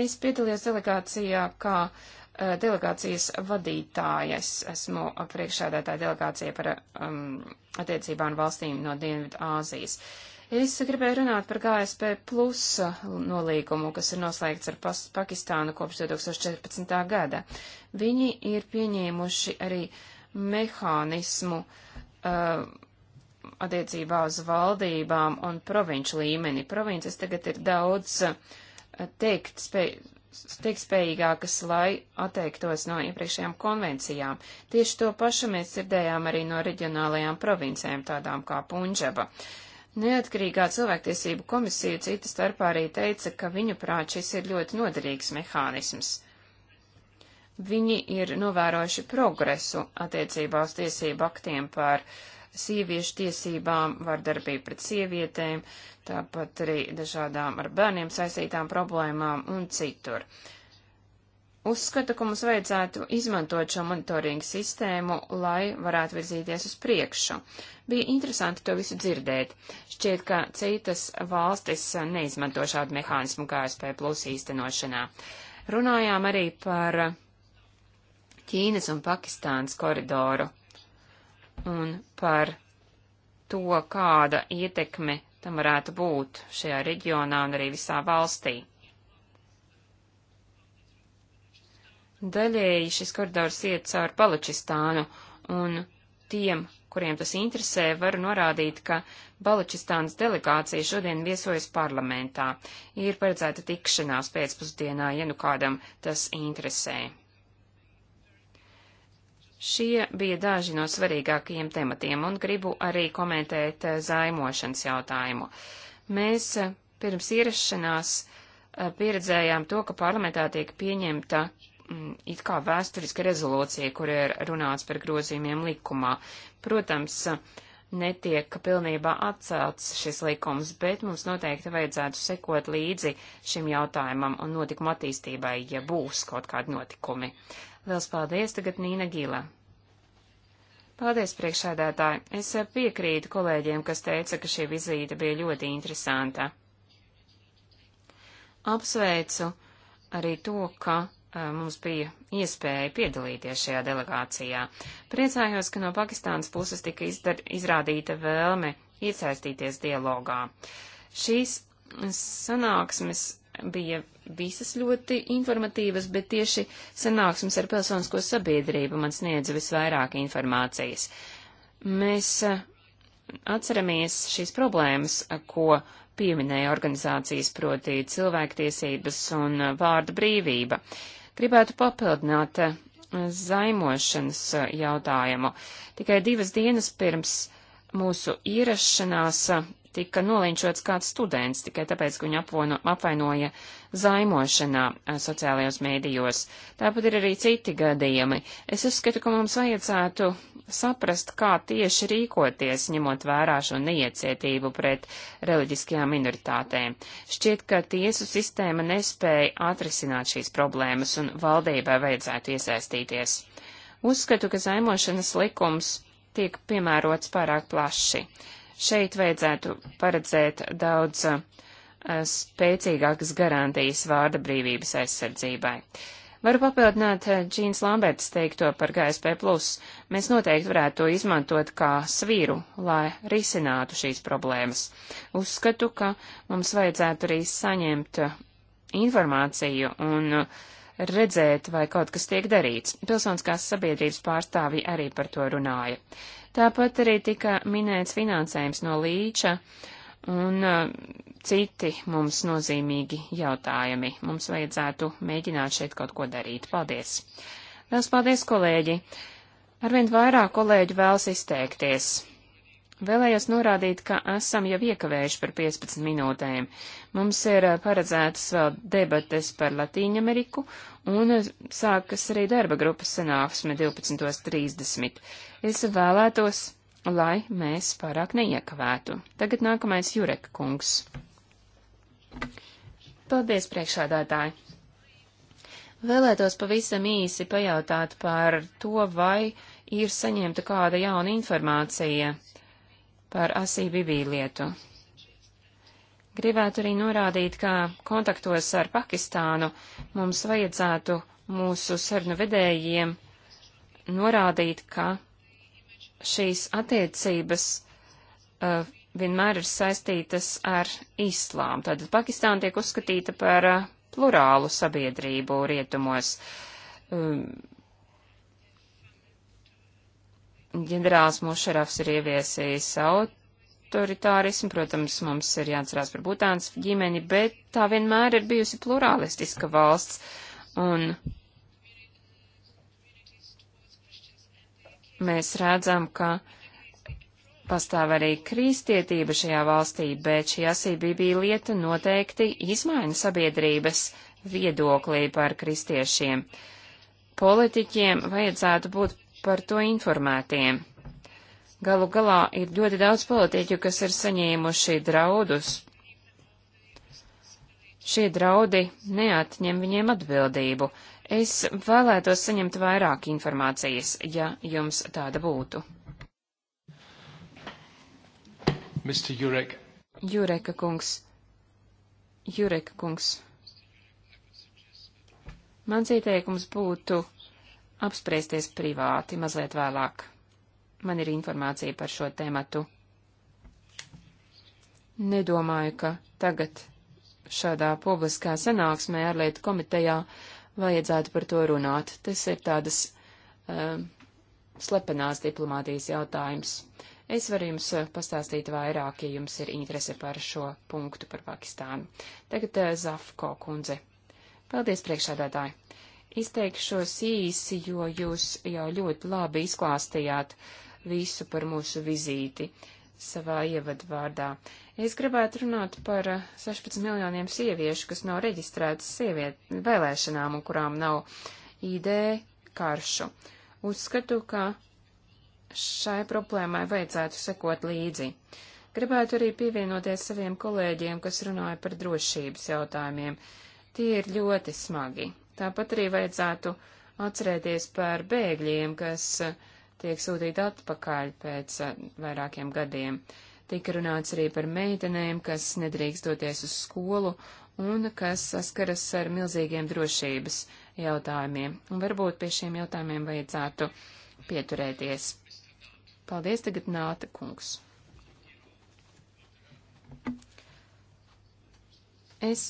Es piedalījos delegācijā kā Eh, delegācijas vadītājas. Esmu priekšādātāja delegācija par um, attiecībām valstīm no Dienvidu Āzijas. Es gribēju runāt par GSP plus uh, nolīgumu, kas ir noslēgts ar Pakistānu kopš 2014. gada. Viņi ir pieņēmuši arī mehānismu uh, attiecībā uz valdībām un provinču līmeni. Provinces tagad ir daudz uh, teikt, spēj, tiek spējīgākas, lai atteiktos no iepriekšējām konvencijām. Tieši to pašu mēs dzirdējām arī no reģionālajām provincēm, tādām kā Punžaba. Neatkarīgā cilvēktiesību komisija cita starpā arī teica, ka viņu prāt šis ir ļoti noderīgs mehānisms. Viņi ir novērojuši progresu attiecībā uz tiesību aktiem par uh, sieviešu tiesībām, vardarbību pret sievietēm, tāpat arī dažādām ar bērniem saistītām problēmām un citur. Uzskatu, ka mums vajadzētu izmantot šo monitoringu sistēmu, lai varētu virzīties uz priekšu. Bija interesanti to visu dzirdēt. Šķiet, ka citas valstis neizmanto šādu mehānismu KSP plus īstenošanā. Runājām arī par Ķīnas un Pakistānas koridoru un par to, kāda ietekme tam varētu būt šajā reģionā un arī visā valstī. Daļēji šis koridors iet caur Baločistānu, un tiem, kuriem tas interesē, varu norādīt, ka Baločistānas delegācija šodien viesojas parlamentā. Ir paredzēta tikšanās pēcpusdienā, ja nu kādam tas interesē. Šie bija daži no svarīgākajiem tematiem, un gribu arī komentēt eh, zaimošanas jautājumu. Mēs eh, pirms ierašanās eh, pieredzējām to, ka parlamentā tiek pieņemta mm, it kā vēsturiska rezolūcija, kur ir runāts par grozījumiem likumā. Protams, netiek pilnībā atcelts šis likums, bet mums noteikti vajadzētu sekot līdzi šim jautājumam un notikumu attīstībai, ja būs kaut kādi notikumi. Vēls paldies tagad Nīna Gila. Paldies, priekšādātāji. Es piekrītu kolēģiem, kas teica, ka šī vizīte bija ļoti interesanta. Apsveicu arī to, ka eh, mums bija iespēja piedalīties šajā delegācijā. Priecājos, ka no Pakistānas puses tika izdar, izrādīta vēlme iesaistīties dialogā. Šīs sanāksmes bija visas ļoti informatīvas, bet tieši sanāksmes ar pilsonisko sabiedrību man sniedza visvairāk informācijas. Mēs eh, atceramies šīs problēmas, eh, ko pieminēja organizācijas proti cilvēktiesības un eh, vārda brīvība. Gribētu papildināt zaimošanas jautājumu. Tikai divas dienas pirms mūsu ierašanās tika nolinčots kāds students tikai tāpēc, ka viņu apvono, apvainoja zaimošanā eh, sociālajos mēdījos. Tāpat ir arī citi gadījumi. Es uzskatu, ka mums vajadzētu saprast, kā tieši rīkoties, ņemot vērā šo neiecietību pret reliģiskajām minoritātēm. Šķiet, ka tiesu sistēma nespēja atrisināt šīs problēmas un valdībai vajadzētu iesaistīties. Uzskatu, ka zaimošanas likums tiek piemērots pārāk plaši. Šeit vajadzētu paredzēt daudz uh, spēcīgākas garantijas vārda brīvības aizsardzībai. Varu papildināt eh, Džīns Lamberts teikto par GSP. Mēs noteikti varētu to izmantot kā svīru, lai risinātu šīs problēmas. Uzskatu, ka mums vajadzētu arī saņemt eh, informāciju un redzēt, vai kaut kas tiek darīts. Pilsoniskās sabiedrības pārstāvji arī par to runāja. Tāpat arī tika minēts finansējums no līča un uh, citi mums nozīmīgi jautājumi. Mums vajadzētu mēģināt šeit kaut ko darīt. Paldies! Liels paldies, kolēģi! Arvien vairāk kolēģi vēlas izteikties. Vēlējos norādīt, ka esam jau iekavējuši par 15 minūtēm. Mums ir paredzētas vēl debates par Latīņu Ameriku, un sākas arī darba grupas sanāksme 12.30. Es vēlētos, lai mēs pārāk neiekavētu. Tagad nākamais Jurek kungs. Paldies, priekšādātāji! Vēlētos pavisam īsi pajautāt par to, vai ir saņemta kāda jauna informācija par Asī Bibī lietu. Gribētu arī norādīt, ka kontaktos ar Pakistānu mums vajadzētu mūsu sarunu vedējiem norādīt, ka šīs attiecības uh, vienmēr ir saistītas ar islāmu. Tātad Pakistāna tiek uzskatīta par uh, plurālu sabiedrību rietumos. Um, ģenerālis Mušarafs ir ieviesījis autoritārismu, protams, mums ir jāatcerās par Butānas ģimeni, bet tā vienmēr ir bijusi pluralistiska valsts, un mēs redzam, ka pastāv arī kristietība šajā valstī, bet šī asībībī lieta noteikti izmaina sabiedrības viedoklī par kristiešiem. Politiķiem vajadzētu būt par to informētiem. Galu galā ir ļoti daudz politiķu, kas ir saņēmuši draudus. Šie draudi neatņem viņiem atbildību. Es vēlētos saņemt vairāk informācijas, ja jums tāda būtu. Mr. Jurek. Jureka kungs. Jureka kungs. Mans ieteikums būtu apspriesties privāti mazliet vēlāk. Man ir informācija par šo tēmatu. Nedomāju, ka tagad šādā publiskā sanāksmē ārlietu komitejā vajadzētu par to runāt. Tas ir tādas um, slepenās diplomātijas jautājums. Es varu jums uh, pastāstīt vairāk, ja jums ir interese par šo punktu par Pakistānu. Tagad uh, Zafko kundze. Paldies priekšādātāji. Izteikšos īsi, jo jūs jau ļoti labi izklāstījāt visu par mūsu vizīti savā ievadvārdā. Es gribētu runāt par 16 miljoniem sieviešu, kas nav reģistrētas sieviet vēlēšanām un kurām nav ID karšu. Uzskatu, ka šai problēmai vajadzētu sekot līdzi. Gribētu arī pievienoties saviem kolēģiem, kas runāja par drošības jautājumiem. Tie ir ļoti smagi. Tāpat arī vajadzētu atcerēties par bēgļiem, kas tiek sūtīti atpakaļ pēc eh, vairākiem gadiem. Tika runāts arī par meitenēm, kas nedrīkst doties uz skolu un kas saskaras ar milzīgiem drošības jautājumiem. Un varbūt pie šiem jautājumiem vajadzētu pieturēties. Paldies tagad Nāta kungs. Es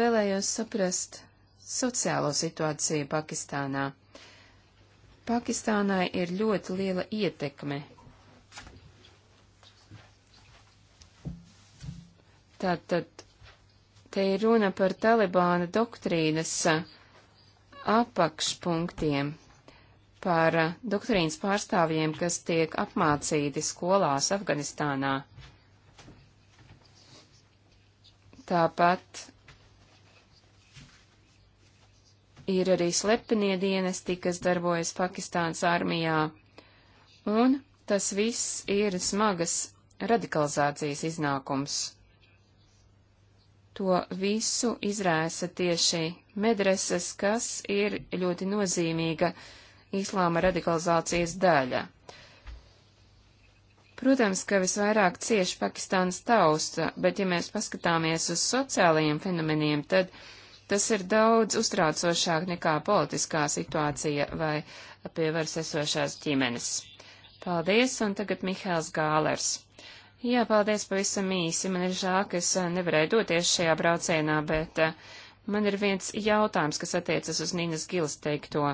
vēlējos saprast, sociālo situāciju Pakistānā. Pakistānai ir ļoti liela ietekme. Tātad te ir runa par Talibāna doktrīnas uh, apakšpunktiem, par uh, doktrīnas pārstāvjiem, kas tiek apmācīti skolās Afganistānā. Tāpat Ir arī slepenie dienesti, kas darbojas Pakistānas armijā. Un tas viss ir smagas radikalizācijas iznākums. To visu izrēsa tieši medreses, kas ir ļoti nozīmīga islāma radikalizācijas daļa. Protams, ka visvairāk cieši Pakistānas tausta, bet ja mēs paskatāmies uz sociālajiem fenomeniem, tad Tas ir daudz uztraucošāk nekā politiskā situācija vai pie varas esošās ģimenes. Paldies, un tagad Mihēls Gālers. Jā, paldies pavisam īsi. Man ir žēl, ka es eh, nevarēju doties šajā braucienā, bet eh, man ir viens jautājums, kas attiecas uz Nīnas Gilas teikto.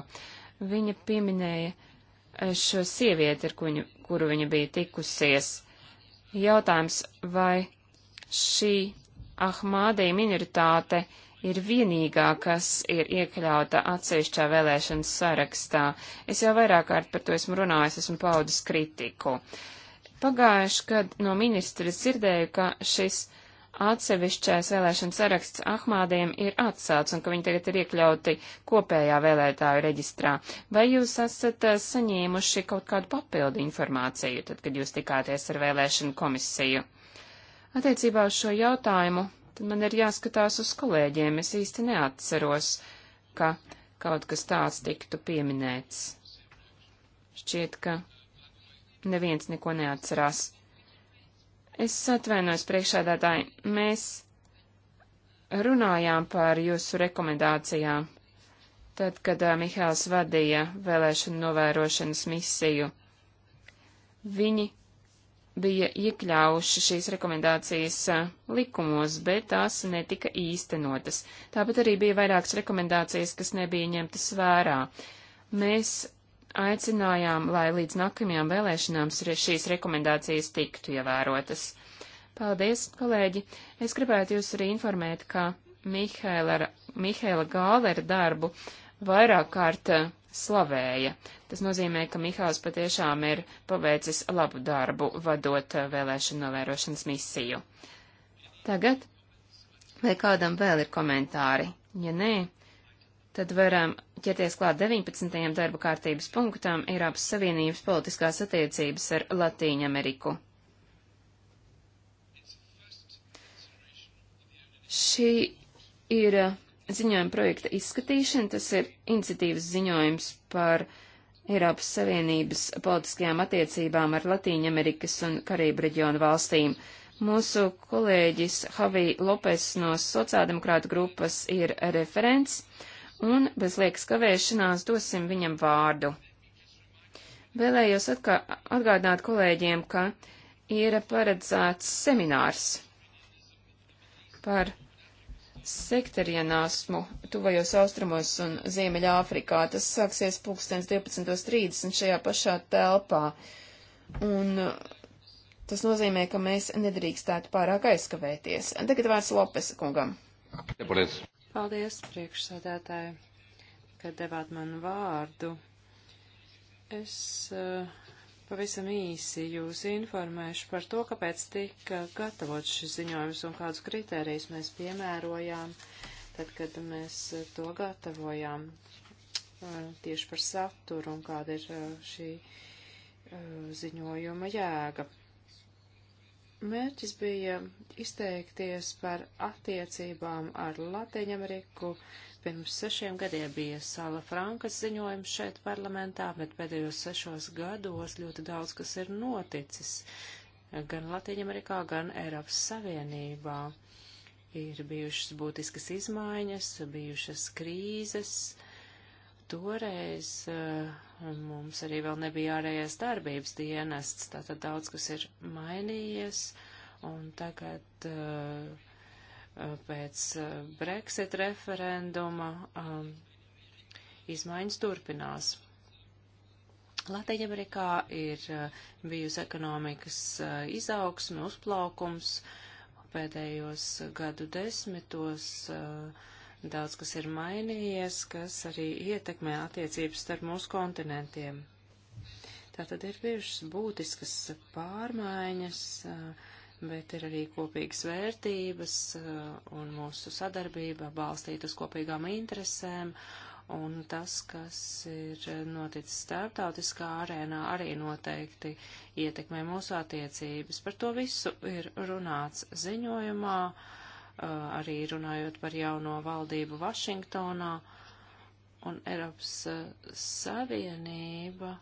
Viņa pieminēja eh, šo sievieti, ar kuņu, kuru viņa bija tikusies. Jautājums, vai šī Ahmādī minoritāte ir vienīgā, kas ir iekļauta atsevišķā vēlēšanas sarakstā. Es jau vairāk kārt par to esmu runājis, esmu paudis kritiku. Pagājuši, kad no ministras dzirdēju, ka šis atsevišķais vēlēšana saraksts Ahmādiem ir atcelts un ka viņi tagad ir iekļauti kopējā vēlētāju reģistrā. Vai jūs esat eh, saņēmuši kaut kādu papildu informāciju, tad, kad jūs tikāties ar vēlēšanu komisiju? Attiecībā uz šo jautājumu tad man ir jāskatās uz kolēģiem. Es īsti neatceros, ka kaut kas tāds tiktu pieminēts. Šķiet, ka neviens neko neatcerās. Es atvainojos priekšādātāji, mēs runājām par jūsu rekomendācijām, tad, kad uh, Mihāls vadīja vēlēšanu novērošanas misiju. Viņi bija iekļauši šīs rekomendācijas eh, likumos, bet tās netika īstenotas. Tāpat arī bija vairākas rekomendācijas, kas nebija ņemtas vērā. Mēs aicinājām, lai līdz nākamajām vēlēšanām šīs rekomendācijas tiktu ievērotas. Paldies, kolēģi! Es gribētu jūs arī informēt, ka Mihēla Gālera darbu vairāk kārt eh, slavēja. Tas nozīmē, ka Mihāls patiešām ir paveicis labu darbu, vadot eh, vēlēšanu novērošanas misiju. Tagad, vai kādam vēl ir komentāri? Ja nē, tad varam ķerties klāt 19. darba kārtības punktam Eiropas Savienības politiskās attiecības ar Latīņu Ameriku. Šī ir ziņojuma projekta izskatīšana. Tas ir iniciatīvas ziņojums par Eiropas Savienības politiskajām attiecībām ar Latīņamerikas un Karību reģionu valstīm. Mūsu kolēģis Havī Lopes no sociāldemokrāta grupas ir referents, un bez liekas kavēšanās dosim viņam vārdu. Vēlējos atgādināt kolēģiem, ka ir paredzēts seminārs par sektarienāsmu tuvajos austrumos un Ziemeļā Afrikā. Tas sāksies pulkstens 12.30 šajā pašā telpā. Un uh, tas nozīmē, ka mēs nedrīkstētu pārāk aizkavēties. Tagad vārds Lopes kungam. Paldies. Paldies, priekšsēdētāji, ka devāt man vārdu. Es uh, Pavisam īsi jūs informēšu par to, kāpēc tika gatavots šis ziņojums un kādus kritērijus mēs piemērojām, tad, kad mēs to gatavojām eh, tieši par saturu un kāda ir eh, šī eh, ziņojuma jēga. Mērķis bija izteikties par attiecībām ar Latviju Ameriku, Pirms sešiem gadiem bija Sala Frankas ziņojums šeit parlamentā, bet pēdējos sešos gados ļoti daudz kas ir noticis gan Latvijā, gan Eiropas Savienībā. Ir bijušas būtiskas izmaiņas, bijušas krīzes. Toreiz eh, mums arī vēl nebija ārējais darbības dienests, tātad daudz kas ir mainījies, un tagad uh, Eh, pēc eh, Brexit referenduma eh, izmaiņas turpinās. Latvijā-Amerikā ir bijusi ekonomikas izaugsme, uzplaukums pēdējos gadu desmitos. Daudz kas ir mainījies, kas arī ietekmē attiecības starp mūsu kontinentiem. Tātad ir bijušas būtiskas pārmaiņas uh, bet ir arī kopīgas vērtības eh, un mūsu sadarbība balstīta uz kopīgām interesēm. Un tas, kas ir noticis starptautiskā arēnā, arī noteikti ietekmē mūsu attiecības. Par to visu ir runāts ziņojumā, eh, arī runājot par jauno valdību Vašingtonā. Un Eiropas eh, Savienība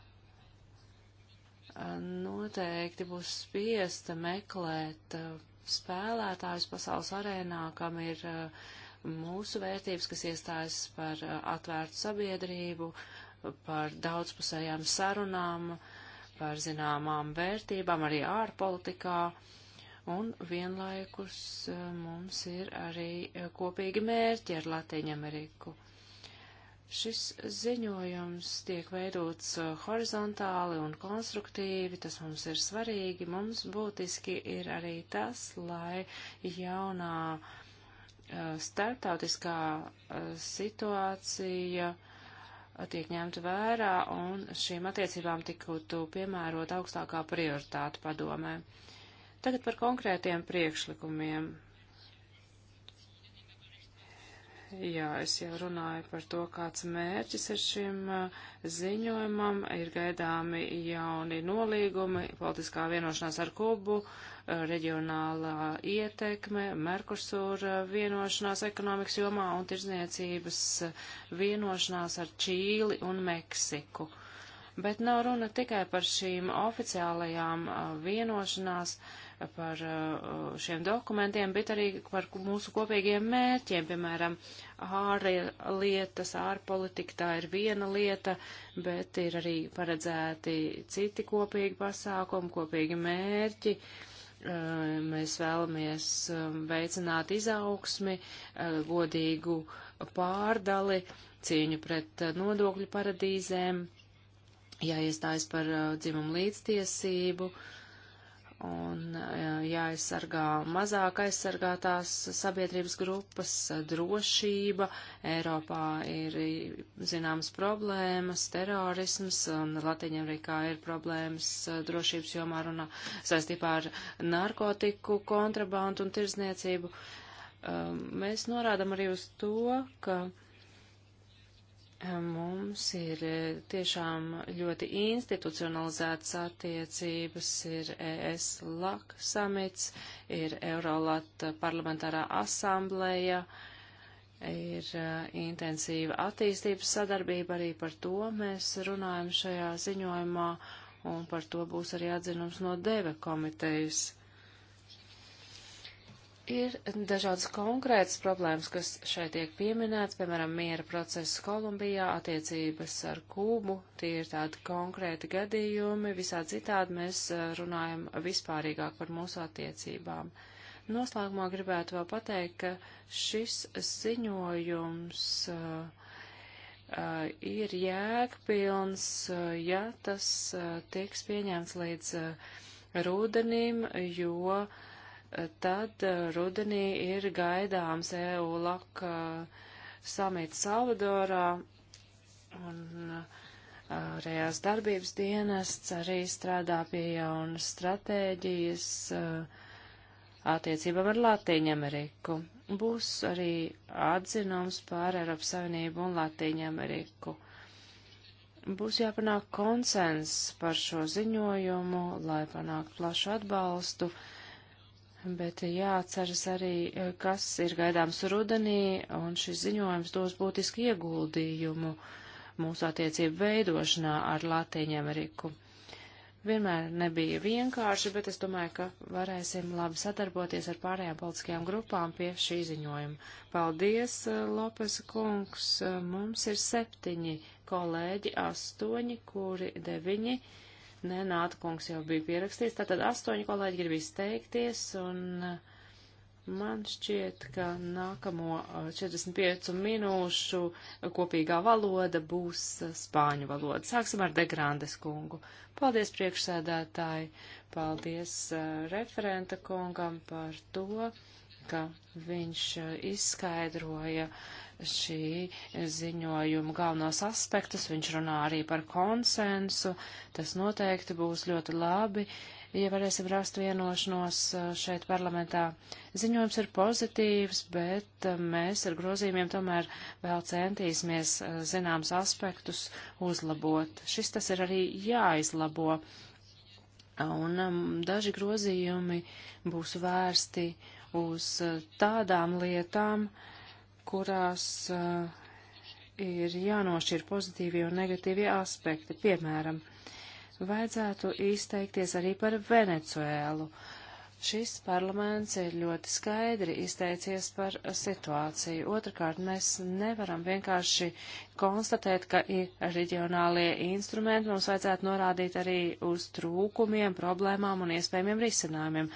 noteikti būs spiesta meklēt uh, spēlētājus pasaules arēnā, kam ir uh, mūsu vērtības, kas iestājas par uh, atvērtu sabiedrību, par daudzpusējām sarunām, par zināmām vērtībām arī ārpolitikā. Un vienlaikus mums ir arī kopīgi mērķi ar Latīņu Ameriku. Šis ziņojums tiek veidots uh, horizontāli un konstruktīvi, tas mums ir svarīgi. Mums būtiski ir arī tas, lai jaunā uh, starptautiskā uh, situācija tiek ņemta vērā un šīm attiecībām tiktu piemērot augstākā prioritāte padomē. Tagad par konkrētiem priekšlikumiem. Jā, es jau runāju par to, kāds mērķis ir šim uh, ziņojumam. Ir gaidāmi jauni nolīgumi, politiskā vienošanās ar Kubu, uh, reģionālā ietekme, Merkursūra uh, vienošanās ekonomikas jomā un tirzniecības vienošanās ar Čīli un Meksiku. Bet nav runa tikai par šīm oficiālajām vienošanās par uh, šiem dokumentiem, bet arī par mūsu kopīgiem mērķiem, piemēram, ārlietas, ārpolitika, tā ir viena lieta, bet ir arī paredzēti citi kopīgi pasākumi, kopīgi mērķi. Uh, mēs vēlamies um, veicināt izaugsmi, uh, godīgu pārdali, cīņu pret nodokļu paradīzēm, jāiestājas par dzimumu līdztiesību, uh, un e, jāaizsargā mazāk aizsargātās sabiedrības grupas e, drošība. Eiropā ir zināmas problēmas, terorisms, un Latviņamerikā ir problēmas e, drošības jomā runā saistībā ar narkotiku, kontrabandu un tirzniecību. Mēs norādam arī uz to, ka Mums ir e, tiešām ļoti institucionalizētas attiecības, ir ES LAK samits, ir Eurolat parlamentārā asambleja, ir e, intensīva attīstības sadarbība, arī par to mēs runājam šajā ziņojumā, un par to būs arī atzinums no DEVE komitejas. Ir dažādas konkrētas problēmas, kas šeit tiek pieminētas, piemēram, miera process Kolumbijā, attiecības ar Kūbu, tie ir tādi konkrēti gadījumi, visā citādi mēs eh, runājam vispārīgāk par mūsu attiecībām. Noslēgumā gribētu vēl pateikt, ka šis ziņojums uh, uh, ir jēgpilns, uh, ja tas uh, tiks pieņemts līdz uh, rudenim, jo uh, tad uh, rudenī ir gaidāms EU lak uh, samits Salvadorā un ārējās uh, darbības dienests arī strādā pie jaunas stratēģijas attiecībām ar Latīņu Ameriku. Būs arī atzinums par Eiropas Savienību un Latīņu Ameriku būs jāpanāk konsens par šo ziņojumu, lai panāktu plašu atbalstu bet jāatceras arī, eh, kas ir gaidāms rudenī, un šis ziņojums dos būtiski ieguldījumu mūsu attiecību veidošanā ar Latīņu Ameriku. Vienmēr nebija vienkārši, bet es domāju, ka varēsim labi sadarboties ar pārējām politiskajām grupām pie šī ziņojuma. Paldies, eh, Lopes kungs! Eh, mums ir septiņi kolēģi, astoņi, kuri deviņi Nē, Nāta kungs jau bija pierakstīts. Tātad astoņi kolēģi grib izteikties, un uh, man šķiet, ka nākamo 45 uh, minūšu kopīgā valoda būs uh, spāņu valoda. Sāksim ar Degrandes kungu. Paldies priekšsēdētāji, paldies referenta kungam par to, ka viņš izskaidroja uh, šī ziņojuma galvenos aspektus, viņš runā arī par konsensu, tas noteikti būs ļoti labi, ja varēsim rast vienošanos uh, šeit parlamentā. Ziņojums ir pozitīvs, bet uh, mēs ar grozījumiem tomēr vēl centīsimies uh, zināms aspektus uzlabot. Šis tas ir arī jāizlabo. Un um, daži grozījumi būs vērsti uz tādām lietām, uh, kurās eh, ir jānošķir pozitīvie un negatīvie aspekti. Piemēram, vajadzētu izteikties arī par Venecuēlu. Uh, Šis parlaments ir ļoti skaidri izteicies par situāciju. Otrakārt, mēs nevaram vienkārši konstatēt, ka ir reģionālie instrumenti. Mums vajadzētu norādīt arī uz trūkumiem, problēmām un iespējamiem risinājumiem.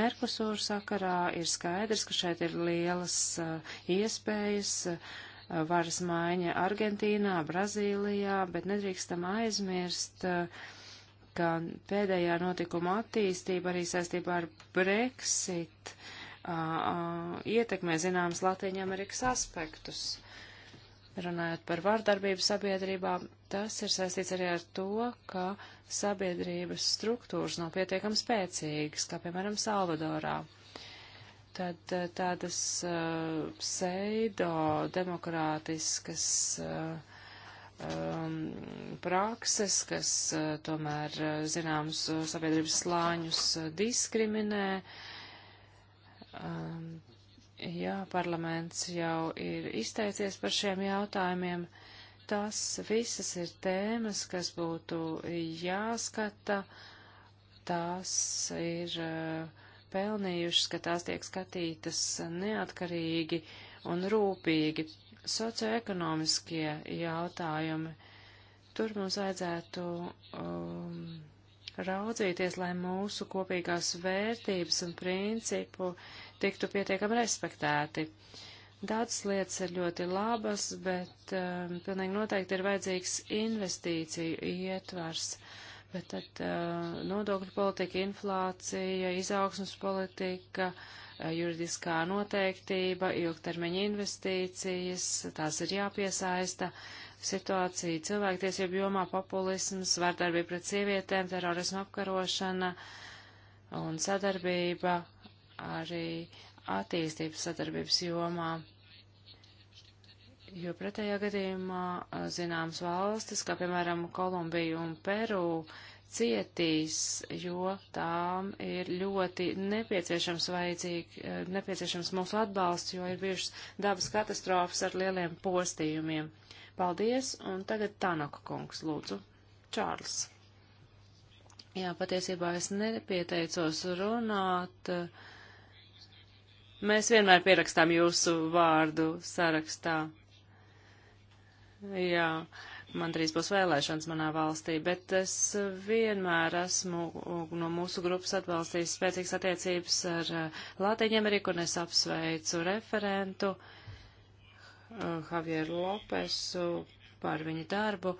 Merkusūra sakarā ir skaidrs, ka šeit ir lielas uh, iespējas. Uh, varas maiņa Argentīnā, Brazīlijā, bet nedrīkstam aizmirst uh, ka pēdējā notikuma attīstība arī saistībā ar Brexit uh, uh, ietekmē zināmas Latvijas-Amerikas aspektus. Runājot par vārdarbību sabiedrībā, tas ir saistīts arī ar to, ka sabiedrības struktūras nav pietiekami spēcīgas, kā piemēram Salvadorā. Tad tādas uh, pseido-demokrātiskas uh, um, prakses, kas uh, tomēr uh, zināms sabiedrības slāņus uh, diskriminē. Um, jā, parlaments jau ir izteicies par šiem jautājumiem. Tas visas ir tēmas, kas būtu jāskata. Tās ir uh, pelnījušas, ka tās tiek skatītas neatkarīgi un rūpīgi socioekonomiskie jautājumi. Tur mums vajadzētu um, raudzīties, lai mūsu kopīgās vērtības un principu tiktu pietiekami respektēti. Daudzas lietas ir ļoti labas, bet um, pilnīgi noteikti ir vajadzīgs investīciju ietvars. Bet tad uh, nodokļu politika, inflācija, izaugsmas politika, uh, Eh, juridiskā noteiktība, ilgtermiņa investīcijas, tās ir jāpiesaista, situācija cilvēktiesību jomā, populisms, vardarbība pret sievietēm, terorismu apkarošana un sadarbība arī attīstības sadarbības jomā. Jo pretējā gadījumā eh, zināmas valstis, kā piemēram Kolumbija un Peru, uh, cietīs, jo tām ir ļoti nepieciešams vajadzīgi, eh, nepieciešams mūsu atbalsts, jo ir bijušas dabas katastrofas ar lieliem postījumiem. Paldies, un tagad Tanaka kungs, lūdzu, Čārls. Jā, patiesībā es nepieteicos runāt. Mēs vienmēr pierakstām jūsu vārdu sarakstā. Jā. Uh, man drīz būs vēlēšanas manā valstī, bet es vienmēr esmu no mūsu grupas atbalstījis spēcīgas attiecības ar eh, Latīņu Ameriku, un es apsveicu referentu eh, Javieru Lopesu par viņu darbu.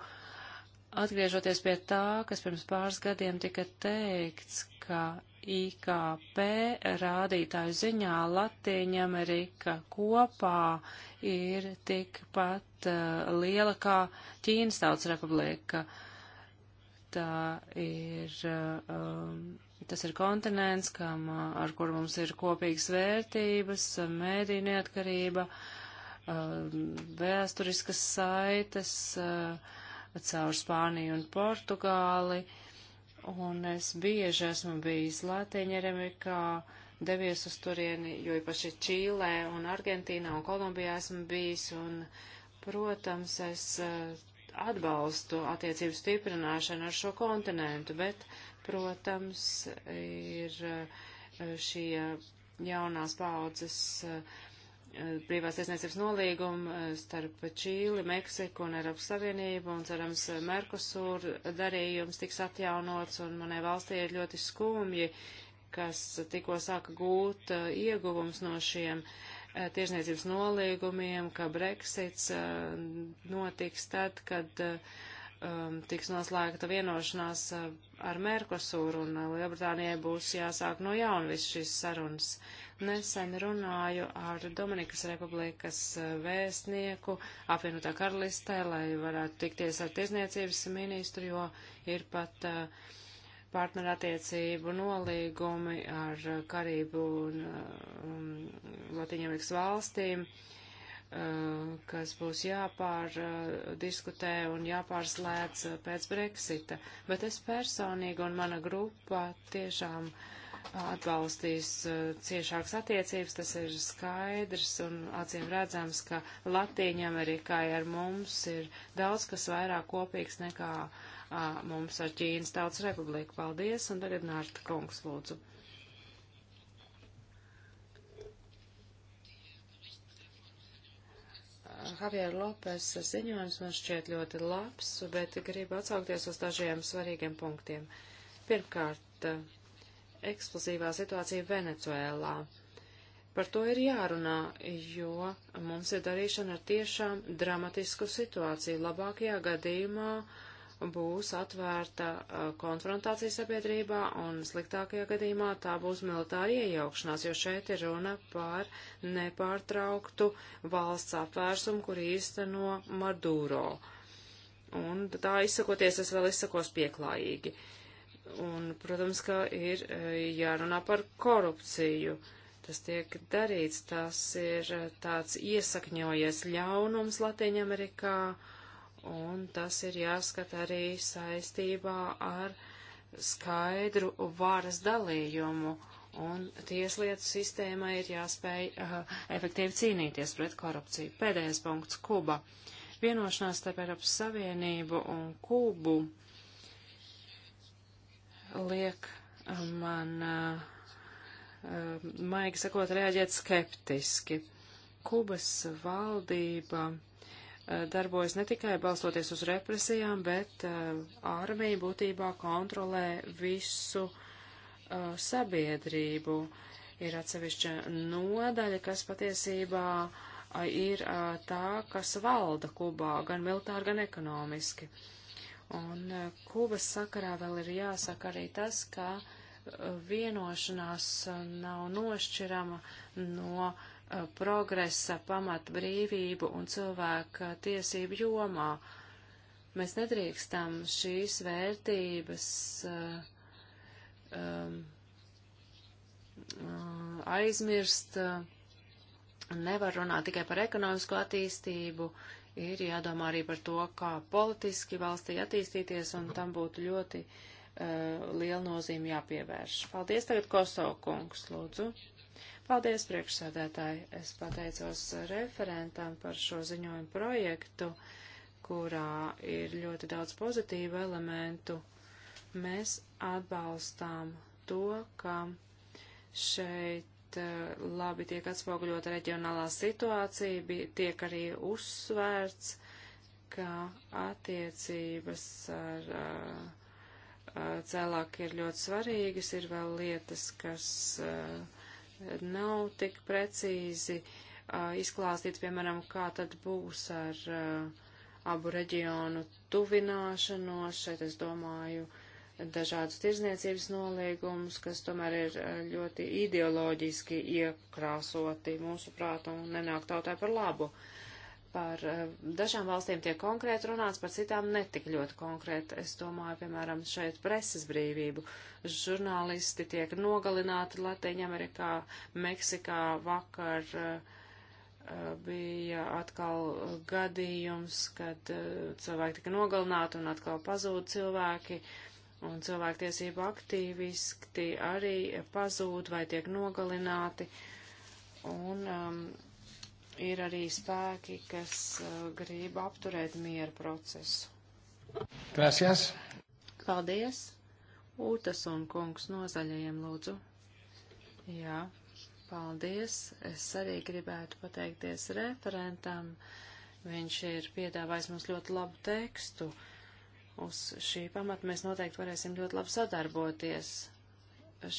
Atgriežoties pie tā, kas pirms pāris gadiem tika teikts, ka IKP rādītāju ziņā Latīņa Amerika kopā ir tikpat uh, liela kā Ķīnas tautas republika. Tā ir. Uh, um, Tas ir kontinents, kam, uh, ar kur mums ir kopīgas vērtības, uh, mēdī neatkarība, um, vēsturiskas saites uh, caur Spāniju un Portugāli. Uh, un es bieži esmu bijis Latīņamerikā, devies uz turieni, jo īpaši Čīlē un Argentīnā un Kolumbijā esmu bijis, un, protams, es eh, atbalstu attiecību stiprināšanu ar šo kontinentu, bet, protams, ir eh, šie jaunās paudzes uh, brīvās tiesniecības nolīgumu eh, starp Čīli, Meksiku un Eiropas Savienību, un cerams, eh, Merkusur darījums tiks atjaunots, un manai valstī ir ļoti skumji, kas tikko sāka gūt eh, ieguvums no šiem tiesniecības nolīgumiem, ka Brexits notiks tad, kad uh, um, tiks noslēgta vienošanās uh, ar Merkosūru un uh, Lielbritānijai būs jāsāk no jauna viss šīs sarunas. Nesen runāju ar Dominikas Republikas uh, vēstnieku apvienotā karalistē, lai varētu tikties ar tiesniecības ministru, jo ir pat uh, partnerattiecību nolīgumi ar Karību un um, Latīņamerikas valstīm. Uh, Eh, kas būs jāpārdiskutē eh, un jāpārslēdz eh, pēc Brexita. Bet es personīgi un mana grupa tiešām atbalstīs ciešākas attiecības, tas ir skaidrs un acīm redzams, ka Latīņamerikai ar mums ir daudz kas vairāk kopīgs nekā a, mums ar Ķīnas Tautas Republiku. Paldies, un tagad Nārta Kungs lūdzu. Javiera Lopesa ziņojums man šķiet ļoti labs, bet gribu atsaukties uz dažiem svarīgiem punktiem. Pirmkārt, eksplozīvā situācija Venecuēlā. Par to ir jārunā, jo mums ir darīšana ar tiešām dramatisku situāciju. Labākajā gadījumā uh, būs atvērta konfrontācija sabiedrībā, un sliktākajā gadījumā tā būs militāra iejaukšanās, jo šeit ir runa par nepārtrauktu valsts apvērsumu, kur īsteno Maduro. Un tā izsakoties, es vēl izsakos pieklājīgi. Un, protams, ka ir jārunā par korupciju. Tas tiek darīts, tas ir tāds iesakņojies ļaunums Latīņamerikā. Amerikā un tas ir jāskata arī saistībā ar skaidru varas dalījumu, un tieslietu sistēmai ir jāspēj uh, efektīvi cīnīties pret korupciju. Pēdējais punkts - Kuba. Vienošanās starp Eiropas Savienību un Kubu liek eh, man, uh, uh, maigi sakot, reaģēt skeptiski. Kubas valdība uh, Eh, darbojas ne tikai balstoties uz represijām, bet eh, armija būtībā kontrolē visu eh, sabiedrību. Ir atsevišķa nodaļa, kas patiesībā ir tā, kas valda Kubā, gan militāri, gan ekonomiski. Un Kubas sakarā vēl ir jāsaka arī tas, ka vienošanās nav nošķirama no uh, Uh, progresa, pamat brīvību un cilvēka tiesību jomā. Mēs nedrīkstam šīs vērtības uh, um, uh, aizmirst. Nevar runāt tikai par ekonomisko attīstību, ir jādomā arī par to, kā politiski valstī attīstīties, un tam būtu ļoti uh, liela nozīme jāpievērš. Paldies tagad Kosovo kungs, lūdzu. Paldies, priekšsēdētāji. Es pateicos referentam par šo ziņojumu projektu, kurā ir ļoti daudz pozitīvu elementu. Mēs atbalstām to, ka šeit eh, labi tiek atspoguļota reģionālā situācija, bija, tiek arī uzsvērts, ka attiecības ar uh, eh, eh, cilvēku ir ļoti svarīgas, ir vēl lietas, kas uh, nav tik precīzi uh, izklāstīts, piemēram, kā tad būs ar uh, abu reģionu tuvināšanos. Šeit es domāju dažādus tirzniecības noliegumus, kas tomēr ir ļoti ideoloģiski iekrāsoti mūsu prātu un nenāk tautai par labu. Uh, Par eh, dažām valstīm tiek konkrēti runāts, par citām netik ļoti konkrēti. Es domāju, piemēram, šeit preses brīvību. Žurnālisti tiek nogalināti Latvijā, Meksikā vakar. Uh, bija atkal gadījums, kad cilvēki tika nogalināti un atkal pazūd cilvēki, un cilvēktiesību aktīvisti arī pazūd vai tiek nogalināti. Un um, ir arī spēki, kas uh, grib apturēt miera procesu. Gracias. Paldies. Ūtas un kungs no zaļajiem lūdzu. Jā, paldies. Es arī gribētu pateikties referentam. Viņš ir piedāvājis mums ļoti labu tekstu. Uz šī pamata mēs noteikti varēsim ļoti labi sadarboties.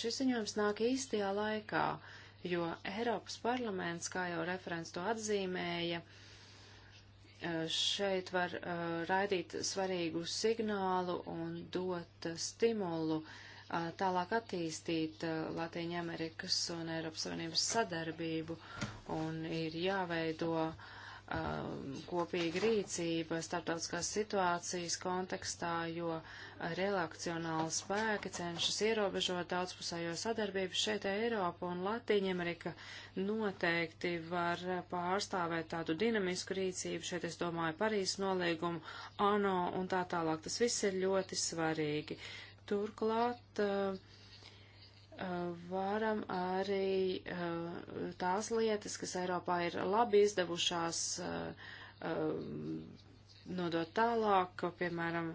Šis ziņojums nāk īstajā laikā. Uh, jo Eiropas parlaments, kā jau referents to atzīmēja, eh, šeit var eh, raidīt svarīgu signālu un dot stimulu eh, tālāk attīstīt Latīņa Amerikas un Eiropas Savienības sadarbību un ir jāveido uh, Um, kopīga rīcība starptautiskās situācijas kontekstā, jo relakcionāli spēki cenšas ierobežot daudzpusējo sadarbību šeit Eiropa un Latīņamerika noteikti var pārstāvēt tādu dinamisku rīcību. Šeit es domāju Parīs nolīgumu, ANO un tā tālāk. Tas viss ir ļoti svarīgi. Turklāt uh, Eh, varam arī eh, tās lietas, kas Eiropā ir labi izdevušās, eh, nodot tālāk, piemēram,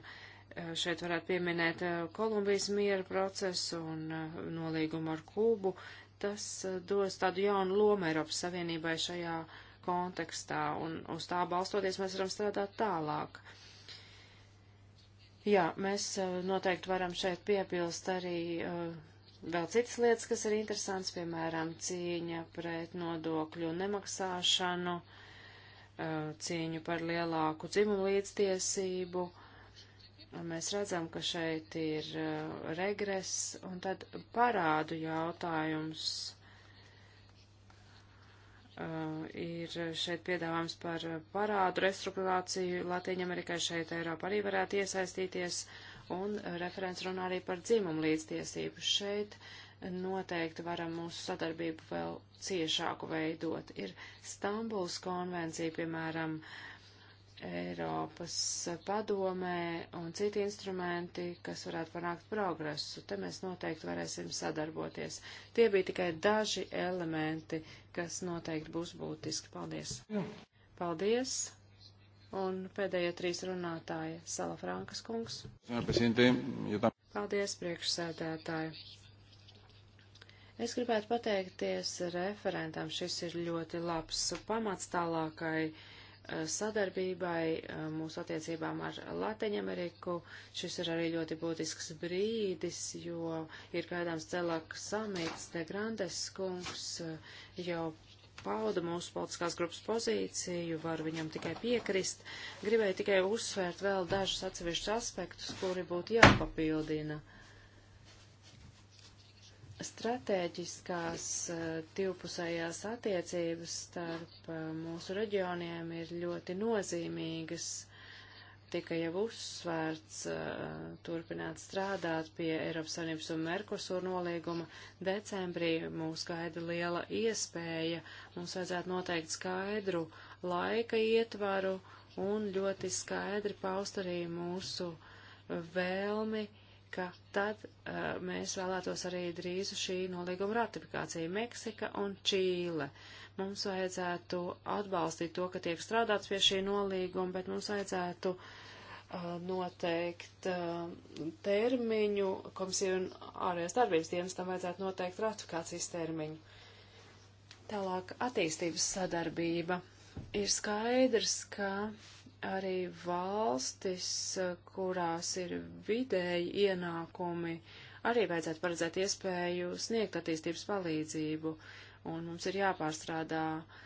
šeit varētu pieminēt Kolumbijas miera procesu un nolīgumu ar Kūbu. Tas dos tādu jaunu lomu Eiropas Savienībai šajā kontekstā, un uz tā balstoties mēs varam strādāt tālāk. Jā, mēs noteikti varam šeit piepilst arī uh, vēl citas lietas, kas ir interesants, piemēram, cīņa pret nodokļu nemaksāšanu, eh, cīņu par lielāku dzimumu līdztiesību. Mēs redzam, ka šeit ir eh, regress un tad parādu jautājums. Uh, ir šeit piedāvājums par parādu restruktūrāciju. Latvija Amerikai šeit Eiropa arī varētu iesaistīties. Uh, un referents runā arī par dzimumu līdztiesību. Šeit noteikti varam mūsu sadarbību vēl ciešāku veidot. Ir Stambuls konvencija, piemēram, Eiropas padomē un citi instrumenti, kas varētu panākt progresu. Te mēs noteikti varēsim sadarboties. Tie bija tikai daži elementi, kas noteikti būs būtiski. Paldies! Jā. Paldies! Un pēdējie trīs runātāji - Sala Frankas kungs. Paldies, priekšsēdētāji. Es gribētu pateikties referentam. Šis ir ļoti labs pamats tālākai eh, sadarbībai eh, mūsu attiecībām ar Latviju-Ameriku. Šis ir arī ļoti būtisks brīdis, jo ir gaidāms celāks samits. De Grandes kungs eh, jau pauda mūsu politiskās grupas pozīciju, varu viņam tikai piekrist. Gribēju tikai uzsvērt vēl dažus atsevišķus aspektus, kuri būtu jāpapildina. Stratēģiskās eh, divpusējās attiecības starp eh, mūsu reģioniem ir ļoti nozīmīgas tika jau uzsvērts, eh, turpināt strādāt pie Eiropas Savienības un Merkusur nolīguma. Decembrī mūs gaida liela iespēja. Mums vajadzētu noteikt skaidru laika ietvaru un ļoti skaidri paust arī mūsu vēlmi, ka tad uh, mēs vēlētos arī drīzu šī nolīguma ratifikācija Meksika un Čīle mums vajadzētu atbalstīt to, ka tiek strādāts pie šī nolīguma, bet mums vajadzētu Uh, noteikt uh, termiņu, komisija un ārējās darbības dienas tam vajadzētu noteikt ratifikācijas termiņu. Tālāk attīstības sadarbība. Ir skaidrs, ka arī valstis, uh, kurās ir vidēji ienākumi, arī vajadzētu paredzēt iespēju sniegt attīstības palīdzību, un mums ir jāpārstrādā uh,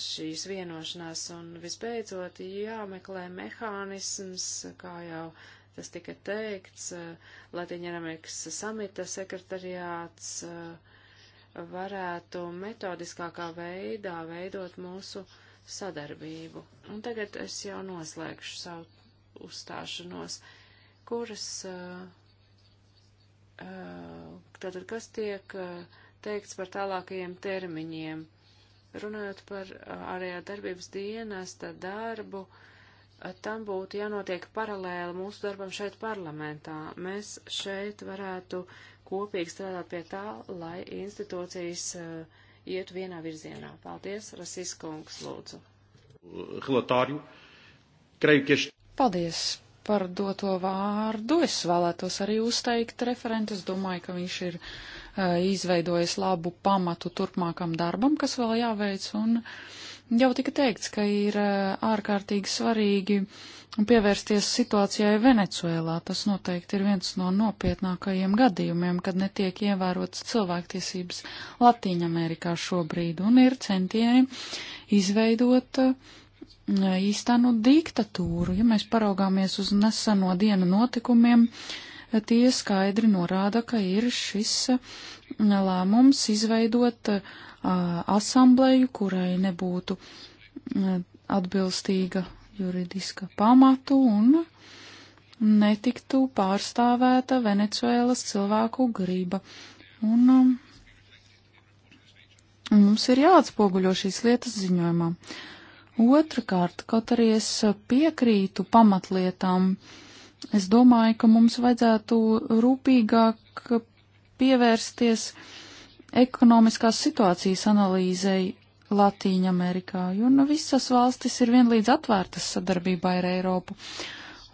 šīs vienošanās un visbeidzot jāmeklē mehānisms, kā jau tas tika teikts, Latīņamerikas samita sekretariāts eh, varētu metodiskākā veidā veidot mūsu sadarbību. Un tagad es jau noslēgšu savu uzstāšanos, kuras, eh, eh, tātad kas tiek teikts par tālākajiem termiņiem Runājot par ārējā darbības dienesta darbu, tam būtu jānotiek paralēli mūsu darbam šeit parlamentā. Mēs šeit varētu kopīgi strādāt pie tā, lai institūcijas uh, iet vienā virzienā. Paldies, Rasiskungs, lūdzu. Relatāru. Paldies par doto vārdu. Es vēlētos arī uzteikt referentu. Es domāju, ka viņš ir Eh, izveidojis labu pamatu turpmākam darbam, kas vēl jāveic, un jau tika teikts, ka ir eh, ārkārtīgi svarīgi pievērsties situācijai Venecuēlā. Tas noteikti ir viens no nopietnākajiem gadījumiem, kad netiek ievērotas cilvēktiesības Latīņamerikā šobrīd, un ir centieni izveidot eh, īstenu diktatūru. Ja mēs paraugāmies uz neseno dienu notikumiem, uh, tie skaidri norāda, ka ir šis mm, lēmums izveidot asambleju, kurai nebūtu mm, atbilstīga juridiska pamatu un netiktu pārstāvēta Venecuēlas cilvēku grība. Un mm, mums ir jāatspoguļo šīs lietas ziņojumā. Otrakārt, kaut arī es piekrītu pamatlietām, uh, Es domāju, ka mums vajadzētu rūpīgāk pievērsties ekonomiskās situācijas analīzei Latīņa Amerikā, jo nu, visas valstis ir vienlīdz atvērtas sadarbībā ar Eiropu.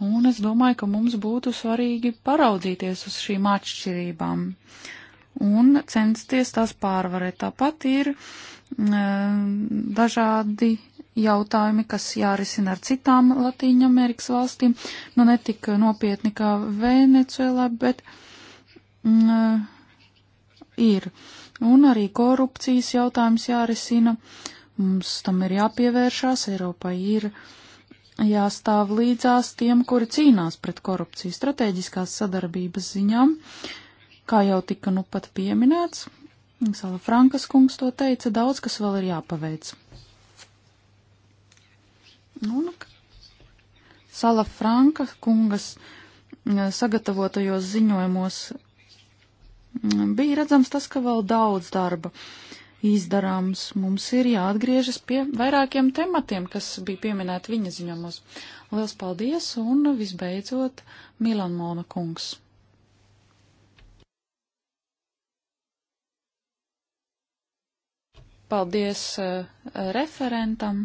Un es domāju, ka mums būtu svarīgi paraudzīties uz šīm atšķirībām un censties tās pārvarēt. Tāpat ir e, dažādi jautājumi, kas jārisina ar citām Latīņa Amerikas valstīm. Nu, netika nopietni kā Venecuēlā, bet mm, eh, ir. Un arī korupcijas jautājums jārisina. Mums tam ir jāpievēršās. Eiropai ir jāstāv līdzās tiem, kuri cīnās pret korupciju strateģiskās sadarbības ziņām, kā jau tika nu pat pieminēts. Sala Frankas kungs to teica, daudz kas vēl ir jāpaveic. Un nu, nu, Sala Franka kungas sagatavotajos ziņojumos bija redzams tas, ka vēl daudz darba izdarāms. Mums ir jāatgriežas pie vairākiem tematiem, kas bija pieminēti viņa ziņojumos. Liels paldies un visbeidzot Milan Mona kungs. Paldies uh, referentam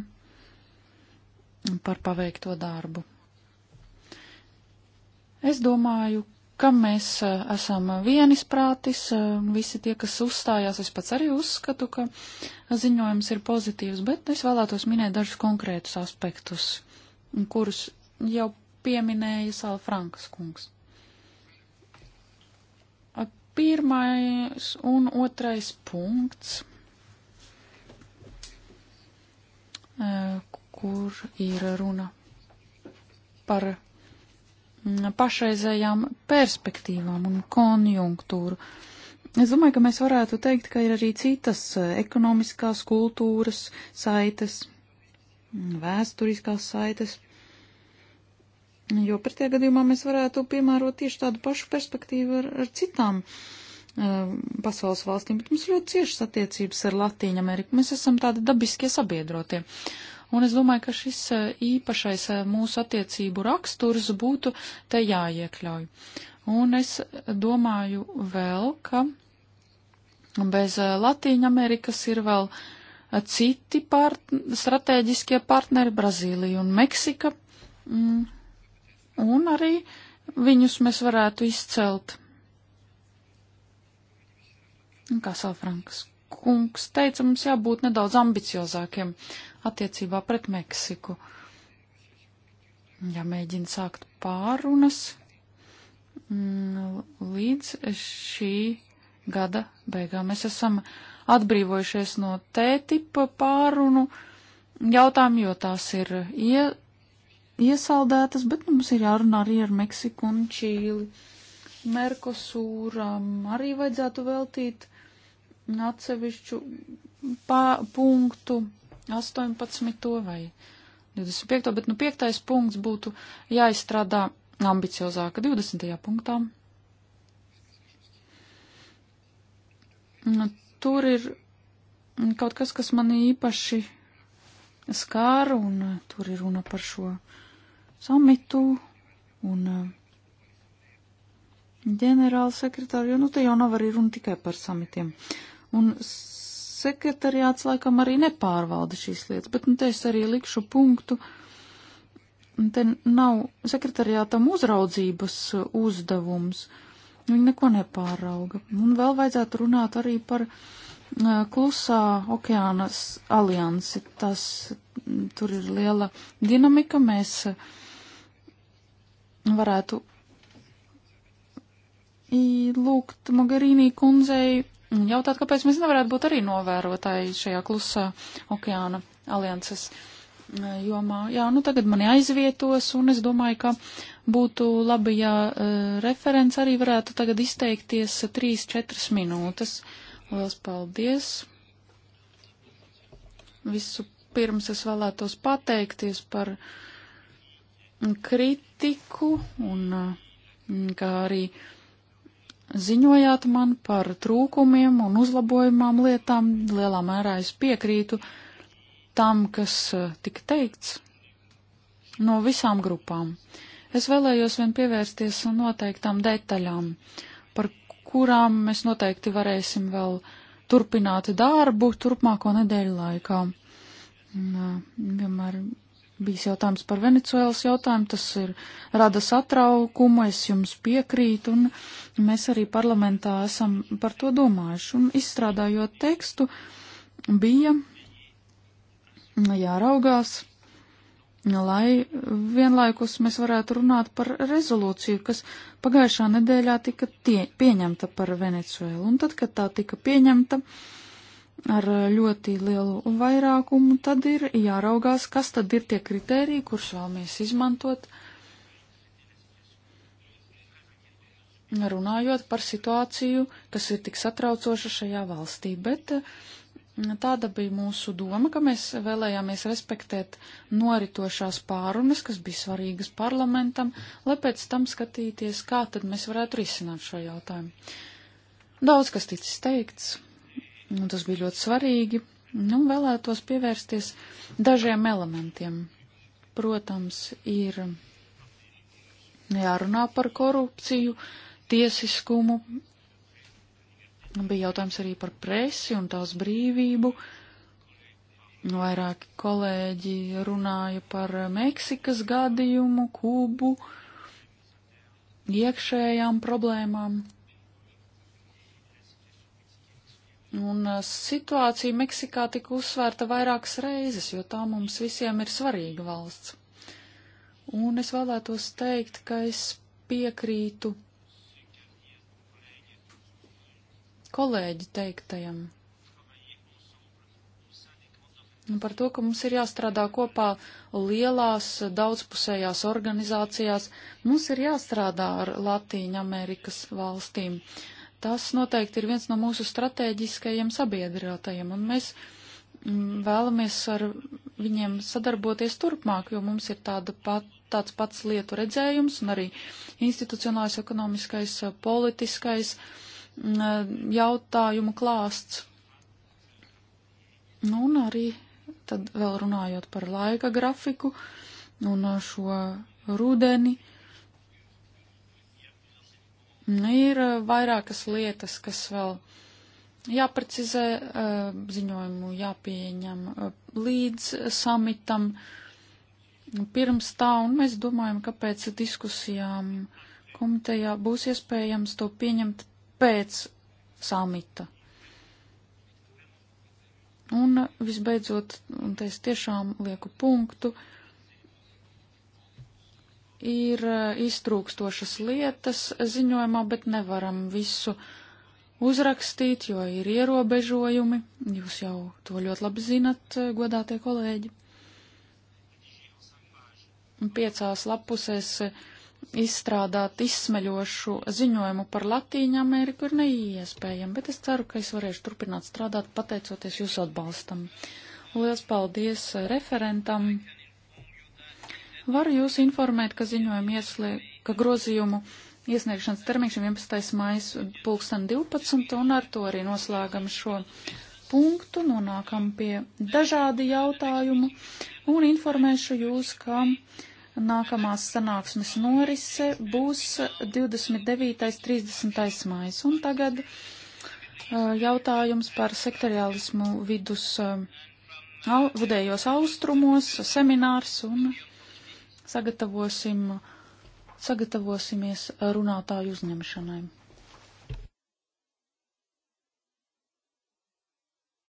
par paveikto darbu. Es domāju, ka mēs e, esam vienisprātis, e, visi tie, kas uzstājās, es pats arī uzskatu, ka ziņojums ir pozitīvs, bet es vēlētos minēt dažus konkrētus aspektus, kurus jau pieminēja Sāla Frankas kungs. Pirmais un otrais punkts, e, kur ir runa par pašreizējām perspektīvām un konjunktūru. Es domāju, ka mēs varētu teikt, ka ir arī citas ekonomiskās kultūras saites, vēsturiskās saites, jo pretējā gadījumā mēs varētu piemērot tieši tādu pašu perspektīvu ar, ar citām um, pasaules valstīm, bet mums ļoti ciešas attiecības ar Latīņu Ameriku. Mēs esam tādi dabiskie sabiedrotie. Un es domāju, ka šis eh, īpašais eh, mūsu attiecību raksturs būtu te jāiekļauj. Un es domāju vēl, ka bez eh, Latīņa Amerikas ir vēl citi part strateģiskie partneri - Brazīlija un Meksika. Mm. Un arī viņus mēs varētu izcelt. Kā Salfrankas kungs teica, mums jābūt nedaudz ambiciozākiem attiecībā pret Meksiku. Jāmēģina sākt pārunas mm, līdz šī gada beigām. Mēs esam atbrīvojušies no tētipa pārunu jautājumu, jo tās ir ie, iesaldētas, bet nu, mums ir jārunā arī ar Meksiku un Čīli. Merkosūram arī vajadzētu veltīt atsevišķu pā, punktu 18. vai 25. bet nu piektais punkts būtu jāizstrādā ambiciozāka 20. punktā. Nu, tur ir kaut kas, kas man īpaši skāra, un uh, tur ir runa par šo samitu un uh, ģenerāla sekretāru, jo nu te jau nav arī runa tikai par samitiem. Uh, Un sekretariāts laikam arī nepārvalda šīs lietas, bet nu, te es arī likšu punktu. Te nav sekretariātam uzraudzības uh, uzdevums. Viņi neko nepārauga. Un vēl vajadzētu runāt arī par uh, klusā okeānas aliansi. Tas mm, tur ir liela dinamika. Mēs uh, varētu lūgt Mogarīnī kundzei jautāt, kāpēc mēs nevarētu būt arī novērotāji šajā klusā okeāna alianses eh, jomā. Jā, nu tagad mani aizvietos, un es domāju, ka būtu labi, ja eh, referents arī varētu tagad izteikties 3-4 minūtes. Lielas paldies! Visu pirms es vēlētos pateikties par kritiku un eh, kā arī uh, ziņojāt man par trūkumiem un uzlabojumām lietām. Lielā mērā es piekrītu tam, kas eh, tika teikts no visām grupām. Es vēlējos vien pievērsties noteiktām detaļām, par kurām mēs noteikti varēsim vēl turpināt darbu turpmāko nedēļu laikā. Eh, vienmēr bijis jautājums par Venecuēlas jautājumu, tas ir rada satraukumu, es jums piekrītu, un mēs arī parlamentā esam par to domājuši. Un izstrādājot tekstu, bija jāraugās, lai vienlaikus mēs varētu runāt par rezolūciju, kas pagājušā nedēļā tika tie, pieņemta par Venecuēlu. Un tad, kad tā tika pieņemta, uh, ar ļoti lielu vairākumu, tad ir jāraugās, kas tad ir tie kriteriji, kurus vēlamies izmantot, runājot par situāciju, kas ir tik satraucoša šajā valstī. Bet mm, tāda bija mūsu doma, ka mēs vēlējāmies respektēt noritošās pārunas, kas bija svarīgas parlamentam, lai pēc tam skatīties, kā tad mēs varētu risināt šo jautājumu. Daudz kas ticis teikts Un nu, tas bija ļoti svarīgi. Nu, vēlētos pievērsties dažiem elementiem. Protams, ir jārunā par korupciju, tiesiskumu. Bija jautājums arī par presi un tās brīvību. Vairāki kolēģi runāja par Meksikas gadījumu, Kubu, iekšējām problēmām. Un eh, situācija Meksikā tika uzsvērta vairākas reizes, jo tā mums visiem ir svarīga valsts. Un es vēlētos teikt, ka es piekrītu kolēģi teiktajam par to, ka mums ir jāstrādā kopā lielās daudzpusējās organizācijās, mums ir jāstrādā ar Latīņa Amerikas valstīm. Uh, tas noteikti ir viens no mūsu strateģiskajiem sabiedrātajiem, un mēs mm, vēlamies ar viņiem sadarboties turpmāk, jo mums ir tāda pat, tāds pats lietu redzējums un arī institucionālais, ekonomiskais, politiskais mm, jautājumu klāsts. Nu, un arī tad vēl runājot par laika grafiku un šo rudeni. Uh, Nu, ir eh, vairākas lietas, kas vēl jāprecizē eh, ziņojumu, jāpieņem eh, līdz samitam pirms tā, un mēs domājam, ka pēc diskusijām komitejā būs iespējams to pieņemt pēc samita. Un visbeidzot, un te es tiešām lieku punktu, uh, ir e, iztrūkstošas lietas ziņojumā, bet nevaram visu uzrakstīt, jo ir ierobežojumi. Jūs jau to ļoti labi zinat, e, godātie kolēģi. Piecās lapusēs e, izstrādāt izsmeļošu ziņojumu par Latīņu Ameriku ir neiespējami, bet es ceru, ka es varēšu turpināt strādāt pateicoties jūsu atbalstam. Lielas paldies referentam! Varu jūs informēt, ka ziņojumu ieslēg, ka grozījumu iesniegšanas termiņš ir 11. maijas pulksten 12, un ar to arī noslēgam šo punktu, nonākam pie dažādi jautājumu, un informēšu jūs, ka nākamās sanāksmes norise būs 29. 30. maijas, un tagad jautājums par sektoriālismu vidus vidējos austrumos, seminārs un sagatavosim, sagatavosimies runātāju uzņemšanai.